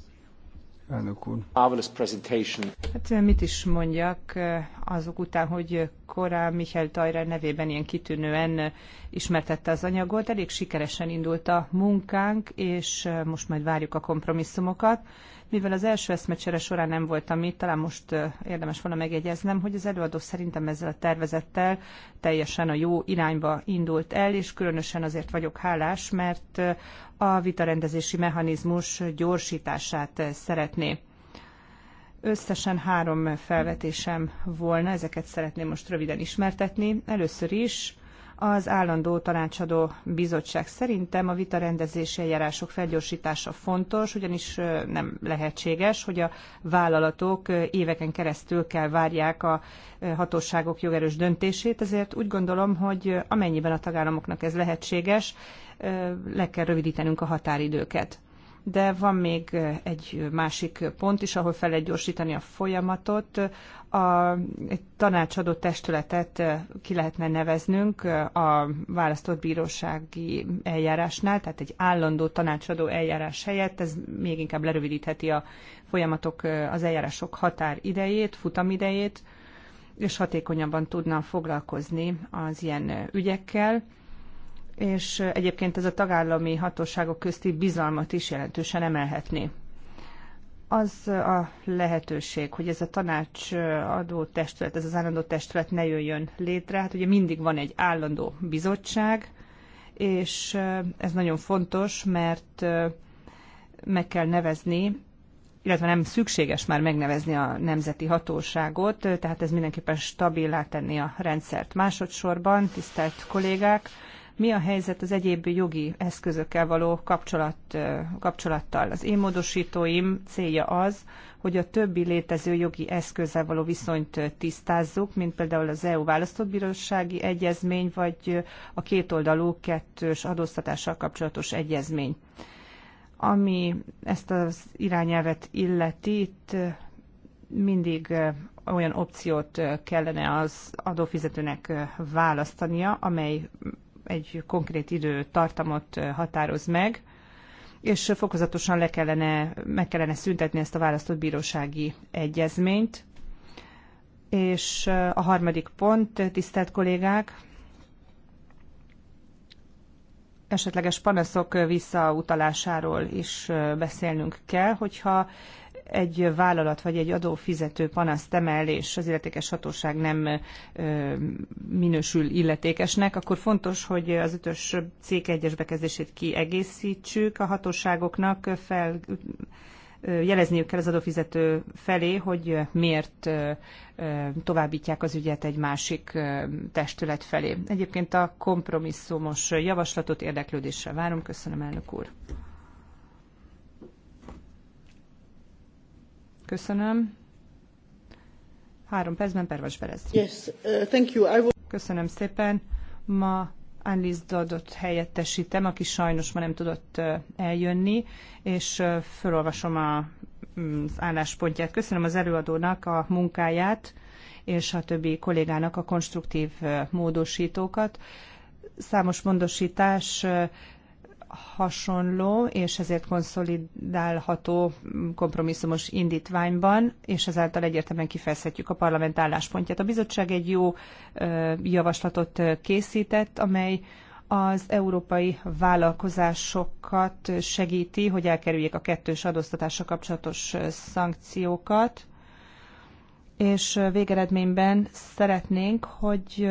elnök úr. Hát eh, mit is mondjak eh, azok után, hogy korán Michael Tajra nevében ilyen kitűnően eh, ismertette az anyagot. Elég sikeresen indult a munkánk, és most majd várjuk a kompromisszumokat. Mivel az első eszmecsere során nem voltam itt, talán most érdemes volna megjegyeznem, hogy az előadó szerintem ezzel a tervezettel teljesen a jó irányba indult el, és különösen azért vagyok hálás, mert a vitarendezési mechanizmus gyorsítását szeretné. Összesen három felvetésem volna, ezeket szeretném most röviden ismertetni. Először is az állandó tanácsadó bizottság. Szerintem a vita rendezési eljárások felgyorsítása fontos, ugyanis nem lehetséges, hogy a vállalatok éveken keresztül kell várják a hatóságok jogerős döntését, ezért úgy gondolom, hogy amennyiben a tagállamoknak ez lehetséges, le kell rövidítenünk a határidőket de van még egy másik pont is, ahol fel lehet gyorsítani a folyamatot. A, tanácsadó testületet ki lehetne neveznünk a választott bírósági eljárásnál, tehát egy állandó tanácsadó eljárás helyett, ez még inkább lerövidítheti a folyamatok, az eljárások határidejét, futamidejét, és hatékonyabban tudna foglalkozni az ilyen ügyekkel és egyébként ez a tagállami hatóságok közti bizalmat is jelentősen emelhetné. Az a lehetőség, hogy ez a tanácsadó testület, ez az állandó testület ne jöjjön létre, hát ugye mindig van egy állandó bizottság, és ez nagyon fontos, mert meg kell nevezni, illetve nem szükséges már megnevezni a nemzeti hatóságot, tehát ez mindenképpen stabilá tenni a rendszert. Másodszorban, tisztelt kollégák, mi a helyzet az egyéb jogi eszközökkel való kapcsolat, kapcsolattal? Az én módosítóim célja az, hogy a többi létező jogi eszközzel való viszonyt tisztázzuk, mint például az EU választóbírósági egyezmény, vagy a kétoldalú kettős adóztatással kapcsolatos egyezmény. Ami ezt az irányelvet illeti, itt mindig olyan opciót kellene az adófizetőnek választania, amely egy konkrét időtartamot határoz meg, és fokozatosan le kellene, meg kellene szüntetni ezt a választott bírósági egyezményt. És a harmadik pont, tisztelt kollégák, esetleges panaszok visszautalásáról is beszélnünk kell, hogyha egy vállalat vagy egy adófizető panaszt emel, és az illetékes hatóság nem minősül illetékesnek, akkor fontos, hogy az ötös cég egyes bekezdését kiegészítsük a hatóságoknak, fel, jelezniük kell az adófizető felé, hogy miért továbbítják az ügyet egy másik testület felé. Egyébként a kompromisszumos javaslatot érdeklődésre várom. Köszönöm, elnök úr. Köszönöm. Három percben Pervas Berez. Yes, uh, thank you. I will... Köszönöm szépen. Ma Annelies Dodot helyettesítem, aki sajnos ma nem tudott uh, eljönni, és uh, felolvasom a, mm, az álláspontját. Köszönöm az előadónak a munkáját, és a többi kollégának a konstruktív uh, módosítókat. Számos módosítás hasonló és ezért konszolidálható kompromisszumos indítványban, és ezáltal egyértelműen kifejezhetjük a parlament álláspontját. A bizottság egy jó javaslatot készített, amely az európai vállalkozásokat segíti, hogy elkerüljék a kettős adóztatásra kapcsolatos szankciókat, és végeredményben szeretnénk, hogy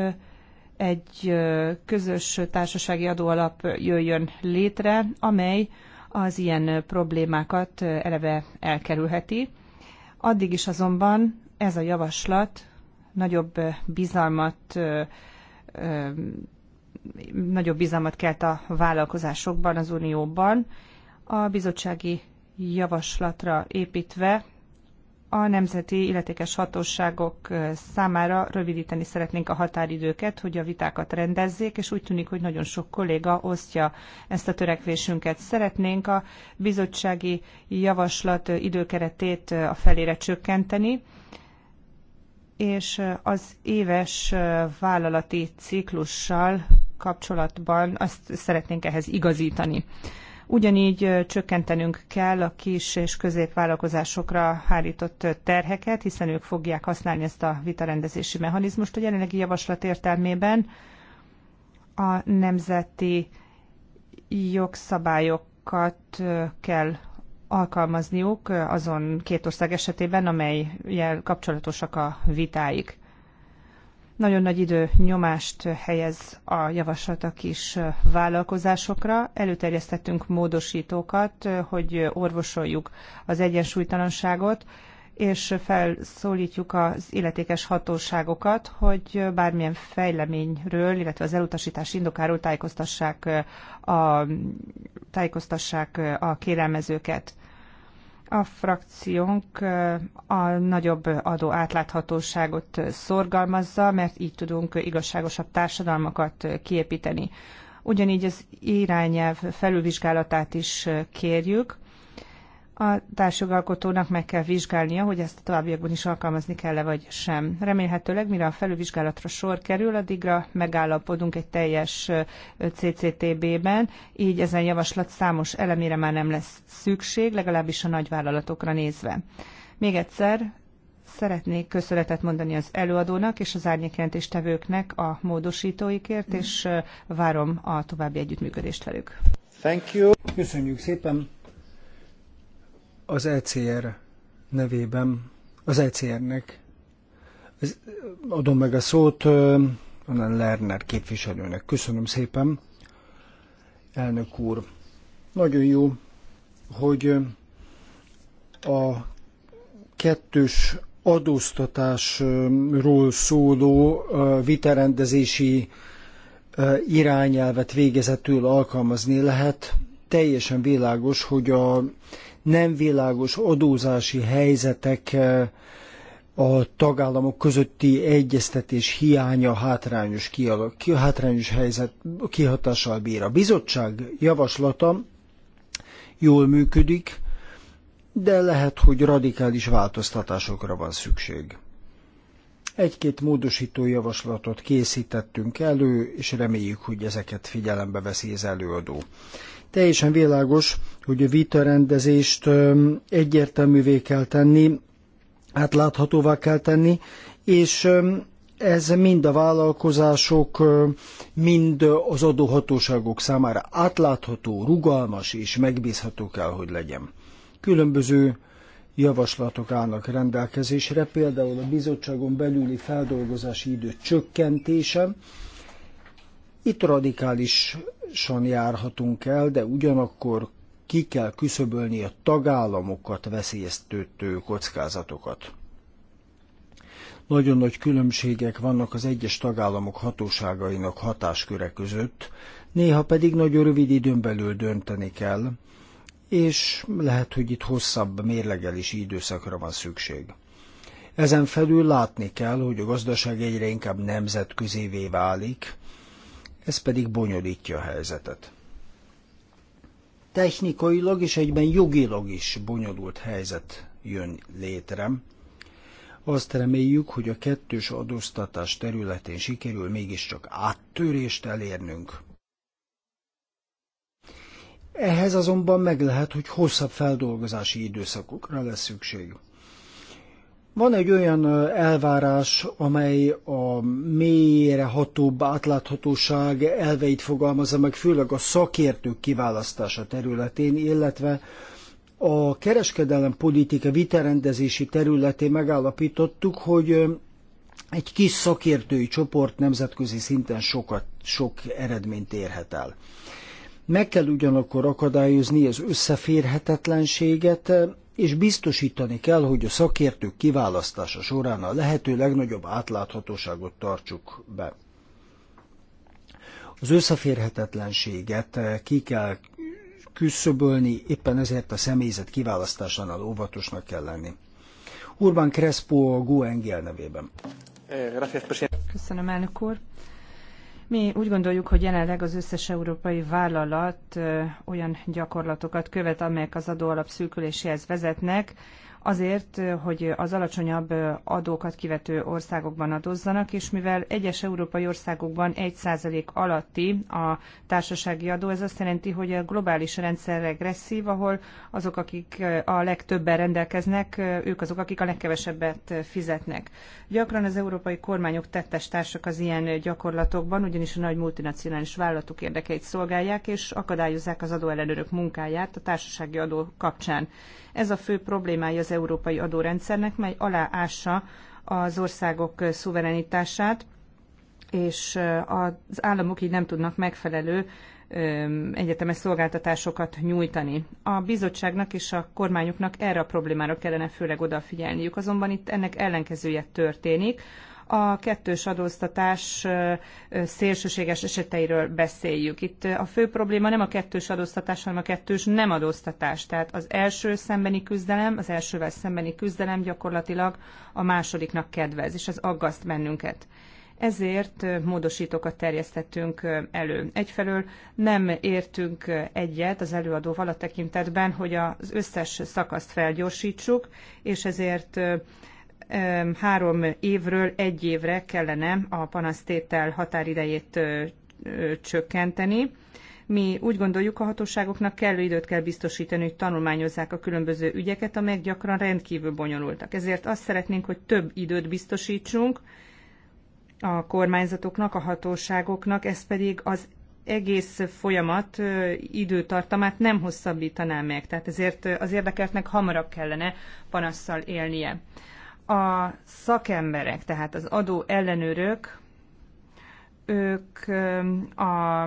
egy közös társasági adóalap jöjjön létre, amely az ilyen problémákat eleve elkerülheti. Addig is azonban ez a javaslat nagyobb bizalmat nagyobb bizalmat kelt a vállalkozásokban, az Unióban. A bizottsági javaslatra építve a nemzeti illetékes hatóságok számára rövidíteni szeretnénk a határidőket, hogy a vitákat rendezzék, és úgy tűnik, hogy nagyon sok kolléga osztja ezt a törekvésünket. Szeretnénk a bizottsági javaslat időkeretét a felére csökkenteni, és az éves vállalati ciklussal kapcsolatban azt szeretnénk ehhez igazítani. Ugyanígy csökkentenünk kell a kis és középvállalkozásokra hárított terheket, hiszen ők fogják használni ezt a vitarendezési mechanizmust. A jelenlegi javaslat értelmében a nemzeti jogszabályokat kell alkalmazniuk azon két ország esetében, amelyel kapcsolatosak a vitáik. Nagyon nagy idő nyomást helyez a javaslat a kis vállalkozásokra. Előterjesztettünk módosítókat, hogy orvosoljuk az egyensúlytalanságot, és felszólítjuk az illetékes hatóságokat, hogy bármilyen fejleményről, illetve az elutasítás indokáról tájékoztassák a, tájékoztassák a kérelmezőket. A frakciónk a nagyobb adó átláthatóságot szorgalmazza, mert így tudunk igazságosabb társadalmakat kiépíteni. Ugyanígy az irányelv felülvizsgálatát is kérjük, a társjogalkotónak meg kell vizsgálnia, hogy ezt a továbbiakban is alkalmazni kell-e vagy sem. Remélhetőleg, mire a felülvizsgálatra sor kerül, addigra megállapodunk egy teljes CCTB-ben, így ezen javaslat számos elemére már nem lesz szükség, legalábbis a nagyvállalatokra nézve. Még egyszer, szeretnék köszönetet mondani az előadónak és az árnyékjelentéstevőknek a módosítóikért, és várom a további együttműködést velük. Thank you. Köszönjük szépen! az ECR nevében, az ECR-nek adom meg a szót onnan Lerner képviselőnek. Köszönöm szépen, elnök úr. Nagyon jó, hogy a kettős adóztatásról szóló vitarendezési irányelvet végezetül alkalmazni lehet. Teljesen világos, hogy a nem világos adózási helyzetek eh, a tagállamok közötti egyeztetés hiánya hátrányos, kialak, hátrányos helyzet kihatással bír. A bizottság javaslata jól működik, de lehet, hogy radikális változtatásokra van szükség. Egy-két módosító javaslatot készítettünk elő, és reméljük, hogy ezeket figyelembe veszi az előadó. Teljesen világos, hogy a vitarendezést egyértelművé kell tenni, átláthatóvá kell tenni, és ez mind a vállalkozások, mind az adóhatóságok számára átlátható, rugalmas és megbízható kell, hogy legyen. Különböző javaslatok állnak rendelkezésre, például a bizottságon belüli feldolgozási idő csökkentése, itt radikálisan járhatunk el, de ugyanakkor ki kell küszöbölni a tagállamokat veszélyeztető kockázatokat. Nagyon nagy különbségek vannak az egyes tagállamok hatóságainak hatásköre között, néha pedig nagyon rövid időn belül dönteni kell, és lehet, hogy itt hosszabb mérlegelési időszakra van szükség. Ezen felül látni kell, hogy a gazdaság egyre inkább nemzetközévé válik, ez pedig bonyolítja a helyzetet. Technikailag és egyben jogilag is bonyolult helyzet jön létre. Azt reméljük, hogy a kettős adóztatás területén sikerül mégiscsak áttörést elérnünk. Ehhez azonban meg lehet, hogy hosszabb feldolgozási időszakokra lesz szükségünk. Van egy olyan elvárás, amely a mélyre hatóbb átláthatóság elveit fogalmazza meg, főleg a szakértők kiválasztása területén, illetve a kereskedelem politika viterendezési területén megállapítottuk, hogy egy kis szakértői csoport nemzetközi szinten sokat, sok eredményt érhet el. Meg kell ugyanakkor akadályozni az összeférhetetlenséget, és biztosítani kell, hogy a szakértők kiválasztása során a lehető legnagyobb átláthatóságot tartsuk be. Az összeférhetetlenséget eh, ki kell küszöbölni, éppen ezért a személyzet kiválasztásánál óvatosnak kell lenni. Urban Crespo a GUNGL nevében. Eh, Köszönöm, elnök úr. Mi úgy gondoljuk, hogy jelenleg az összes európai vállalat olyan gyakorlatokat követ, amelyek az adóalap szűküléséhez vezetnek, azért, hogy az alacsonyabb adókat kivető országokban adozzanak, és mivel egyes európai országokban 1% alatti a társasági adó, ez azt jelenti, hogy a globális rendszer regresszív, ahol azok, akik a legtöbben rendelkeznek, ők azok, akik a legkevesebbet fizetnek. Gyakran az európai kormányok tettes társak az ilyen gyakorlatokban, ugyanis a nagy multinacionális vállalatok érdekeit szolgálják, és akadályozzák az adóellenőrök munkáját a társasági adó kapcsán. Ez a fő problémája az európai adórendszernek, mely aláássa az országok szuverenitását, és az államok így nem tudnak megfelelő egyetemes szolgáltatásokat nyújtani. A bizottságnak és a kormányoknak erre a problémára kellene főleg odafigyelniük, azonban itt ennek ellenkezője történik a kettős adóztatás szélsőséges eseteiről beszéljük. Itt a fő probléma nem a kettős adóztatás, hanem a kettős nem adóztatás. Tehát az első szembeni küzdelem, az elsővel szembeni küzdelem gyakorlatilag a másodiknak kedvez, és ez aggaszt bennünket ezért módosítókat terjesztettünk elő. Egyfelől nem értünk egyet az előadóval a tekintetben, hogy az összes szakaszt felgyorsítsuk, és ezért három évről egy évre kellene a panasztétel határidejét csökkenteni. Mi úgy gondoljuk, a hatóságoknak kellő időt kell biztosítani, hogy tanulmányozzák a különböző ügyeket, amelyek gyakran rendkívül bonyolultak. Ezért azt szeretnénk, hogy több időt biztosítsunk a kormányzatoknak, a hatóságoknak, ez pedig az egész folyamat időtartamát nem hosszabbítaná meg, tehát ezért az érdekeltnek hamarabb kellene panasszal élnie. A szakemberek, tehát az adó ellenőrök, ők a,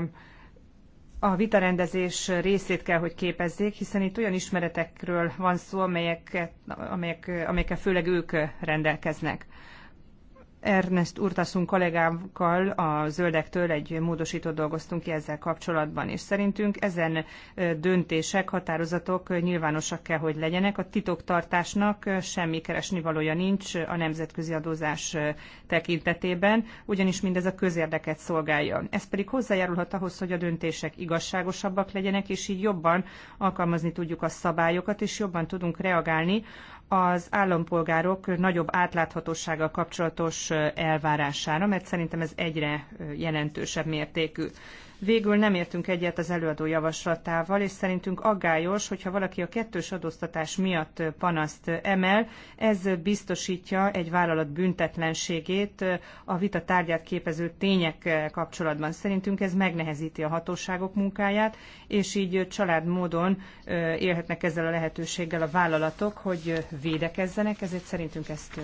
a vitarendezés részét kell, hogy képezzék, hiszen itt olyan ismeretekről van szó, amelyek amelyek, amelyekkel főleg ők rendelkeznek. Ernest Urtasun kollégával a zöldektől egy módosítót dolgoztunk ki ezzel kapcsolatban, és szerintünk ezen döntések, határozatok nyilvánosak kell, hogy legyenek. A titoktartásnak semmi valója nincs a nemzetközi adózás tekintetében, ugyanis mindez a közérdeket szolgálja. Ez pedig hozzájárulhat ahhoz, hogy a döntések igazságosabbak legyenek, és így jobban alkalmazni tudjuk a szabályokat, és jobban tudunk reagálni az állampolgárok nagyobb átláthatósággal kapcsolatos elvárására, mert szerintem ez egyre jelentősebb mértékű. Végül nem értünk egyet az előadó javaslatával, és szerintünk aggályos, hogyha valaki a kettős adóztatás miatt panaszt emel, ez biztosítja egy vállalat büntetlenségét a vita tárgyát képező tények kapcsolatban. Szerintünk ez megnehezíti a hatóságok munkáját, és így család módon élhetnek ezzel a lehetőséggel a vállalatok, hogy védekezzenek, ezért szerintünk ezt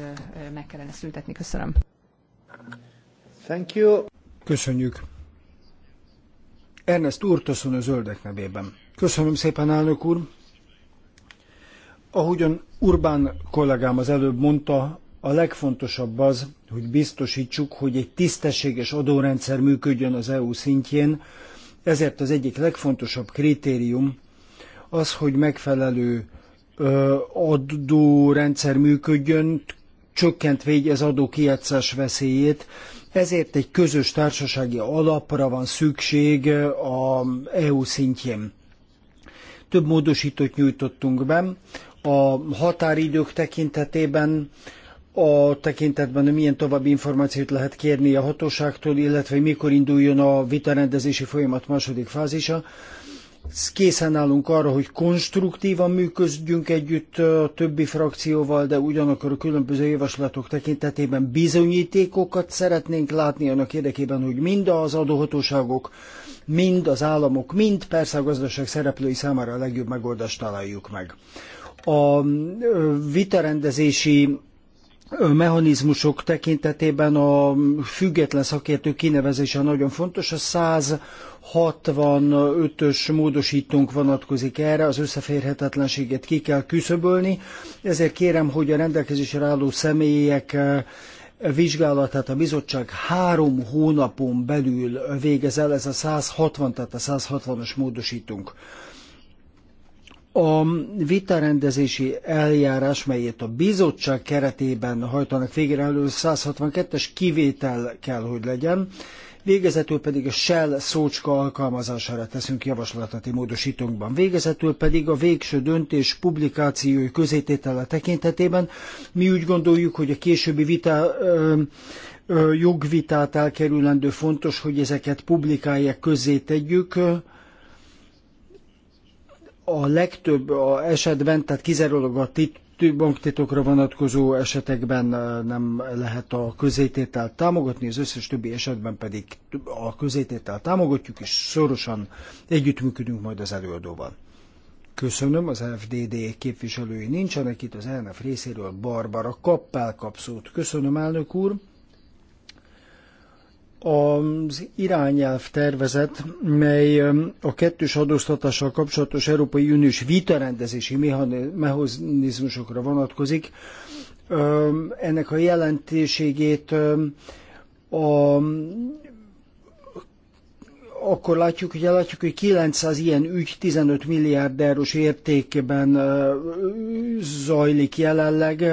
meg kellene szüntetni. Köszönöm. Thank you. Köszönjük. Ernest Urtoson a zöldek nevében. Köszönöm szépen, elnök úr! Ahogyan Urbán kollégám az előbb mondta, a legfontosabb az, hogy biztosítsuk, hogy egy tisztességes adórendszer működjön az EU szintjén, ezért az egyik legfontosabb kritérium az, hogy megfelelő adórendszer működjön, csökkent végig az adó kijátszás veszélyét, ezért egy közös társasági alapra van szükség a EU szintjén. Több módosítót nyújtottunk be. A határidők tekintetében a tekintetben, hogy milyen további információt lehet kérni a hatóságtól, illetve mikor induljon a vitarendezési folyamat második fázisa. Készen állunk arra, hogy konstruktívan működjünk együtt a többi frakcióval, de ugyanakkor a különböző javaslatok tekintetében bizonyítékokat szeretnénk látni annak érdekében, hogy mind az adóhatóságok, mind az államok, mind persze a gazdaság szereplői számára a legjobb megoldást találjuk meg. A vitarendezési mechanizmusok tekintetében a független szakértő kinevezése nagyon fontos. A 165-ös módosítónk vonatkozik erre, az összeférhetetlenséget ki kell küszöbölni. Ezért kérem, hogy a rendelkezésre álló személyek eh, vizsgálatát a bizottság három hónapon belül végez el, ez a 160, tehát a 160-as módosítunk a vitarendezési eljárás, melyet a bizottság keretében hajtanak végre elő 162-es kivétel kell, hogy legyen, végezetül pedig a shell szócska alkalmazására teszünk javaslatot módosítónkban. Végezetül pedig a végső döntés publikációi közététele tekintetében mi úgy gondoljuk, hogy a későbbi vita ö, ö, jogvitát elkerülendő fontos, hogy ezeket publikálják, közzétegyük. tegyük a legtöbb a esetben, tehát kizárólag a tit, banktitokra vonatkozó esetekben nem lehet a közétételt támogatni, az összes többi esetben pedig a közétételt támogatjuk, és szorosan együttműködünk majd az előadóval. Köszönöm, az FDD képviselői nincsenek itt, az elnök részéről Barbara Kappel kapszót. Köszönöm, elnök úr! az irányelv tervezet, mely um, a kettős adóztatással kapcsolatos Európai Uniós vitarendezési mechanizmusokra vonatkozik. Um, ennek a jelentőségét um, a akkor látjuk, hogy látjuk, hogy 900 ilyen ügy 15 milliárd eurós értékben zajlik jelenleg,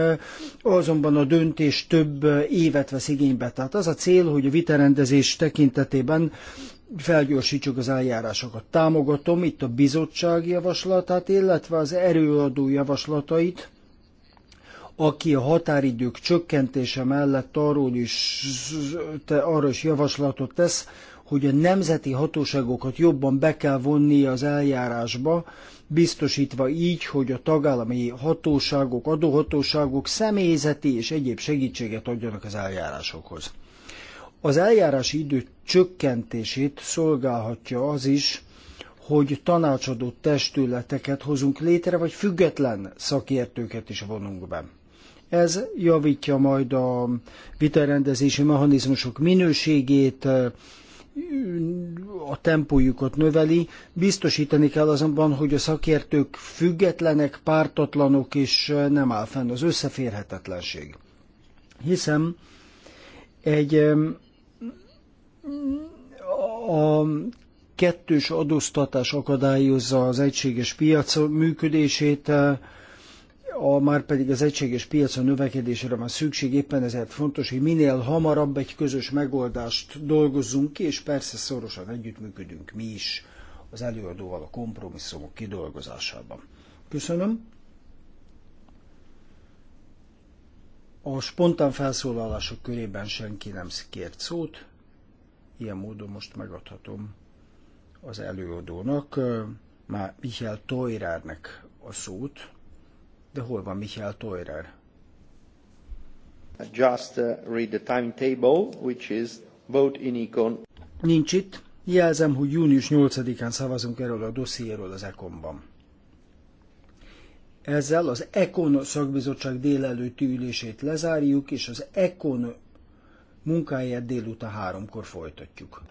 azonban a döntés több évet vesz igénybe. Tehát az a cél, hogy a viterendezés tekintetében felgyorsítsuk az eljárásokat. Támogatom itt a bizottság javaslatát, illetve az erőadó javaslatait, aki a határidők csökkentése mellett arról is, arról is javaslatot tesz, hogy a nemzeti hatóságokat jobban be kell vonni az eljárásba, biztosítva így, hogy a tagállami hatóságok, adóhatóságok személyzeti és egyéb segítséget adjanak az eljárásokhoz. Az eljárási idő csökkentését szolgálhatja az is, hogy tanácsadó testületeket hozunk létre, vagy független szakértőket is vonunk be. Ez javítja majd a vitarendezési mechanizmusok minőségét, a tempójukat növeli. Biztosítani kell azonban, hogy a szakértők függetlenek, pártatlanok, és nem áll fenn az összeférhetetlenség. Hiszem, egy a kettős adóztatás akadályozza az egységes piac működését, a már pedig az egységes piac a növekedésre van szükség, éppen ezért fontos, hogy minél hamarabb egy közös megoldást dolgozzunk ki, és persze szorosan együttműködünk mi is az előadóval a kompromisszumok kidolgozásában. Köszönöm. A spontán felszólalások körében senki nem kért szót, ilyen módon most megadhatom az előadónak, már Michel Toirárnek a szót, de hol van Michael Teurer? Just uh, read the timetable, which is vote in econ. Nincs itt. Jelzem, hogy június 8-án szavazunk erről a dossziéről az Ekonban. Ezzel az econ szakbizottság délelőtti ülését lezárjuk, és az econ munkáját délután háromkor folytatjuk.